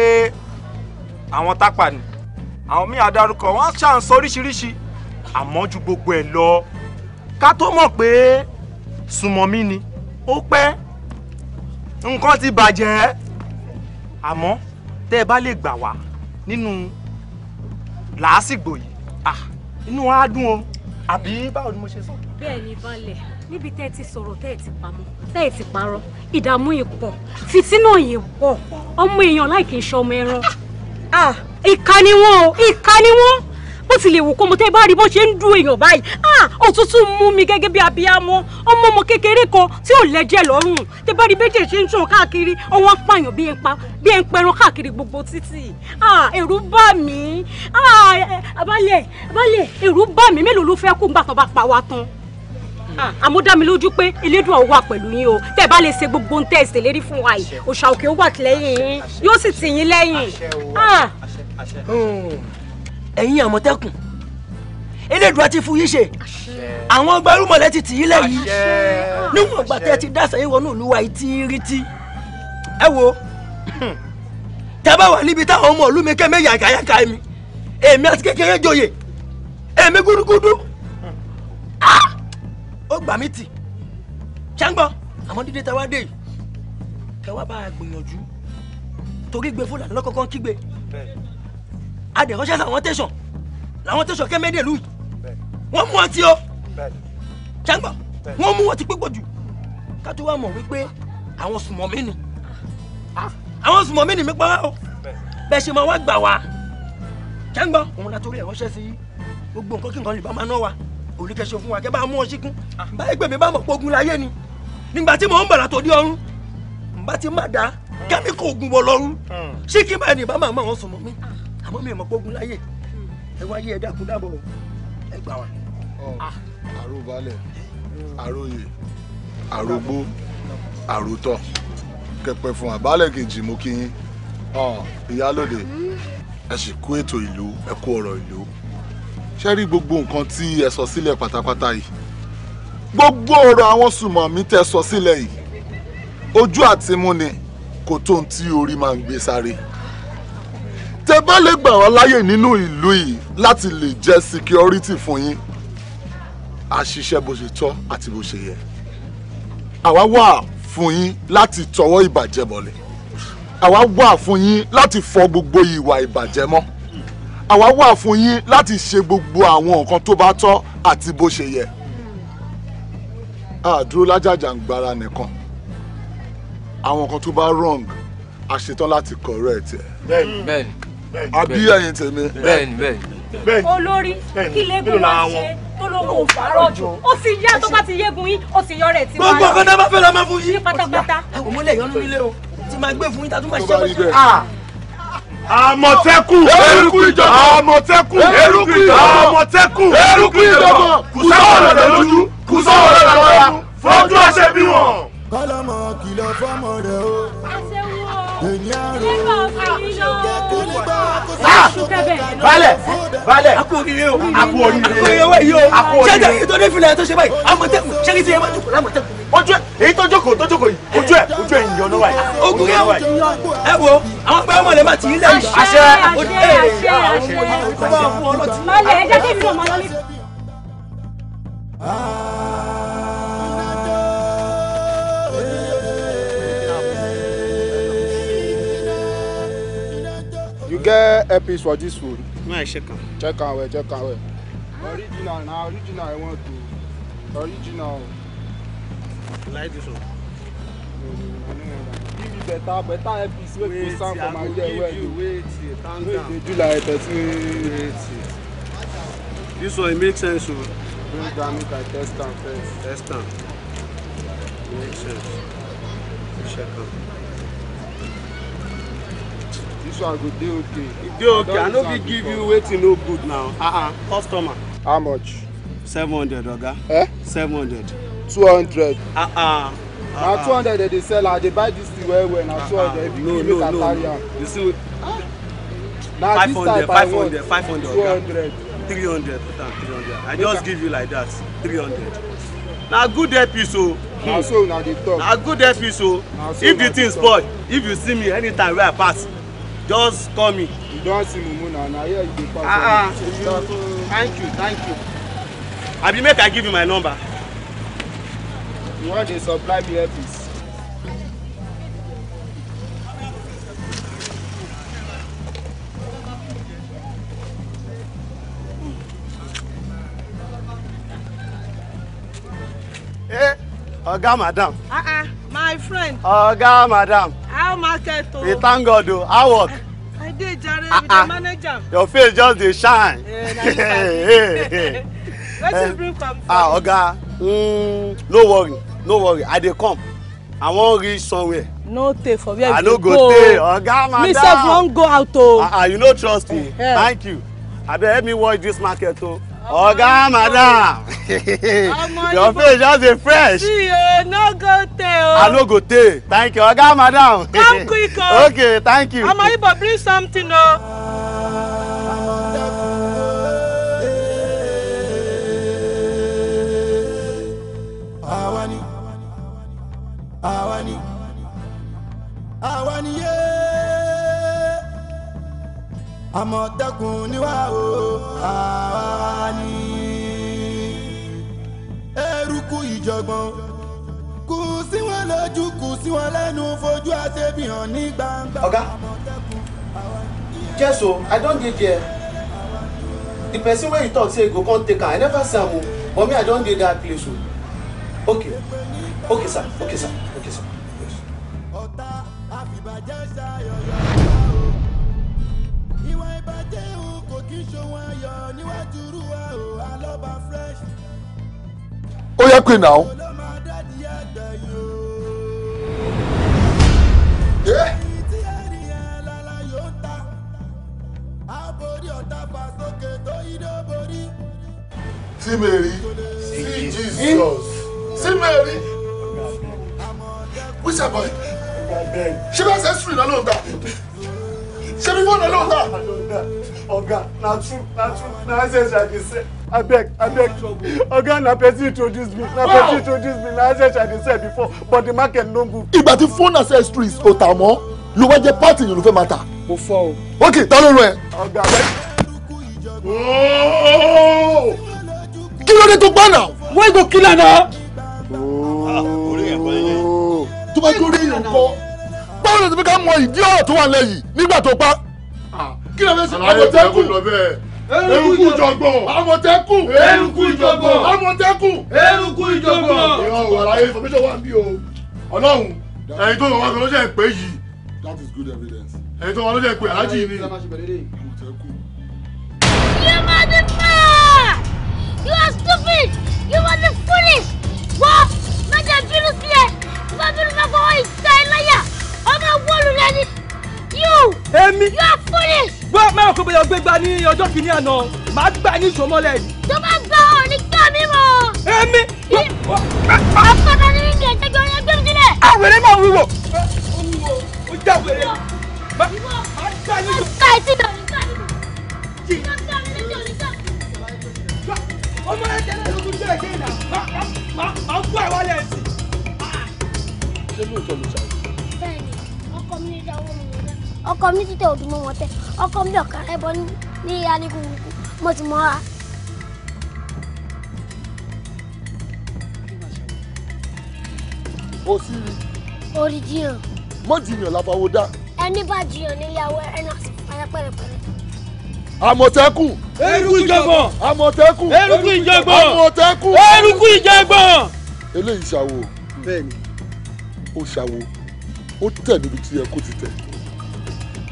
àwọn tápà ni àwọn míì adarúkọ wọ́n ṣà ń sọ oríṣiríṣi àmọ́ ju gbogbo ẹ̀ lọ ká tó mọ̀ pé sùmọ̀mí ni ó pẹ́ nǹkan ti bàjẹ́ àmọ́ tẹ́ ẹ bá lè gbà wá nínú làásìgbò yìí inú wa á dùn
o àbí báwo ni mo ṣe sọ. bẹ́ẹ̀ ni balẹ̀ níbi tẹ́ ẹ ti sọ̀rọ̀ tẹ́ ẹ ti pamọ́ tẹ́ ẹ ti parọ́ ìdààmú yìí pọ̀ fìtínà yìí pọ̀ ọmọ èèyàn láì kì í ṣe ọmọ ẹran ìka ni wọn o bó ti lè wù kó mo tẹ́ ẹ bá rí bó ṣe ń du èèyàn báyìí òtútù mú mi gẹ́gẹ́ bí abiyamọ ọmọ ọmọ kékeré kan tí ò lẹ́jẹ̀ lọ́rùn tẹ́ bá rí bẹ́jẹ̀ ṣe ń tàn káàkiri ọwọ́ apààyàn bí ẹ ń pa bí ẹ ń pẹran káàkiri gbogbo títì ẹ̀rù bà mí abalẹ̀ abalẹ̀ ẹ̀rù bà mí mélòó ló fẹ́ kó ń gbà bá pa wa tán. Ah, àmọ́ dá mi lójú pé elédùn ọ̀hún wà pẹ̀lú yín o tẹ́ ẹ bá lè ṣe gbogbo ohun tẹ́ ẹ ṣèlérí fún wa yìí òòṣà òkè ó wà lẹ́yìn yín yóò sì tì yín lẹ́yìn.
Ah. Hmm. ẹ̀yin àmọ̀tẹ́kùn elédùn àti fún yín ṣe àwọn gbárùmọ̀lẹ́ ti tì yín lẹ́yìn níwọ̀n ìgbà tẹ́ ẹ ti dá sẹ́yìn wọnú ìlú wa yìí tíírítí ẹ wo tẹ́ wà níbi táwọn ọmọ ìlú mi kẹ́mẹ́ yàgàyàgà mi èmi àti kékeré joyè èmi gúdúgúdú. Ah! ó gbà mí tì ṣàǹgbọ́ àmọ́ dídé tá a wá dé yìí kẹ wá bá a gbìyànjú torí gbé fúlàní lọ́kọ̀ọ̀kan kígbe adẹ̀ránṣẹ́ làwọn tẹ̀sán làwọn tẹ̀sán kẹ́mẹ́dẹ̀lú yìí wọ́n mú ọtí o ṣàǹgbọ́ wọ́n mú ọtí pípọ̀ jù ká tó wá mọ̀ wípé àwọn sùmọ̀mí ni àwọn sùmọ̀mí ni mi pa wá o bẹ́ẹ̀ ṣe máa wá gbà wá ṣàǹgbọ́ òun la torí ẹ̀ránṣẹ́ sí gbogbo nǹkan kí nǹkan lè bá máa ná wa olùkẹ́sẹ̀ fún wa kẹ́ bá mú ọ síkún báyìí pèmí bá mọ̀ pogun láyé ni nígbà tí mò ń bàrà tó dé ọrùn nbà tí má dáa kẹ́míkà ògùn wọ lọ́rùn ṣé kí báyìí ni bàmà máa wọn sùn mọ́ mi àmọ́ mi ò mọ̀ pogun láyé ẹ wáyé ẹ dákun dábọ̀ ẹ gbà wá. àròbalẹ̀ àròyè àrògbó àròtọ̀ kẹpẹ fún àbálẹ̀ kejì mú kí yín ìyálòde ẹ sì kú ètò ìlú ẹ kú ọ̀rọ̀ ìlú ṣe rí gbogbo nǹkan tí ẹ sọ sílẹ̀ pátápátá yìí gbogbo ọ̀rọ̀ àwọn sùmọ̀mí tẹ sọ sílẹ̀ yìí ojú àtimú ni kò tó ohun tí orí máa ń gbé sáré tẹ bá lè gbà wá láyè nínú ìlú yìí láti lè jẹ́ security fún yín a ṣiṣẹ́ bó ṣe tọ́ àti bó ṣe yẹ àwa wà fún yín láti tọwọ́ ìbàjẹ́ bọ̀lẹ̀ àwa wà fún yín láti fọ gbogbo ìwà ìbàjẹ́ mọ́ àwa wà fún yín láti ṣe gbogbo àwọn nǹkan tó bá tọ́ àti bó ṣe yẹ àdúró lájàjàǹgbara nìkan àwọn nǹkan tó bá wrong a ṣetán láti correct ẹ. bẹ́ẹ̀ni àbí ẹ̀yin tèmi. bẹ́ẹ̀ni bẹ́ẹ̀ni. olórí
kí lẹ́gùn máa ṣe tó ló kò fàárọ̀ jù ó sì yá tó bá ti yégun yín ó sì yọrẹ̀ tí wàá. gbogbo ọ̀kan náà bá fẹ́ máa fún yín.
ní pátápátá. àwọn ọmọlẹ́yìn ọ̀nà nílé o ti máa gbé fún yín tá a tún máa ṣiṣẹ́ bọ́sùn àmọ̀tẹ́kùn eruku ìjọba àmọ̀tẹ́kùn eruku ìjọba àmọ̀tẹ́kùn eruku ìjọba kùsọ̀wọ̀lẹ̀ lójú kùsọ̀wọ̀lẹ̀ lọ́wọ́ra fojú ọ̀sẹ̀ bí wọn. kọ́lọ́mọ kìlọ̀ fọ́mọ rẹ̀ o ènìyàn rẹ̀ o balẹ̀ balẹ̀ a kú yìí o a kú oríire o ṣẹ́gi tó ṣe báyìí àmọ̀tẹ́kùn ṣẹ́gi tó yẹ máa jókòó lámọ̀tẹ́kùn ojú ẹ èyí tó jókòó tó jókòó yìí ojú ẹ ojú ẹ ń yọ lọ́wọ́ ogun yẹn ẹ wo àwọn pẹ́ ọmọ lè má ti ilé yìí. àṣẹ àṣẹ àṣẹ àṣẹ àṣẹ.
malẹ̀ ẹ jẹ́ kí mi náà máa lọ ní.
get epic for this food. No, I check am? Check am well, check am well. Original now original I want to. Original. like this one? No, no, no, no. Give me better, better epic wey go sound for my ear well. Wait, I go give you. Wait, calm down. Wait, dey do like person. Wait. This one e make sense o. Oh. Bring down make I test am first. Test am. Make sense. Check am dis one go dey okay e dey okay i no fit give you wetin no good now uh-uh. customer how much seven hundred oga eh seven hundred two hundred uh-uh. na two hundred dem dey sell i dey buy dis thing well well na two hundred if you give me kataria you see
na this type i want two
hundred three hundred put am three hundred i just give you like that three hundred na good help you so na so una dey talk na good help you so if the thing spoil if you see me anytime wey i pass just call me. you don see mumuna na here you dey ah, ah. thank you thank you. abi make i give you my number. you want dey supply me earpiece. ọ̀gá eh, madam. Uh -uh, my friend. ọ̀gá madam.
How market o?
Oh? We thank God o. Oh. How work? I did, jare ah, with the ah. manager. Your face just dey shine. Eh, Wetin you eh. bring from? Ah, Oga, Hmm. no worry, no worry. I dey come. I wan reach somewhere. No take for where I you go. I no go tey. Oh. Oga, madam. Me sef go out o. Ah, ah, you no trust me. Eh, thank you. I Abeg help me watch this market o. Oh. Oga madam. Your face just dey fresh. See
o, no go tey I
no go tey.
Thank you. Oga madam. Come quick o. Okay, thank you. Ọmọ Ibo bring something o. Àwa ni, àwa ni, àwa àmọ̀tẹ́kùn níwá o àwa ni. eruku ìjọ̀gbọ̀n kù sí wọn lójú kù sí wọn lẹ́nu fojú àṣebí hàn ní gbangba. ọ̀gá jẹ́sọ̀ i don dey there the person wey you talk say go come take am i never see am o but me i don dey that place o okay okay sir okay sir okay sir. Yes bàjẹ́ o kò kí ń ṣòwò ayọ̀ níwájú rúwa o alọ́ba fresh. ó yẹ pé náà. Simeri, see Jesus, Simeri, what's up boy? She was a street alone that ṣebí fóònù ló ń tà. ọ̀gá now true now true na access i dey sell abeg abeg ọ̀gá na person introduce me na person introduce me na said i dey sell before but the market no move. If tí fóònù accessories ò tà mọ́ ló wá jẹ́ pààtì yìí ló fẹ́ máa matter. mo fọ o. ok ta ló Oh, ọ̀gá abeg. kí ló dé tó go kill now? Oh, tó bá tó rí ìyẹn kọ́ báwo ló ti fi ká mọ ìdí ọ̀rọ̀ tó wà lẹ́yìn nígbà tó pa. Ah, kí ló fẹ́ sọ àmọ̀tẹ́kùn eruku ìjọgbọ̀n àmọ̀tẹ́kùn eruku ìjọgbọ̀n àmọ̀tẹ́kùn eruku ìjọgbọ̀n. ìran wà láyé information wà bí o ọlọ́run ẹni tó wà ló jẹ́ pé yìí ẹni tó wà ló jẹ́ pé alájì ni àmọ̀tẹ́kùn.
you motherfucker you are stupid you are the foolish wọ́n máa jẹ́ bínú sílẹ̀ wọ́n bínú máa fọwọ́ ìta ẹ̀ láyà gonna wall you lẹ́ni. You. Èmi. You are foolish.
Gbọ́ mẹ́wàá kó bẹ̀rẹ̀ ọgbẹ́ gba ní ọjọ́ kìíní àná. Màá gbà ní ìṣòmọ́lẹ̀ ni.
Tó bá gbà ọ́ ní gbà mí mọ̀. Èmi. Àpáta ni mi kẹ̀ ṣẹ́gun ọ̀rẹ́ gbé mi sílẹ̀.
Àwẹ̀rẹ̀ máa wúwo. Ó wúwo,
ó já wẹ̀rẹ̀. Má gbà ní ìṣòmọ́lẹ̀. Má gbà ní
ìṣòmọ́lẹ̀
ọmọ ẹ̀jẹ̀ náà ló tún jẹ́ ẹ̀jẹ̀ ìlà máa ń kó ẹ̀wálẹ̀ ẹ̀sìn.
ṣé lóòótọ́ ló ṣàlùyẹ ọkọ mi lè dáwọ́ mi lọ́dá ọkọ mi ti tẹ òdùn mọ́ wọn tẹ ọkọ mi ọ̀kà ẹbọ ní alikunkun mo ti mọ́ ra. o sì rí. orí jiyàn.
mọ jiyàn làbàwọ dá.
ẹni bá jiyàn níyàwó ẹni àti fara pẹ̀lẹ́pẹ̀lẹ́.
àmọ̀tẹ́kùn. eruku ìjọgbọ̀n. àmọ̀tẹ́kùn. eruku ìjọgbọ̀n. àmọ̀tẹ́kùn. eruku ìjọgbọ̀n. eléyìí ṣàwò. bẹ́ẹ̀ni ó ṣàwò ó tẹ̀ níbi tí ẹ kó ti tẹ̀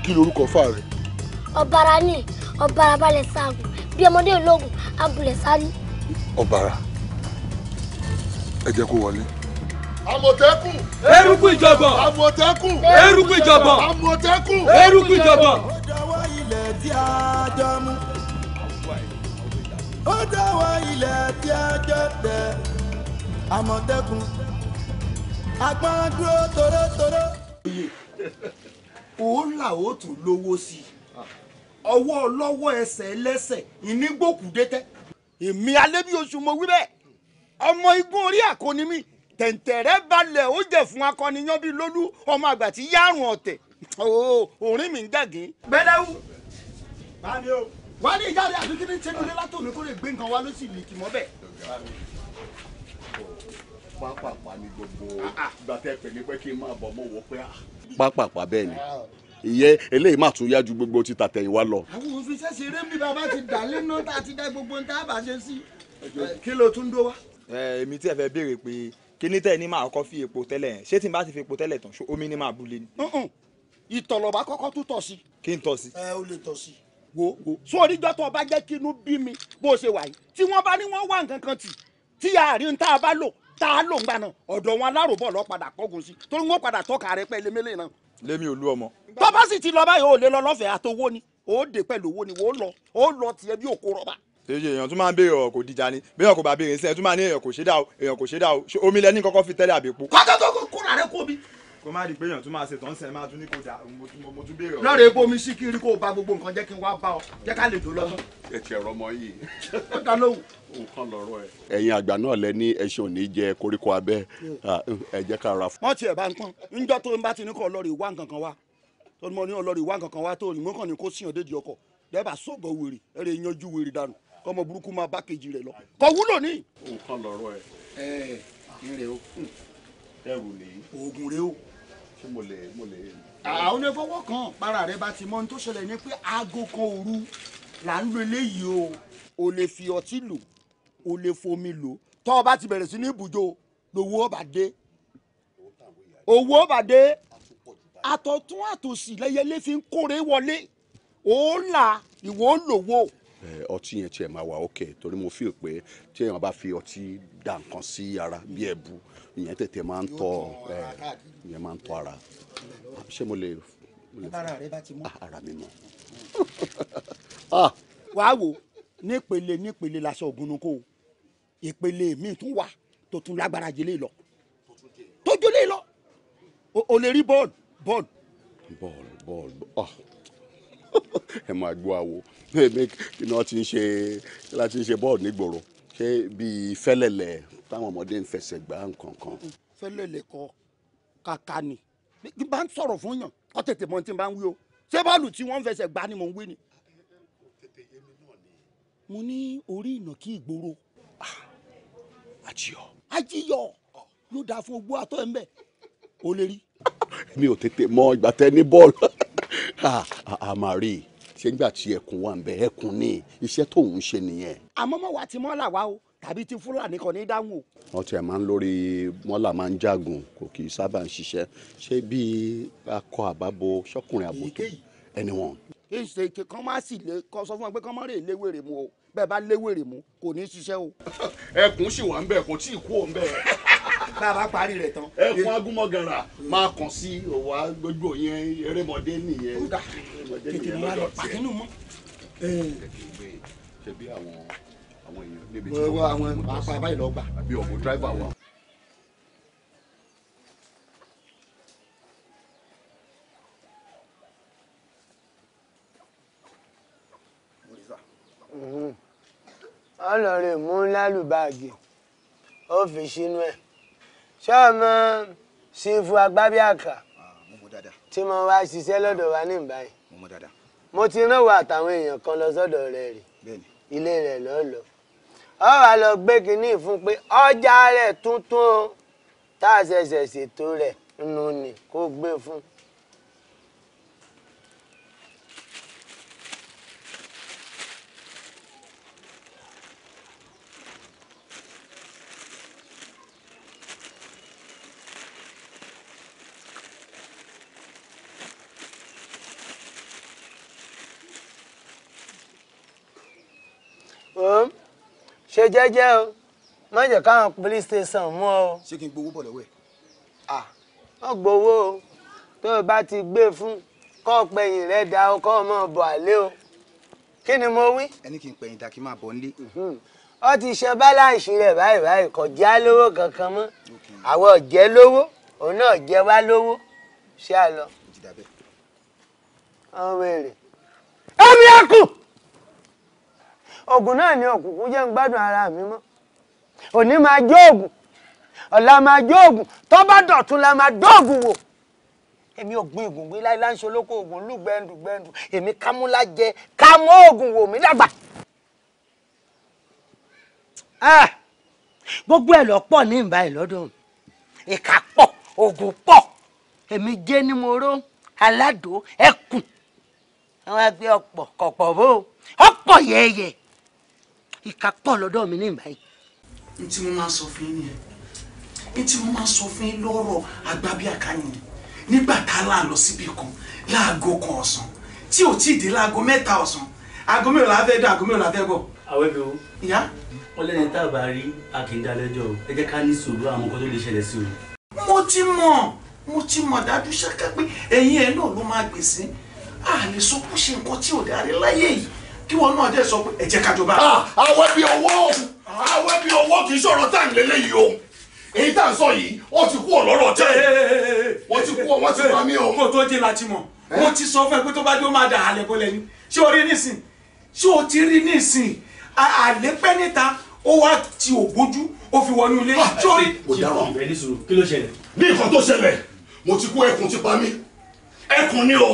kí lorúkọ fà rẹ.
ọ̀bàrà ni ọ̀bàrà balẹ̀ sáàgùn bí ọmọdé ológun abúlé sáré.
ọ̀bàrà ẹ jẹ́ kó wọlé.
àmọ̀tẹ́kùn. eruku ìjọ̀gbọ̀n.
àmọ̀tẹ́kùn. eruku ìjọ̀gbọ̀n. àmọ̀tẹ́kùn. eruku ìjọ̀gbọ̀n. ó dáwọ́ ilẹ̀ tí a jọ mú. ó dáwọ́ ilẹ̀ tí a jọ tẹ̀. àmọ̀tẹ́kùn. agbọ́n dúró torótoró òun là ó tún lówó sí i ọwọ́ ọlọ́wọ́ ẹsẹ̀ ẹlẹ́sẹ̀ ìnígbòkúdé tẹ́. èmi alẹ́bí oṣù mo wí bẹ́ẹ̀ ọmọ igun orí àkóní mi tẹ̀ǹtẹ̀rẹ́ balẹ̀ ó jẹ́ fún akọniyan bíi lólú ọmọ àgbà tí yárùn ọ̀tẹ̀ òórìn mi ń dàgé. bẹ́lẹ́wù wá ní ìjáde àbí kí ni tẹnudé látòmí kó lè gbé nǹkan wá ló sì lè kì mọ́ bẹ́ẹ̀ pápá pa ni gbogbo ah, ah. ìgbà tẹ pé kí n máa bọ̀ mọ́ wọ pé ah, pápápá bẹ́ẹ̀ ni ìyẹn eléyìí máa tún yá ju gbogbo ti tàtẹ̀yìnwá lọ. àwọn òfìsẹ́ ṣeré bí bàbá ti dà lẹ́nu tá a ti dá gbogbo ní tábà ṣe sí kí ló tún dó wa. èmi tí ẹ fẹ́ béèrè pé kíní tẹ́ ẹ ní máa kọ́ fi epo tẹ́lẹ̀ yẹn ṣé tí n bá ti fi epo tẹ́lẹ̀ tán ṣó omi ni máa bu lé ni. ìtọ̀lọ̀bá kọ́kọ́ tún tọ̀ sí. kí n tọ̀ sí. ẹ o lè tọ̀ sí. wo wo sórí jọ́tọ̀ bá jẹ́ kínú bí mi bó ṣe wà yìí tí wọ́n bá ní wọ́n wá nǹkan kan tì tí àárín tá a bá lò tá a lò ń gbà náà ọ̀dọ̀ wọn aláròbọ̀ lọ padà kọ́gun sí torí wọn padà tọ́ka rẹ pẹ́ lémélé náà. lémi olú ọmọ. tọ́ba sì ti lọ báyìí ó lè lọ lọ́fẹ̀ẹ́ àtowó ni ó dé pẹ̀lú owó ni wọ́n lọ ó lọ tiẹ̀ bí òkú rọ̀bà. èyí èèyàn tún máa ń béèrè ọ̀rọ̀ kò dìjà ni béèyàn kò bá béèrè sí ẹ tún máa ní èèyàn kò ṣe dá o èèyàn kò ṣe dá o omi lẹ́ni kọ́kọ́ fi tẹ́lẹ̀ àbẹ̀pọ̀. kọ́tọ́ tó kó kóra rẹ kó mi kó má di pé èèyàn tún máa ṣètò ọ̀sẹ̀ máa tún ní kó dà mo tún béèrè. lọ́ọ̀rẹ́ epo mi sí kiri kó o ba gbogbo nǹkan jẹ́ kí n wá bá ọ jẹ́ ká lè dò lọ́tọ́. ẹ ti ẹ̀rọ ọmọ yìí. ó dá lóhùn. nǹkan lọ́rọ̀ ẹ. ẹ̀yin àgbà náà lẹ ní ẹṣin òní jẹ koríko abẹ́ ẹ jẹ́ ká ra. wọ́n tiẹ̀ bá ń pọ́n njọ́ tó ń bá ti ní kọ́ lọ́ọ̀rì wá nǹkan kan wá tó ní mo ní ọlọ́ọ̀rì wá nǹkan kan wá tó ní ẹ. ẹ lè. oògùn rè o ṣé mo lè mo lè. àwọn onífọwọ́ kan para rẹ bá ti mọ ohun tó ṣẹlẹ̀ ni pé aago kan òru là ń lo eléyìí o ò lè fi ọtí lò ò lè fomi lò tọ́ ọ bá ti bẹ̀rẹ̀ sí ní ibùjọ lówó ọba dé owó ọba dé àtọ̀tún àtòsì lẹ́yẹlé fi ń kórè wọlé òun là ìwọ lòwó ọtí yẹn tiẹ̀ máa wà ókè torí mo fi pé tí èèyàn bá fi ọtí dà nǹkan sí ara bí ẹ̀bù ìyẹn tètè máa ń tọ ìyẹn máa ń tọ ara ṣé mo lè. ara rẹ bá ti mú. Ah, ara mi mọ. Ah. wàá wò nípele nípele laṣọ ògùnnù kò ìpele míì tún wà tó tún lágbára jẹlé lọ tó jẹlé lọ o lè rí bọ́ọ̀lù bọ́ọ̀lù. bọ́ọ̀lù bọ́ọ̀lù ah. ẹ máa gbọ́ àwo èmi kí ni wọ́n ti ń ṣe láti nígboro ṣé bíi fẹ́lẹ̀lẹ̀ táwọn ọmọdé ń fẹsẹ̀ gbá nǹkan kan. fẹ́lẹ̀lẹ̀ kọ kàkà ni bí bá ń sọ̀rọ̀ fún yàn ọ tètè mọ tí n bá ń wí o ṣé bọ́ọ̀lù tí wọ́n ń fẹsẹ̀ gbá ni mò ń wí ni. mo ní orí ìnàkí ìgboro. àjíyọ. àjíyọ yóò dáa fún ogbó àtọ́ ẹ̀ ń bẹ̀ o lè rí. mi ò tètè mọ ìgbà tẹ ní bọ́ọ̀lù a ah, ah, ah, máa ṣé nígbà tí ẹkùn wà ń bẹ ẹkùn ni iṣẹ́ tóun ṣe nìyẹn. àmọ́ mọ́ wa ti mọ́là wa o tàbí ti fúlàní kan ní dáhùn o. wọ́n tiẹ̀ máa ń lórí mọ́là máa ń jagun kò kì í sábà ń ṣiṣẹ́ ṣé bí akọ àbábo ṣọkùnrin àbòtò ẹni wọn. èsì kan má sì lè kọ sọ fún ẹ pé kán má rè léwèrè mu o bẹ́ẹ̀ bá léwèrè mu kò ní í o. ẹkùn sì wà ń bẹ kò tí kú òun bẹ bá parí rẹ̀ tán. ẹkùn agúnmọ̀gànrà máa kàn sí òwà gbogbo yẹn erémọdé nìyẹn tètè ní wàá lọ pàkínú mọ́. ṣe bí àwọn àwọn èèyàn níbi tí wọ́n wá àwọn apá ọlọrin mú lálùbáàgì ó fi sínú ẹ ṣọọmọ sífù agbábíàkà tí mo wá ṣiṣẹ́ lọ́dọ̀ wa ní ìbáyìí mọ̀ dáadáa. mo ti rán wa àtàwọn èèyàn kan lọ sọ́dọ̀ rẹ̀ rè ilé rẹ̀ lọ́lọ́ ọ wà lọ gbé kinní fún pé ọjà rẹ̀ tuntun tá a ṣẹ̀ṣẹ̀ ṣètò rẹ̀ nù ni kó gbé fún ṣe jẹ́jẹ́ o má jẹ́ káwọn police station mú ọ. ṣé kí n gbowó bọ̀ lọ́wọ́ ẹ̀. à wọ́n gbowó o tó o bá ti gbé fún kọ́ pẹ̀yìn rẹ̀ dá o kọ́ ọmọ bọ̀ àlẹ́ o kí ni mo wí. ẹni kì í pẹ̀yìn dà kí n máa bọ̀ nílé. Hmm. ó ti ṣe báláǹsì rẹ̀ báyìí báyìí kò já lówó kankan mọ́ àwọn ọ̀jẹ́ lówó òun náà jẹ wá lówó ṣé à ọmọ èrè. ẹ̀mí ẹ̀kú ògùn náà ni òkùnkùn jẹ́ ń gbádùn ara mi mọ́ òní máa jó ògùn ọ̀la máa jó ògùn tó bá dọ̀tún la máa dóògùn wò èmi ògùn ìgùn gbé láì láńṣe olóko ògùn lùgbẹ́ndù gbẹ́ndù èmi kámúlá jẹ kámú ògùn wò mí dàgbà. Ah, gbogbo ẹ̀ lọ pọ̀ ní ìbá ẹ̀ lọ́dún ìka pọ̀ ògùn pọ̀ èmi jẹ́ ní mo ró aládò ẹkùn àwọn ẹgbẹ́ ọ̀pọ̀ kọ̀pọ̀ bó ọ̀pọ̀ yẹ̀yẹ̀ ìka pọ̀ lọ́dọ̀ mi ní ìbáyìí. n tí mo máa sọ fún yín nìyẹn n tí mo máa sọ fún yín lọ́rọ̀ agbábíàká yìí nígbà tá a láà lọ síbi kan láago kan ọ̀sán tí ò tíì dé láago mẹ́ta ọ̀sán aago mélòó la fẹ́ dé aago mélòó la fẹ́ bọ̀. àwẹ̀ bí o. ìyá. wọ́n lẹ́ni tá a bá rí a kì dá lẹ́jọ́ o ẹ jẹ́ ká ní sùúrù àwọn nǹkan tó lè ṣẹlẹ̀ sí o. mo ti mọ̀ mo ti mọ̀ dájú ṣáká pé ẹ̀yin ẹ̀ náà ló máa gbèsè a lè nǹkan tí ò dáre láyé yìí kí wọn náà dé sọ pé ẹ jẹ́ ká jọba. Ah, àwẹ̀ bí owó àwẹ̀ bí owó kì í ṣọ̀rọ̀ tá à ń lélẹ́yìí o èyí tá à ń sọ yìí wọ́n ti kú ọ̀lọ́rọ̀ tẹ́ wọ́n ti kú wọ́n ti pa mí o. kó tó dé láti mọ̀ eh? mo ti sọ fún ẹ pé tó bá dé ó máa dà àlẹ́ bọ́lẹ̀ ni ṣé o rí nísìn ṣé o ti rí nísìn àlẹ́ pẹ́ níta ó wá ti ògbójú ó fi wọnú ilé ah, ṣé o rí. kí ló ṣẹlẹ̀. ní nǹkan tó ṣẹlẹ̀ mo ti kú ẹkùn ti pa mí ẹkùn ni o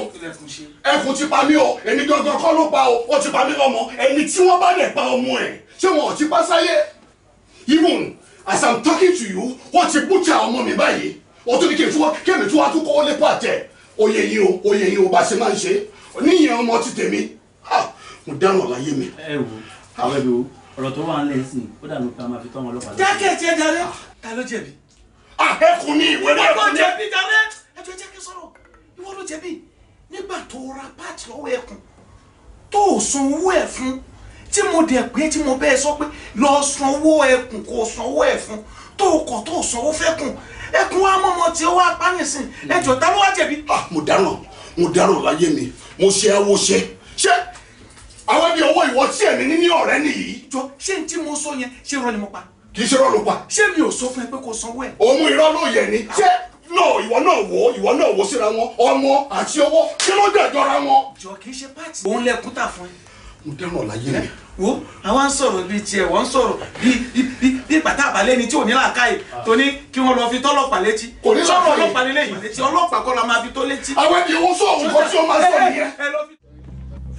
ẹkùn ti pa mí o èmi gangan kọ́ ló pa o ó ti pa mí lọ́mọ ẹni tí wọ́n bá dẹ̀ pa ọmọ ẹ̀ ṣé wọn ò ti pa sáyé even as i'm talking to you wọ́n ti búcha ọmọ mi báyìí o tún ní kí n tún wá kí èmi tún wá tún kọ́ ó lé pàtẹ́ oyè yìí o oyè yìí o bá ṣe máa ń ṣe níyẹn ọmọ ti tèmi ah, mo dáràn láyé mi. ẹ wo àwọn ẹbí wo ọ̀rọ̀ tó wà ń lẹ́yìn sí i ó dànù pé a máa fi tọ́ wọn lọ́pàá. jákèjì ẹ jàre ta ló jẹ̀bi. Ah, ẹkùn ni ìwé náà. ẹkùn jẹ̀bi jàre ẹjọ jẹ́ kí sọ̀rọ̀ ìwọ ló jẹ̀bi nígbà tó ra páàtì lọ́wọ́ ẹkùn tó san owó ẹ̀ fún tí mo dẹ̀ pé tí mo bẹ́ẹ̀ sọ pé lọ san owó ẹkùn kò san owó ẹ̀ fún tó kọ̀ tó sanwó fẹ́kùn ẹkùn wa mọ́mọ́ tí ó wá pààyàn sí ẹjọ́ ta ló wá jẹ̀bi. Ah, mo dáràn mo dáràn láyé mi mo ṣe awo ṣe ṣe àwọn ẹbí ọwọ́ ìwọ tí ẹ̀mí níní ọ̀rẹ́ nìyí. jọ ṣé n tí mo sọ yẹn ṣé irọ́ ni mo pa. kì í ṣe irọ́ ló pa. ṣé mi ò sọ fún ẹ pé kò sanwó ẹ. òun irọ́ ló yẹ ni. ṣé no ìwọ náà wò ìwọ náà wò síra wọn ọmọ àti owó kí ló dẹ̀ jọra wọn. jọ kì í ṣe pàtì. òun lẹkùn tà fún ẹ. mo dẹ́ràn láyé mi. wo àwa ń sọ̀rọ̀ bíi tiẹ̀ wọ́n ń sọ̀rọ̀ bíi bíi bàtà àbálẹ́ ni tí ò ní làákàyè ah. tó ní kí wọ́n lọ fi tọ́lọ́pàá létí. kò ní sọ̀rọ̀ ọlọ́pàá nílé yìí létí ọlọ́pàá kọ́ la máa fi tó létí. àwọn ènìyàn ń sọ òun kan tí ó máa sọ nìyẹn.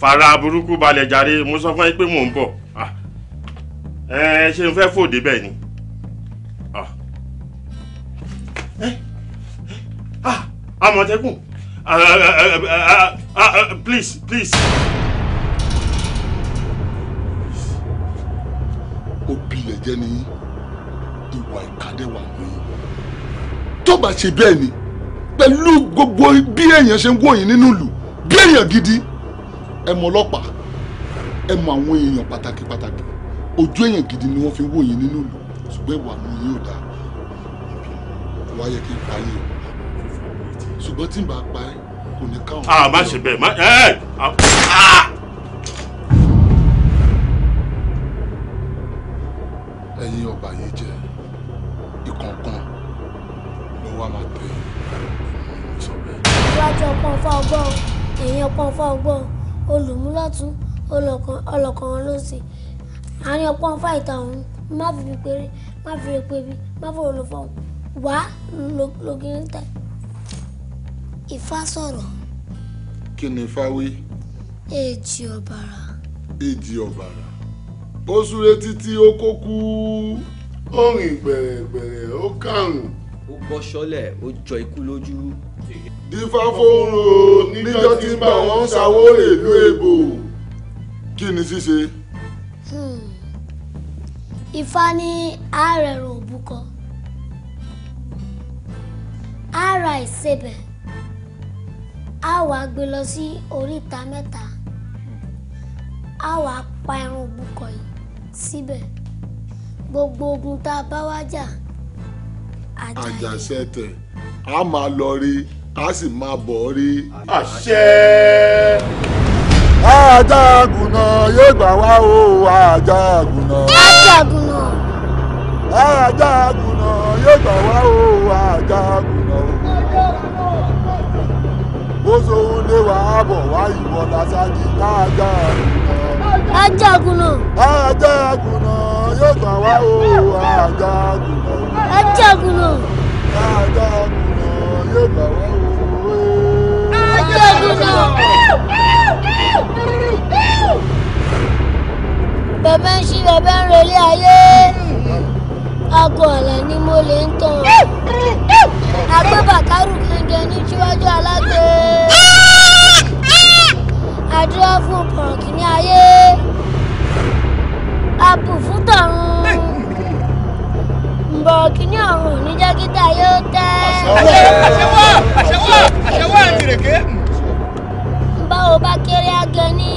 fara burúkú balẹ̀ jàre mo sọ fún yín pé mò ń bọ̀ ah. ẹ ṣe ń fẹ́ àmọ̀tẹ́kùn please please.
òbílẹ̀ jẹ́ ni ìwà ìkàdẹ́wà ni tó bá ṣe bẹ́ẹ̀ ni pẹ̀lú gbogbo bí èèyàn ṣe ń wòyìn nínú ìlú bí èèyàn gidi ẹ mọ ọlọ́pàá ẹ mọ àwọn èèyàn pàtàkì pàtàkì ojú èèyàn gidi ni wọ́n fi ń wòyìn nínú ìlú ṣùgbọ́n ìwà mi yóò dáa wáyé kí n parí o ṣùgbọ́n tí n bá pa ẹ́ kò ní káwọn. a ah, má ṣe bẹ́ẹ̀ má ẹ́
ah, ah.
ẹ̀yin ọba yìí jẹ́ ìkọ̀ọ̀kan ló wá máa tẹ sọ bẹ́ẹ̀.
iwájú ọpọ́n fá ọgbọ́n ẹ̀yìn ọpọ́n fá ọgbọ́n olùmúlọ́tún ọlọ́kan lọ́sìn àárín ọpọ́n fá ìta ọ̀hún má fi bí péré má fi rè pé bí má fòrò lò fọ́ọ̀hún wá lógin tẹ̀. Ifá sọ̀rọ̀.
Kí ni Ifá wí?
Èjì ọ̀bàrà.
Èjì ọ̀bàrà. Ó súré títí ó kó kú. Ó rìn gbẹ̀rẹ̀gbẹ̀rẹ̀ ó kàrùn. Ó bọ́ sọ́lẹ̀ ó jọ ikú lójú. Dífá fóró níjọ́ tí bá wọn ṣàwó èlú èbò. Kí ni ṣíṣe?
Hmm. Ifá ní àárẹ̀ rò bukọ. Ara ìsebẹ̀. a wàá gbé lọ sí oríta mẹ́ta a wàá pa ẹran òbúkọ yìí síbẹ̀ gbogbo ogun tá a bá wá jà
àjàṣẹ tẹ a máa lọ rí a sì máa bọ̀ rí. àṣẹ. àjàgùnà yóò gbà wá o àjàgùnà. àjàgùnà. àjàgùnà yóò gbà wá o àjàgùnà. bó ṣòun lé wàá bọ̀ wá ìbọn làṣáájú káàjà àgùnà.
ajá àgùnà. ajá àgùnà yóò gbà wá o ajá àgùnà. ajá àgùnà. ajá àgùnà yóò gbà wá o. ajá e. àgùnà. bàbá ń ṣí bàbá ń relé ayé aago ọ̀lẹ̀ ni mo lè ń tàn. agbábàkárù gẹ́gẹ́ ní síwájú alágbe. àdúrà fún pọ̀nkì ní ayé. àbù fún tọ̀run. mbọ̀kì ní ọ̀run ní jẹ́gídá yóò tẹ́. àṣẹwọ́ àṣẹwọ́ àṣẹwọ́ àtìrèké. báwo bá kéré agẹ ní.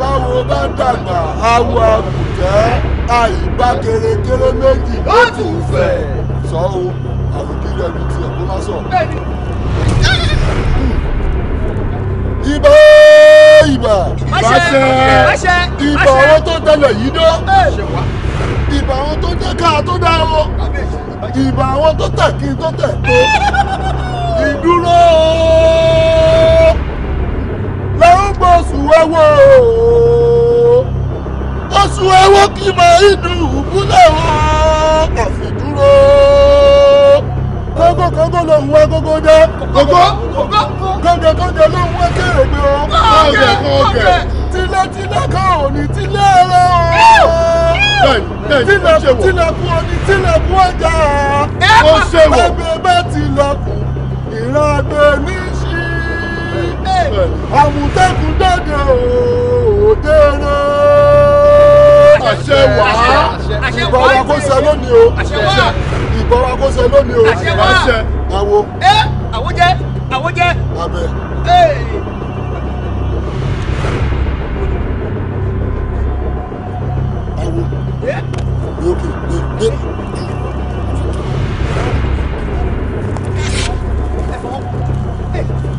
báwo bá dàgbà á wọ àyíbá kèrèkèrè méjì ó tún fẹ́ sọ o àròkèrè ẹni tí ẹ̀kọ́ lásán. ìbà ìbà bàṣẹ ìbà àwọn tó tẹlẹ yìí dán ìbà àwọn tó jẹ́ ká tó dá wọn ìbà àwọn tó tẹ̀ kí tó tẹ̀ tó ìdúró làwọn gbọ́ sùn wáwọ́ o oṣù ẹwọ́ kí máa ń dùn ìbúlẹ̀ wọn ọ̀fìn dúró. kókó kókó lòun agogo jẹ́ kókó kóńgẹ kóńgẹ lòun ẹgbẹ́rẹ́ gbé o. kóńgẹ kóńgẹ tilẹ̀tilẹ̀ kan ò ní tilẹ̀ rẹ̀ o. tilẹ̀kùn tilẹ̀kùn ò ní tilẹ̀kùn ọjà. ẹgbẹ́ bá tilẹ̀kùn ìràgbẹ́ ní sí. àmùtẹ́kùn dẹ́gẹ̀ òde rẹ̀ àṣẹ wá ìbọn wa kó ṣe lónìí o ìbọn wa kó ṣe lónìí o àṣẹ àwo. ẹ àwo jẹ àwo jẹ. abẹ. àwo ní òkè ní ní. Hey!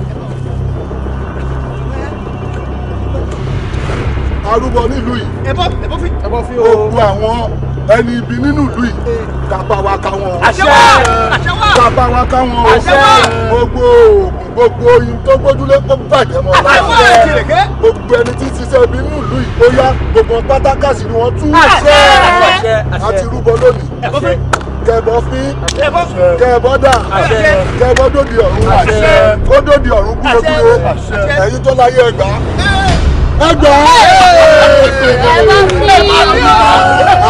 arúgbó nílùú yìí ẹbọ fi ogun àwọn ẹni ibi nínú ìlú yìí kápá wa ká wọn kápá wa ká wọn gbogbo oògùn gbogbo oyin tó gbójúlé kó bàjẹ́ mọ́ gbogbo ẹni tí ń ṣiṣẹ́ ibi nínú ìlú yìí ó yá gbogbo pátákàsì ni wọ́n tú àti rúbọ lónìí kẹbọ fín kẹbọ dà kẹbọ dòdì ọ̀run kó dòdì ọ̀run kúlókúló ẹ̀yin tó láyé ẹgbàá ẹ gbà á. ẹ bá fi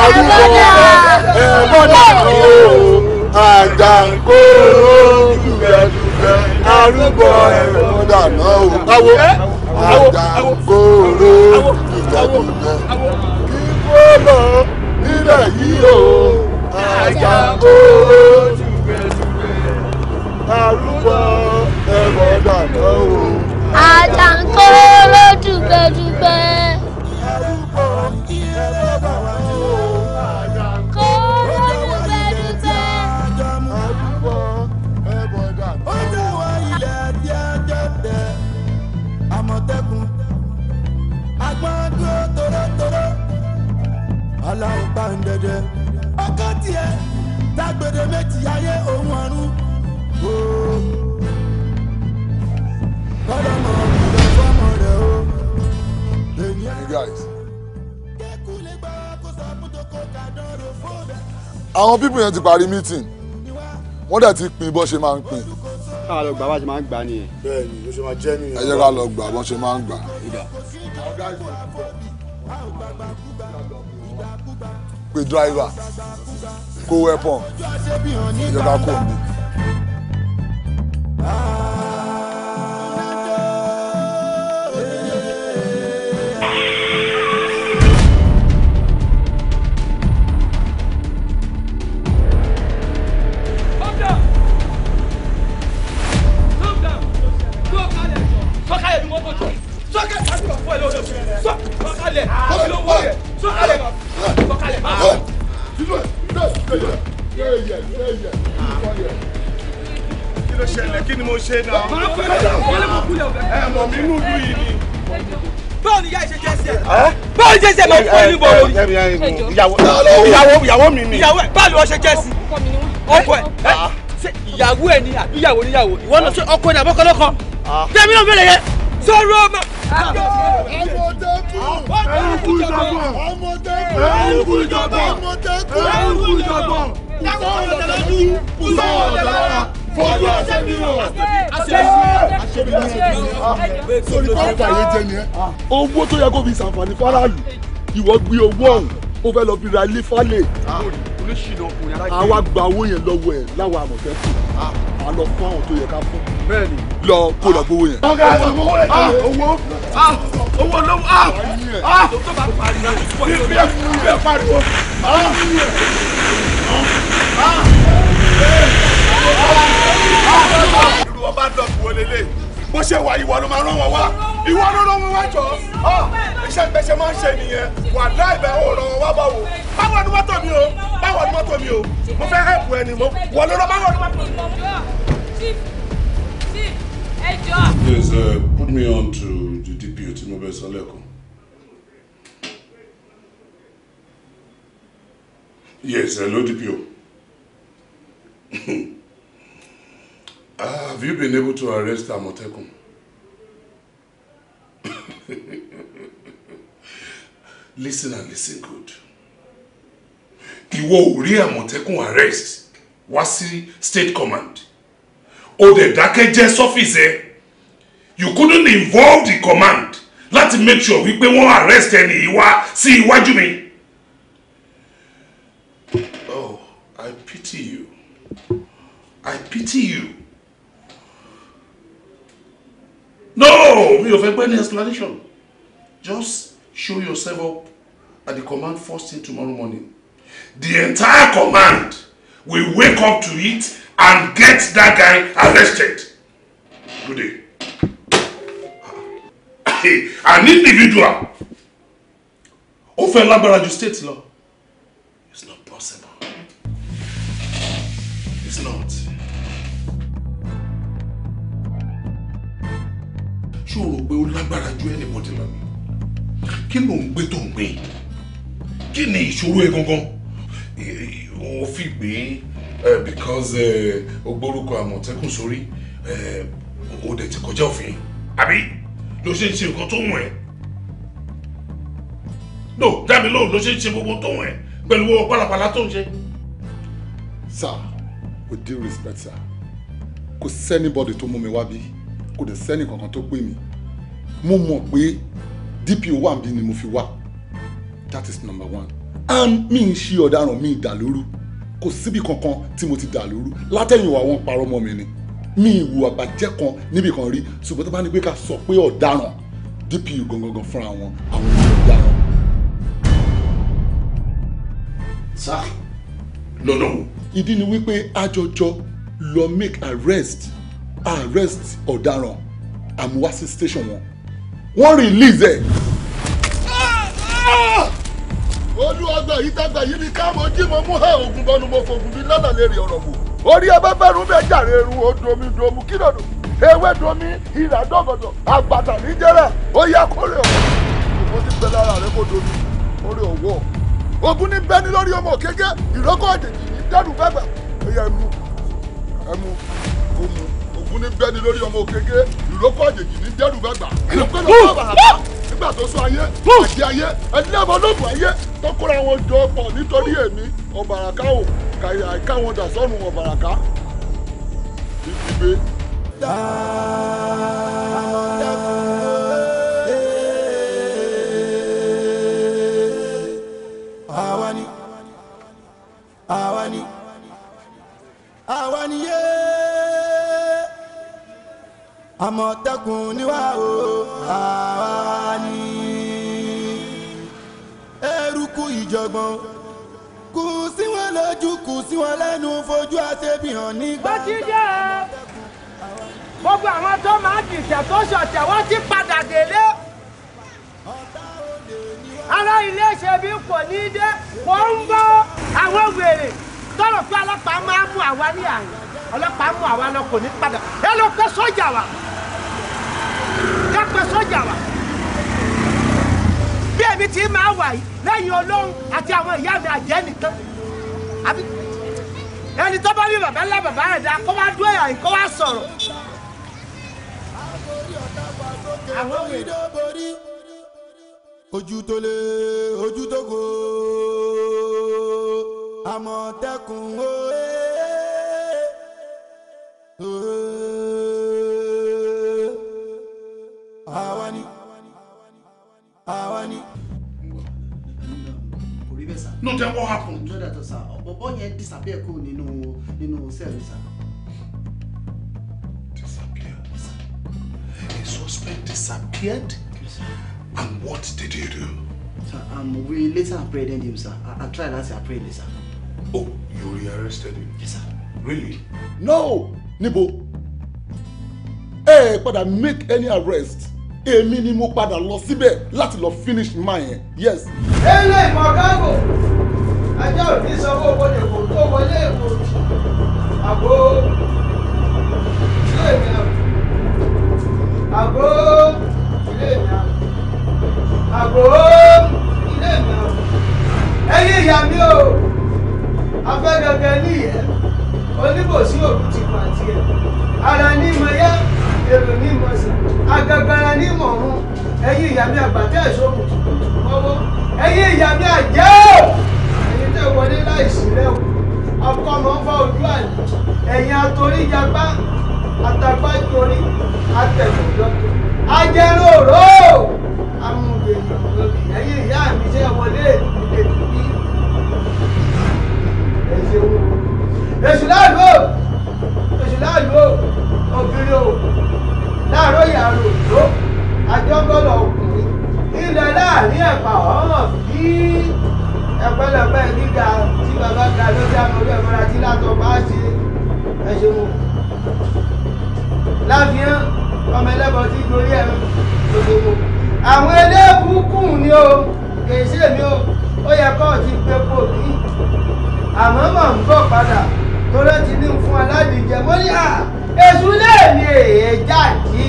àrùkọ ẹ bọ́dà ooo àjàǹkóró dùgbẹ̀dùgbẹ̀ arúgbó ẹ bọ́dà náà o. àjàǹkóró dùgbẹ̀dùgbẹ̀ kí wọ́n lọ nílẹ̀ yìí o àjàǹkóró. àwọn pípù yẹn ti parí meeting wọ́n dẹ̀ ti pín bó ṣe máa ń pín. káà lọ gbà bá ṣe máa ń gbà nìyẹn. bẹ́ẹ̀ni ló ṣe máa jẹ nìyẹn. ẹ jẹ́ ká lọ gbà bó ṣe máa ń gbà. pe driver kó weapon ẹ jẹ́ ká kó mi. mo ṣe náà. ẹ mọ̀ mí nùdú yìí ni. báwo ni ìṣe jẹ́ sí ẹ. jẹ́sí ẹ máa fún ẹ níbo lórí. ìyàwó ìyàwó mi ni. ìyàwó ẹ báwo ni wọ́n ṣe ìyàwó ẹ ni àbí ìyàwó níyàwó ìwọ náà ṣe ọkọ ẹ ní tẹ̀mí náà bẹ̀rẹ̀ yẹn sọ̀rọ̀ ọ̀sẹ̀ mi rọ̀ owó tó yẹ kó fi ṣàǹfààní fáráàlú ìwọ gbé owó ọ̀hún ó fẹ́ lọ fi ra ilé fálẹ̀ àwa gba owó yẹn lọ́wọ́ ẹ̀ láwọn àmọ̀tẹ́kùn a lọ fún àwọn tó yẹ ká fún lọ kó lọ gbowó yẹn. owó owó lọ́wọ́ tó bá pariwo ìfẹ́ pariwo. Ah! ah, ah. ah landlord wo lélẹ̀ bó ṣe wà ìwọ ló máa rán wọn wá ìwọ ló rán wọn wá jọ ọ ah, iṣẹ́ gbèsè máa ń ṣe nìyẹn wà láìpẹ́ ó rán wọn wá báwo báwo ni mọ́tò mi o báwo ni mọ́tò mi o mo fẹ́ hẹ́pù ẹni mo wọ ló rán báwo ni mọ́tò mi o.
Please uh, put me on to the DPO tí mo bẹ sọ lẹ́kọ̀ọ́. Yes, uh, hello DPO. Uh, have you been able
to arrest Amotekun? listen and listen good. Ìwọ ò rí Amotekun arrest wá state command. O dẹ̀ dákẹ́ jẹ́ sọ́fíìsì ẹ̀. You couldn't involve the command Let's make sure wípé won't arrest ẹni See what sí iwájú mi. Oh, I pity you. I pity you.
no mi ò fẹ́ explanation just show yourself up at the command first thing tomorrow morning the entire
command will wake up to it and get that guy arrested good day ah. an individual of a laboratory state law. it's not possible it's not. ṣé o rò pé ó lágbára ju anybody lọ ni kí ló ń gbé tó ń gbé kí ni ìṣòro ẹ gangan òun fi gbé because o gbórúkọ àmọ̀tẹ́kùn sórí
o dẹ̀ ti kọjá òfin àbí ló ṣe ń ṣe nǹkan tó wọ̀n ẹ́ no dábì lóhùn ló ṣe ń ṣe gbogbo tó wọ̀n ẹ́ pẹ̀lú owó pálapàla tó ń ṣe.
sir with due respect sir kò sẹ́nibọ́dì tó mú mi wá bí kò dẹ̀ sẹ́ni kankan tó pè mí mo mọ̀ pé DPO wà mí ni mo fi wá that is number one and mi ń ṣe ọ̀daràn mi ìdàlúrú kò síbi kankan tí mo ti dàlúrú látẹ̀yìnwá wọn parọ́ mọ́ mi ni mi ìwù àbàjẹ́ kan níbì kan rí ṣùgbọ́n tó bá ní pé ká sọ pé ọ̀daràn DPO gangan fúnra wọn àwọn ọ̀daràn. sá lọ́nà wo. ìdí ni wípé àjọjọ lọ make arrest arrest ọ̀daràn àmúwá sí station wọn wọ́n release ẹ̀. olú ọgbà yìí dàgbà yìí ni káàmọ́ jí mo mú ha ogun bọ́nu mo fògùn mi lálàlẹ́ rè ọ̀rọ̀ wò orí abẹ́bẹ́rún bẹ́ẹ̀ jàre eru odomi domi kí lọ́dọ̀ ewé domi ìrà dọ́gọ̀dọ̀ àgbàtà níjẹ́rẹ́ ó yá kórè ọ̀wọ́ mo ti pẹ́ lára rẹ kó domi kórè ọ̀wọ́ ogun ní bẹ́ni lórí ọmọ kéke ìrókò àjèjì ní dẹ́rù bàgbà ẹ̀yà ẹ̀mú ẹ̀mú kò mú. Ògún ní bẹ́ni lórí ọmọ òkèké ìrókò àjèjì ní dẹ́rù bàgbà. ìlúpẹ́lú ọmọ bàbá nígbà tó sún ayé àti ayé ẹ̀dínlẹ́mọ lóògùn ayé tó wọn jọ pọ̀ nítorí èmi ọ̀bàràká ò kàyà káwọn dà sọ́run ọ̀bàràká. ìdìbè. àwa ni àwa ni àmọ̀tẹ́kùn níwá o àwa ni eruku ìjọ̀gbọ̀n kù sí wọn lójú kù sí wọn lẹ́nu fojú àṣebí hàn nígbà. bó ti jẹ́ gbogbo àwọn tó máa ń dìtẹ̀ tó ṣọ̀tẹ̀ wọ́n ti padà délé ará iléeṣẹ́ bí kò ní dé wọ́n ń bọ́ àwọn wèrè tọrọ pé ọlọ́pàá máa ń mú àwa ní àná ọlọ́pàá mú àwa lọ kò ní padà ẹ lọ pé sójà wa ẹ pé sójà wa bí èmi ti máa wà yìí lẹ́yìn olóhùn àti àwọn ìyá mi àjẹ́ nìkan àbí ẹni tó bá rí bàbá ńlá bàbá rẹ̀ dá kó wá dúró ẹ̀yìn kó wá sọ̀rọ̀. àwọn wèrè ojú tó lé ojú tó kó àmọ̀tẹ́kùn ó no then what happened. no dàtọ̀ sá bọ̀bọ̀ yẹn disappear kúrò nínú nínú sẹ́ẹ̀lì sá. disappear a suspect disappeared yes, and what did you do. sir um, we later apprehended him sir i, I tried as i apprehended sir. oh you rearrested him. yes sir. really. no níbo ẹ ẹ padà make any arrest èmi ni mo padà lọ síbẹ̀ láti lọ finish mine yẹn yes. ilé ìmọ̀ kágò ajá ò ní sanwó owó lè kó tó wọlé èkó àgbo ilé mi náà àgbo ilé mi náà àgbo ilé mi náà ẹ̀yin ìyá mi o afẹ́ gẹ́gẹ́ ní ìyẹn oníbòsí òkú ti pa tiẹ̀ ara ní mọ yá èrò ní mọ sí agagara ní mọ ọ̀run ẹ̀yin ìyá mi àgbàtẹ́ ìṣòwò ọwọ́ ẹ̀yin ìyá mi àjẹ́ ò ẹ̀yin tẹ́ wọlé láìsí rẹ̀ o ọkọ ọmọ ń fọ ojú àlè ẹ̀yin atorí jagbá àtàgbá torí atẹ̀gbọ̀dọ́ ajẹ́rò ró amúgbè ẹ̀yin ìyá mi ṣe wọlé ìdè bí ẹ̀ṣẹ̀ wọn èṣù láàlú o èṣù láàlú o ògiri o láàárọ̀ ìyàrá òjò àjọgbọ́lọ̀ ọkùnrin ilẹ̀ láàrin ẹ̀pà ọ̀hún bí ẹ̀pẹ́lẹ̀pẹ́ gíga tí bàbá ga ló dá mọ́lú ẹ̀fọ́ra tí látọ̀ bá ṣe ẹ̀ṣẹ̀ wọn. láfihàn ọmọ ẹlẹ́bọ tí gorí ẹ̀ ṣoṣogbo àwọn eléèbùkún ni o kèsè mi o ó yẹ kóòtù pé bí àmọ́ mọ̀ ń bọ̀ padà mo rántí ní fún aládìjẹ mo ní à èṣù lèmi èyẹ jáàjì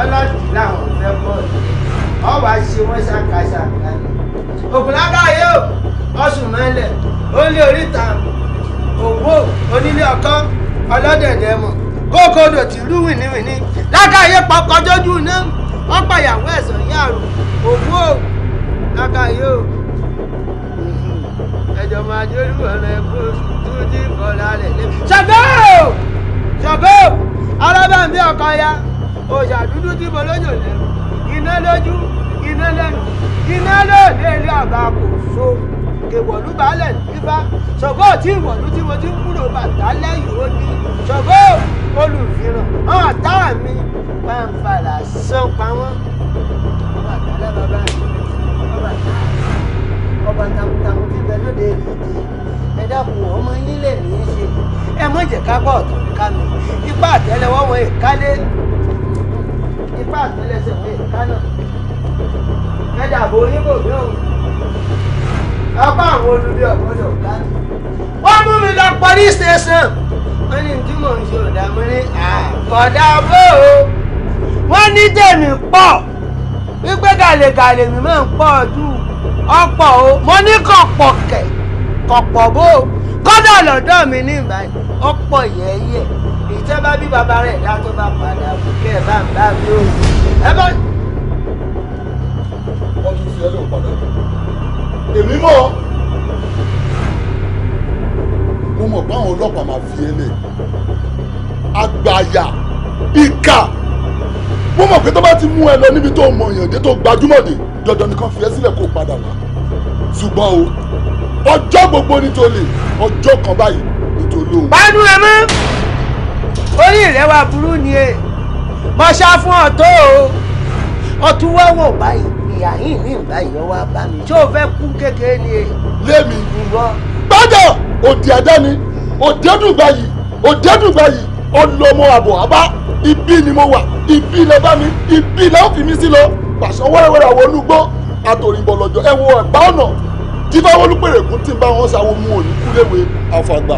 ọlọ́dún làwọn fẹ́ bọ̀ ọ wá ṣe wọ́n ṣàkàṣàkà ni òkú lágbàáyé o ọ̀sùn mẹ́lẹ̀ ó ní oríta òwò onílé ọkọ ọlọ́dẹ̀dẹ̀ mọ̀ kókòdò tí rú wìníwìní lágbàáyé pọkàn dójú náà wọ́n pàyàwó ẹ̀sán yàrá òwò lágbàáyé o ẹjọ máa jẹ́ olúwẹ̀rẹ̀ kó ṣàgbéwò ṣàgbéwò alábàmí ọkọ ya òòṣà dúdú tí mo lójò lẹ́nu iná lójú iná lẹ́nu iná lóòlé ilé àbá kò so kèwọ̀lú balẹ̀ nípa ṣọ̀gbọ́ tí ìwọ̀lú tí mo ti ń kúrò bàtà lẹ́yìn ó ní ṣọ̀gbọ́ olùfihàn hàn tá mi pàǹfàlà sàn pa wọ́n ọba àtàlẹ́ bàbá mi ọba àtàlẹ́ ọba tàmùtàmù bíbẹ lóde èyí dákun ọmọ yín lè ní í ṣe ẹ mọ̀ jẹ́ kápá ọ̀tún ká mi ipá àtẹ́lẹwọ́ wọn èkálé ipá àtẹ́lẹsẹ̀ wọn èkánà ẹ dàbò oníbò mi ò apá àwọn olùdí ọ̀gbọ́dọ̀ ká mi. wọ́n mú mi lọ police station wọ́n ní tí mò ń ṣe ọ̀dàmú ní àkọ́dá bó o wọ́n ní tèmi pọ̀ wípé gàlẹ́gàlẹ́ mi máa ń pọ̀ ọdún ọ̀pọ̀ o mo ní kàn pọ̀ kẹ̀ kọ̀ pọ̀ bó kọ́dà lọ́dọ̀ mi ní ìbàdàn ọ̀pọ̀ yẹ́yẹ́ ìtẹ́ bá bí bàbá rẹ̀ dá tó bá padà bù kí ẹ̀ bá ń bá mi ò ẹ bá. wọ́n tún fi ẹlòmí padà èmi mọ̀ mo mọ̀ pé àwọn ọlọ́pàá máa fi ẹ lẹ̀ àgbàyà ìkà mo mọ̀ pé tó bá ti mú ẹ lọ níbi tó mọ̀ yàn dé tó gbajúmọ̀ dé dandan nìkan fi ẹ sílẹ̀ kó padà wá ṣùgbọ́n o ọjọ́ gbogbo nítorí ọjọ́ kan báyìí nítorí òun. pánú ẹ mọ́ orí ìrẹwà burú ni e mo ṣá fún ọ tó o ọtún wá wọ̀ báyìí ìyá yìí ní ìbáyìí ọwọ́ bá mi tí o fẹ́ kú kékeré ni e. lémi gbọ́dọ̀ òdì ẹ̀dá ni òdẹ́dùgbà yìí òdẹ́dùgbà yìí ọlọmọ àbọ̀ àbá ibi ni mo wà ibi lẹ bá mi ibi lẹ ó fi mí sí lọ pàṣẹ wẹ́rẹ́wẹ́rẹ́ àwọn olúgbó àtòrìbọ̀lọ̀jọ̀ ẹ wo ẹ̀gbá tí bá wọlú pèrèkún tí ń bá wọn sáwọ mú òní kúléwé àfàgbà.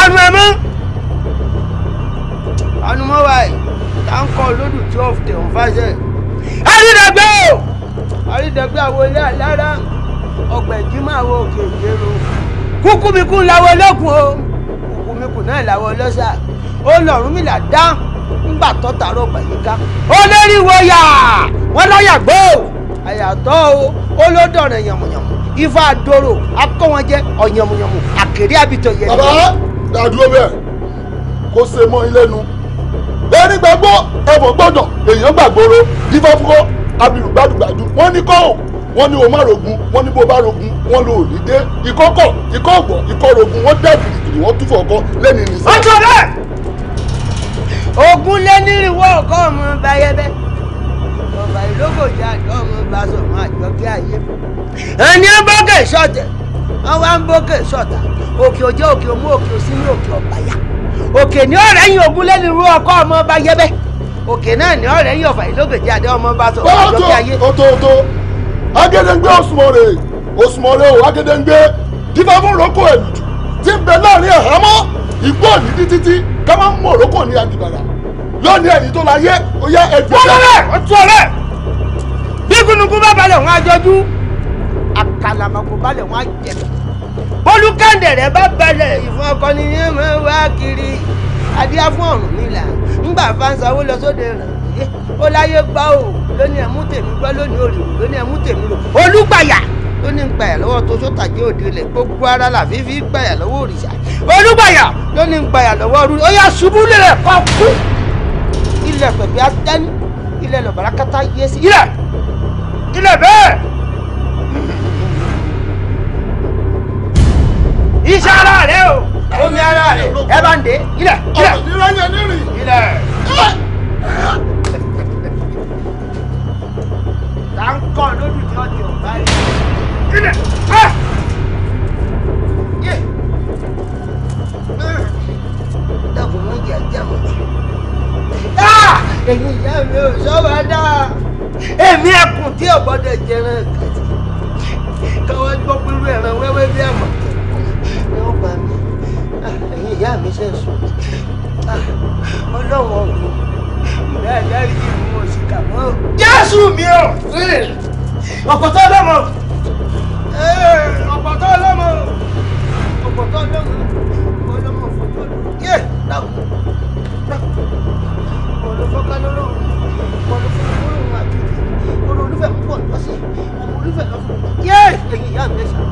ànumọ́ ànumọ́ mọ́ ànumọ́ báyìí táǹkọ̀ lódù twelve tẹ̀ ń fàṣẹ. àrídàgbé o. àrídàgbé àwọn ilé àlára ọgbà ìjímọ̀ àwọn òkè ìjẹ́rò kúkú mi kún láwọ ọlọ́kùn o kúkú mi kún náà láwọ ọlọ́sà ó lọ́rùn mi là dá ńgbà tó tààrọ̀ gbàyíká ó lérí wọ́yà wọ́n láyà gbó àyàtọ̀ o ó ló dọ̀nà yànmùyànmù ifá àdóró akọ́ wọn jẹ́ ọ̀yànmùyànmù àkèrè àbítọ̀ yẹn. bàbá dàdúró bẹ́ẹ̀ kó ṣe mọ́ ilé nu ẹni gbàgbọ́ ẹ̀fọ́ gbọ́dọ̀ èèyàn gbàgbóró ifá fúkọ́ abirù gbàdúgbàdú wọ́n ní kọ́hùn wọ́n ní o má rogun wọ́n ní bó bá rogun wọ́n lo òní dé ìkọ́kọ̀ ìkọ́gbọ̀ ìkọ́rogun wọ́n dẹ́ gìrìgìrì wọ́n túfọ̀ ọkọ lẹ́ni nìsí. ọjọ́ rẹ̀. ogun lé ní ìwọ ọkọ ọmọ bayẹbẹ olókòjà àjọ ọmọ bá sọ̀rọ̀ àjọ kí ayé mọ̀. ẹni ń bókè sọ̀tẹ̀ wọ́n wá ń bókè sọ̀tà òkè òjẹ́ òkè òmú òkè òsí ní òkè ọ̀bàyà òkè ní ọ̀rẹ́ yìí ògún lẹ́nu irú ọkọ ọmọ ọba yẹbẹ́ òkè náà ní ọ̀rẹ́ yìí ọ̀fà ìlókèjì àdé ọmọ ọba sọ̀rọ̀ àjọ kí ayé. ọ̀tọ̀ ọ̀tọ̀ agédéńgbé òsùmọ̀rè òsùmọ̀rè ò agédéńgbé dífá fún roko ẹ̀lùjù tí ń bẹ láàrin ẹ̀hámọ́ ìgbó òní títí tí ká má mú òrókò ní àdìbàrà lónìí ẹ̀yìn tó la yé ó yá ẹ̀dùn. wọ́n lọ́rẹ̀ ọ̀tún ọ̀rẹ́ gúnugún bá balẹ̀ wọn àjọjú àkàlàmọ̀kò balẹ̀ wọn àjẹ̀dọ̀ olùkàndẹ̀rẹ̀ bá balẹ̀ ìfún ọkọ ni yín máa wá kiri adíá fún ọ̀run nílà ńgbà fáńsáwó lọ sóde rẹ̀ ó láyé gbá o lóní ẹ̀mú tèmi gbọ́ lóní òrìwò lóní ẹ̀mú tèmi rò olùgbàyà ó ní gbàyà lọ́wọ́ tó sótàjé òde ilẹ̀ gbogbo ara là fífi gbàyà lọ́wọ́ òrìṣà olùgbàyà ló ní gbàyà lọ́wọ́ ọdún ó yà ṣubú lẹ̀ kọ́ kú ilẹ̀ pẹ̀pẹ́ atẹ́ni ilẹ̀ lọ̀bàrà kátá yé sí ilẹ̀ ilẹ̀ bẹ́ẹ̀. iṣẹ́ ara rẹ o. omi ara rẹ ẹ bá ń dé ilẹ̀ ilẹ̀. ọ̀sìn rẹ̀ yẹn nírìn. ilẹ̀. ta ń kọ́ lójú tí wọ́n ti ọ̀ báyìí. ilẹ̀. dàgbọ́n ah! ìyá mi ò sọ́wọ́ dáa. èmi ẹ̀ tí ọ̀bọ̀dẹ̀ jẹran kàtí káwá gbọ́ pẹ̀lú ẹ̀ràn wẹ́wẹ́ bí àmọ́ ni wọ́n bá mi ẹ̀yin ìyá mi ṣe sùn ọlọ́wọ́n ọ̀gbìn ìdá ìdá rí i mú oṣù kà mọ́. jésù mi ò ọ̀pọ̀tọ́ ọlọ́mọ ọ̀pọ̀tọ́ ọlọ́mọ ọ̀pọ̀tọ́ ọlọ́mọ ọlọ́mọ ọ̀pọ̀tọ́ ọlọ́mọ yé dáwọ̀ dáwọ̀ ọ̀lọ́fọ́ká lọ́lọ́run ọ̀lọ́fọ́ká bọ̀ lọ́sẹ̀ ọmọ olúfẹ̀ lọ́sùn yé ẹ̀yìn ìyá mi ẹ̀ṣẹ̀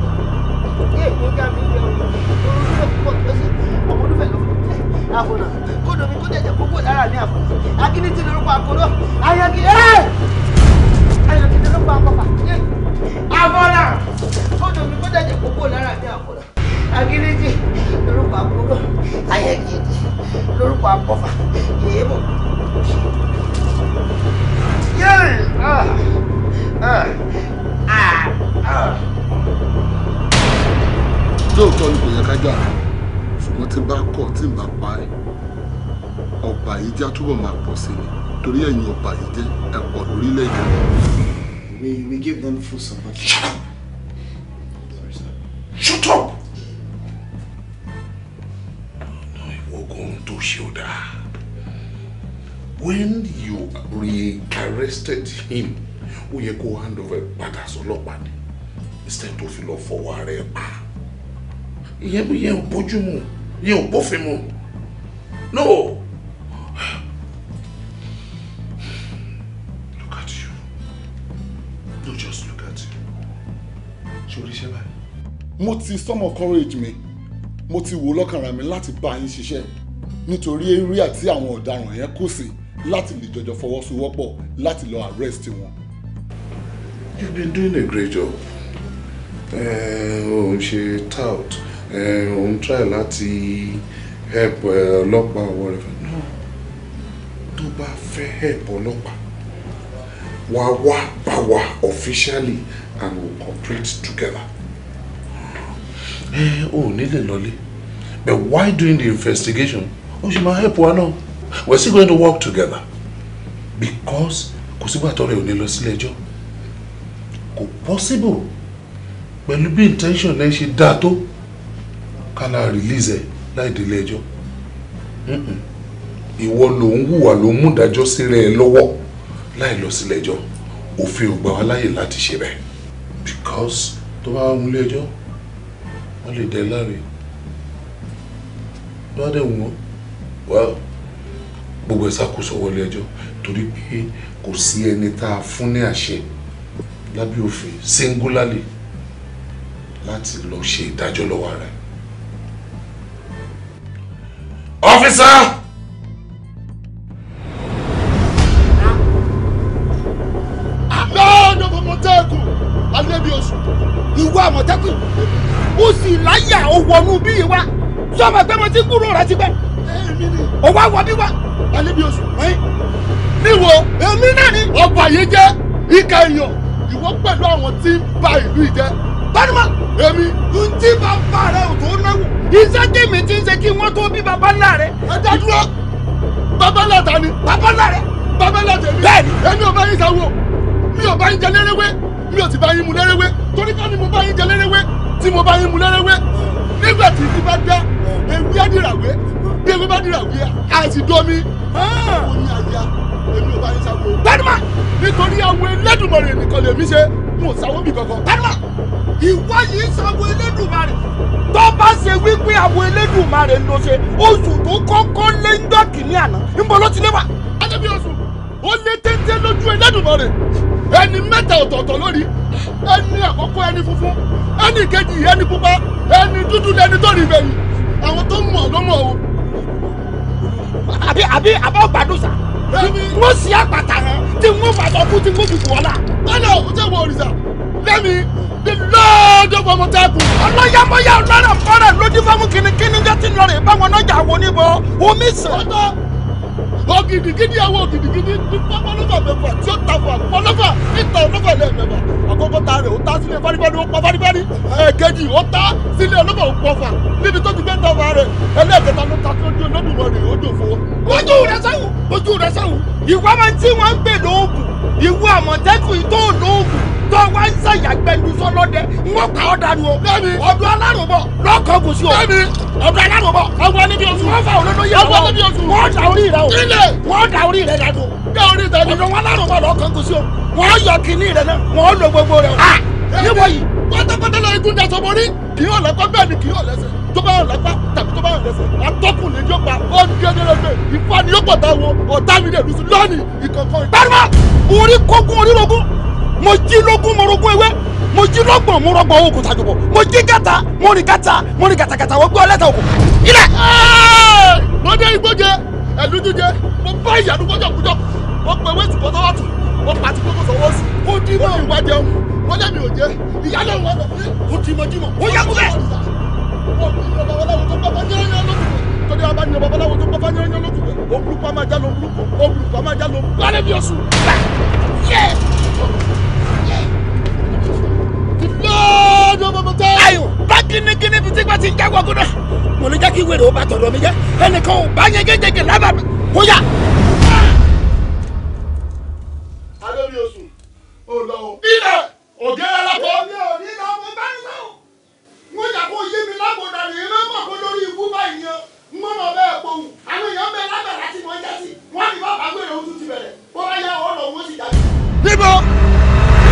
yé ẹ̀yìn ìyá mi ẹ̀ṣẹ̀ ọmọ olúfẹ̀ bọ̀ lọ́sẹ̀ ọmọ olúfẹ̀ lọ́sùn àfọ̀nà kódò mi kó jẹjẹ kókó lára mi àfọ̀nà akíníti lórúkọ àkọlọ ayọ̀kì ẹ̀ ayọ̀kì lórúkọ àkọ́fà yé àfọ̀nà kódò mi kó jẹjẹ kókó lára mi àfọ̀nà agiliji lórúkọ àkúrò ayẹgidi lórúkọ àkọfà yéèmọ.
yéè ah lóòótọ́
ni kò yẹ ká jà ṣùgbọ́n tí bá kọ̀ tí bá pa ẹ̀ ọba yìí já túbọ̀ máa pọ̀ sí ni torí ẹ̀yin ọba yìí jẹ́ ẹ̀pọ̀ lórílẹ̀-èdè. we we give them full support. shut up. ọ̀nà ìwọ̀gùn tó ṣe ò dáa
when you re-arrested him ó yẹ kó hand over padà sọ́lọ́pàá ni instead tó fi lọ fọwọ́ ara pa ìyẹn bí yẹn ò bójú mu yẹn ò bófin mu no.
look at you no just look at you ṣe oríṣẹ́ báyìí. mo ti sọmọ courage mi mo ti wò lọ́kànra mi láti bá yín ṣiṣẹ́ nítorí eré àti àwọn ọ̀daràn yẹn kò sí láti lè jọjọ fọwọ́sowọ́pọ̀ láti lọ arrest wọn
You've been doing a great job. Òun eh, ṣe tout. Òun eh, try láti help eh, ọlọ́pàá or whatever. No. Tó bá fẹ́ help ọlọ́pàá, wá wá bá
wa officially and we'll cooperate together.
Oh, nílè lọlé.
But why doing the investigation?
Oh, she might help one. We're still going to work together. Because kò sígbà tọrẹ ò ní kò possible pẹ̀lú bí intention náà ṣe dáa tó
kálá release ẹ̀ láì délé ẹjọ́ ìwọ ló ń hùwà ló ń mú ìdájọ́ síra ẹ lọ́wọ́ láì lọ sílé ẹjọ́ òfin ò gbà wá láyè láti ṣe bẹ́ẹ̀
because tó bá mú ilé ẹjọ́ wọ́n lè dẹ láre lọ́dẹ̀ wọn well
gbogbo ẹ̀ sá kó sọ wọlé ẹjọ́ torí pé kò sí ẹni tá a fún ní àṣẹ lábẹ́ òfin singularly láti lọ ṣe ìdájọ́ lọ́wọ́ rẹ̀. ọ́fíìsà. lọ́ọ̀nù mọ̀mọ́tẹ́kùn alẹ́bíọ̀sùn ìwọ àmọ̀tẹ́kùn ó sì láyà ó wọnú bí ìwà sọ́mọ pé mo ti kúrò rẹ̀ ti pẹ́ ó wá wọ bí wá alẹ́bíọ̀sùn ní wo èmi náà ni ọba yìí jẹ́ ìkà èèyàn ìwọ pẹ̀lú àwọn tí ń ba ìlú ìjẹ. bánimá èmi. n tí bàbá rẹ ò tó náwó. iṣẹ́ tèmi ti ń ṣe kí wọ́n tó bí bàbá ńlá rẹ. ẹ dá dúró bàbá ńlá ta ni. bàbá ńlá rẹ. bàbá ńlá tèmi. bẹ́ẹ̀ni. èmi ò bá yín sanwó mi ò bá yín jẹ lérewé mi ò sì bá yín mu lérewé torí ká ni mo bá yín jẹ lérewé tí mo bá yín mu lérewé nígbà tí ti bá dá ewé á dìràwé bí ewé bá dìràwé á sì domi. Ah! ó ní àyà èmi ò bá yín sáwó. gbẹ́dùmá nítorí àwọn Elédùmarè nìkan lèmi ṣe n ò sáwó mi kankan. gbẹ́dùmá ìwọ yìí sáwó Elédùmarè. tó bá ṣe wípé àwọn Elédùmarè ló ṣe oṣù tó kọ́kọ́ lé ń dọ́ kìíní àná níbo ló ti lé wa. adébí oṣù ó lé téńté lójú Elédùmarè ẹni mẹ́ta ọ̀tọ̀ọ̀tọ̀ lórí ẹni àkọ́kọ́ ẹni funfun ẹni kejì ẹni pupa ẹni dúdú lẹni tó rí bẹ́yìn àwọn tó mọ̀ ló mọ̀ o. àbí àbí àbá ò gbádùn sá wọ́n sì àpàtà tí wọ́n fàtọ̀ kú tí wọ́n fi kù ọ́ la. bọ́lá òkúta wọ òrìṣà lẹ́mi the lord of ọmọ tẹ́kù. ọlọ́yàmọ́yà ọlọ́rẹ̀ fọ́rẹ̀ lójú fáwọn kìnnìkìnnì jẹ́ ti lọ rè báwọn nájà wo níbọ̀ omi sàn. ọjọ́ ògidìgidì àwọn ògidìgidì ní pápánọ́fà mẹ́fà tí ó ta fà pọ́nọ́fà níta ọlọ́fà lẹ́ẹ̀mẹ́fà àkọ́kọ́ ta rẹ̀ ó ta sílé fáribárí ó pa fáribárí ẹ̀ẹ́kejì ó ta sílé ọlọ́fà ó pọ̀ fà níbi tó ti gbé ta fà rẹ̀ ẹlẹ́ẹ̀kẹta ló ta tó dé olódùmọ̀ rẹ̀ ó dòfo ojú rẹ sẹ́wọ̀n ojú rẹ sẹ́wọ̀n ìwà máa tí wọ́n ń pè lóògùn ìwọ àmọ̀tẹ́kùn ìtó lóògùn tó wá ń sẹ̀yà gbẹdusọ lọ́dẹ wọ́n pa ọ́ dànù ọdún alárùnbọ̀ lọ́kọ̀ kù sí o ọdún alárùnbọ̀ ọgbọ́n níbi oṣù wọ́n fa òróró yẹ ọgbọ́n wọ́n da orí rẹ o wọ́n da orí rẹ dànù da orí rẹ dànù ọdún alárùnbọ̀ lọ́kọ̀ kù sí o wọ́n yọ kínní rẹ náà wọ́n lo gbogbo rẹ o ah! níwọ̀nyí. pátápátá la igun dasọ̀ kì í ọ̀lẹ́kọ́ bẹ́ẹ̀ ni kì í ọ̀lẹ́sẹ̀ tó bá rìn lápá tàbí tó bá rìn lẹ́sẹ̀ atọ́kùn lè ní ọgbà ó ní ẹdẹrẹgbẹ ìfá yóò pọ̀tà wo ọ̀tá mi dẹ̀ lùsùn lónìí ìkọ̀kan ìtàríwá orí kókún orílógún mo jí lógún mo rogún ewé mo jí lọ́gbọ̀n mo rọgbọ̀n oògùn tàjọ̀bọ̀ mo jí gàtà mo rìn gàtà mo rìn gàtàgàtà wọ́n gbé ọlẹ́ta òkú ilẹ̀. lọ́dẹ igbóje ẹ̀lú jíjẹ mo bá ìyàdú gbọ́jọ̀gbọ́jọ̀ mo pè wé tìbọ̀ tọ́wọ́ tù mo pàtí gbogbo sọ̀wọ́ sí mo dì mọ́ ìwà jẹun mo lẹ́mi ò jẹ ìyá lẹ́nu wọn lọ mo dì mọ́ dì mọ́. ó yẹ kú bẹ́ẹ̀ torí ọba ni babaláwo tó pápá yán yán lókùn òbúrúkú a máa já lóhùn òbúrúkú a máa já lóhùn lálẹ́ bí ọ̀sùn. lọ́ọ̀dọ̀ bọ̀bọ̀ tẹ́. ayò bá kínníkínní bíi tí pàtí jágbó ọgọ́dọ̀ mo lè jẹ́ kí wèrè ó bá tọ̀dọ̀ mi jẹ́ ẹnìkan ò bá yẹn gẹ́gẹ́ lábàá mi kó yà. alẹ́ bí oṣù ó lọ. ilẹ̀ ògẹ́ alákọ̀ọ́. ọ̀nà yẹn máa ń pọ̀ kó lórí ikú báyìí yan ń mọ̀ mọ̀ bẹ́ẹ̀ pohùn àwọn èèyàn bẹ lágbàlá tí wọ́n jẹ́ sí wọ́n ní bàbá gbèrè oṣù ti bẹ̀rẹ̀ bó bá yá ọ̀rọ̀ wọn sì dájú. níbo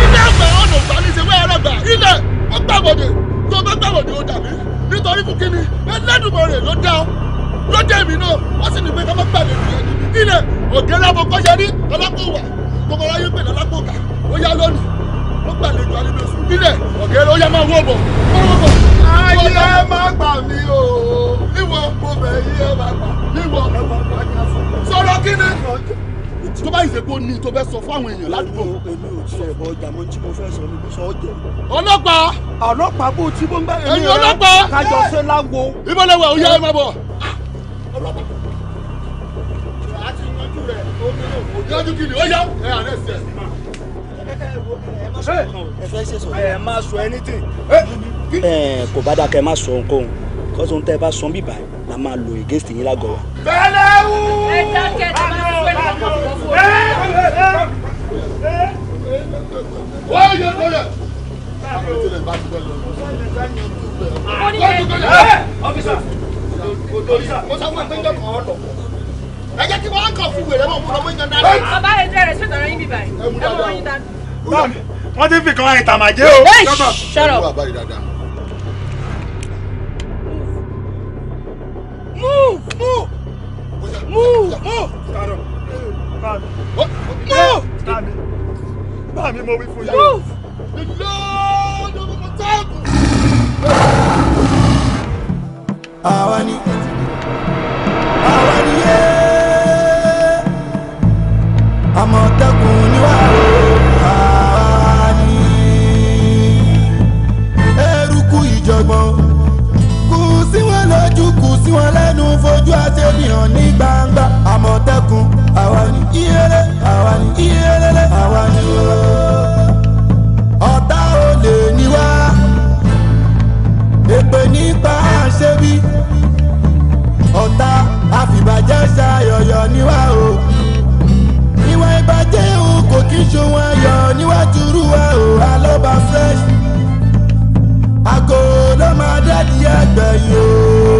ilé ẹgbẹ́ ọ̀nà ìgbà ní ìṣèwé gbà ilẹ̀ ó gbàgbọ́dẹ̀ tó bá gbàgbọ́dẹ̀ ó dàbí nítorí fún kíni ẹlẹ́dùnmọ̀rẹ̀ ló dá lọ́jọ́ èmi náà wọ́n sì ní pé ká ó gbàlejò alíbẹ̀sù nílẹ̀ ọ̀gẹ́rẹ́ ó yá máa wọ̀ bọ̀ máa wọ̀ bọ̀. ayé máa gbà mí o níwọ kò bẹ̀ yí ẹ máa gbà níwọ ẹ máa gbà ní aṣọ. sọ̀rọ̀ kí ni tó bá ìṣègbè ni tó fẹ́ sọ fún àwọn èèyàn ládùúgbò. èmi ò tiẹ̀ bọ ọjà mo tí mo fẹ́ sọ ni mo sọ ọ́ jẹ. ọlọ́pàá. ọlọ́pàá bó tí mo ń bá ẹni ọlọ́pàá. kájọ ṣe láwo. ìbọ̀lẹ̀ wẹ̀ òye ẹ máa bọ̀. ọlọ́pàá yanjú kiri ó yá ẹ àrẹ sí ẹ ẹ má sọ anything. ẹ kò bá dákẹ́ má sọ ohunkóhun kọ́sọ̀ ń tẹ́ bá sọ bíbá la máa lo against yín lágọ̀ wa. bẹ́ẹ̀ wù ú. ẹ
dákẹ́ ẹ máa ń pẹ́ lọ́kọ̀ fún ọ.
wọ́n yóò tó yẹ. mo ní ẹ. ọ́fíìsà mo sọ fún ẹ pé ń jọkọ̀ ọ̀dọ̀
ẹ jẹ́ kí wọ́n á kàn fún wèrè mọ̀ fún ọmọ ìjọba. bàbá ẹ jẹ́ rẹ̀ ṣètò ara yín bíbá yìí ẹ mú wọn yín dání.
What if wọ́n ti fi kan ìtàmàjẹ́ o. shut up. move move move move. move. bá mi mo wí fún yín. move.
àwa ni àwa ni yé
àmọ̀tẹ́kùn. fojú aṣèbíhàn ní gbangba àmọ̀tẹ́kùn àwa ni iyele àwa ni iyelele àwa ni ooo ọ̀tá olè ni wá èpè nípa àṣebí ọ̀tá àfìbàjẹ́ ṣayọ̀yọ̀ ni wá o ìwà ìbàjẹ́ òun kò kí ṣòwò ayọ̀ níwájú rú wa o alọ́ba fresh àgọ́ ló máa dádìí
ẹgbẹ̀yìn o.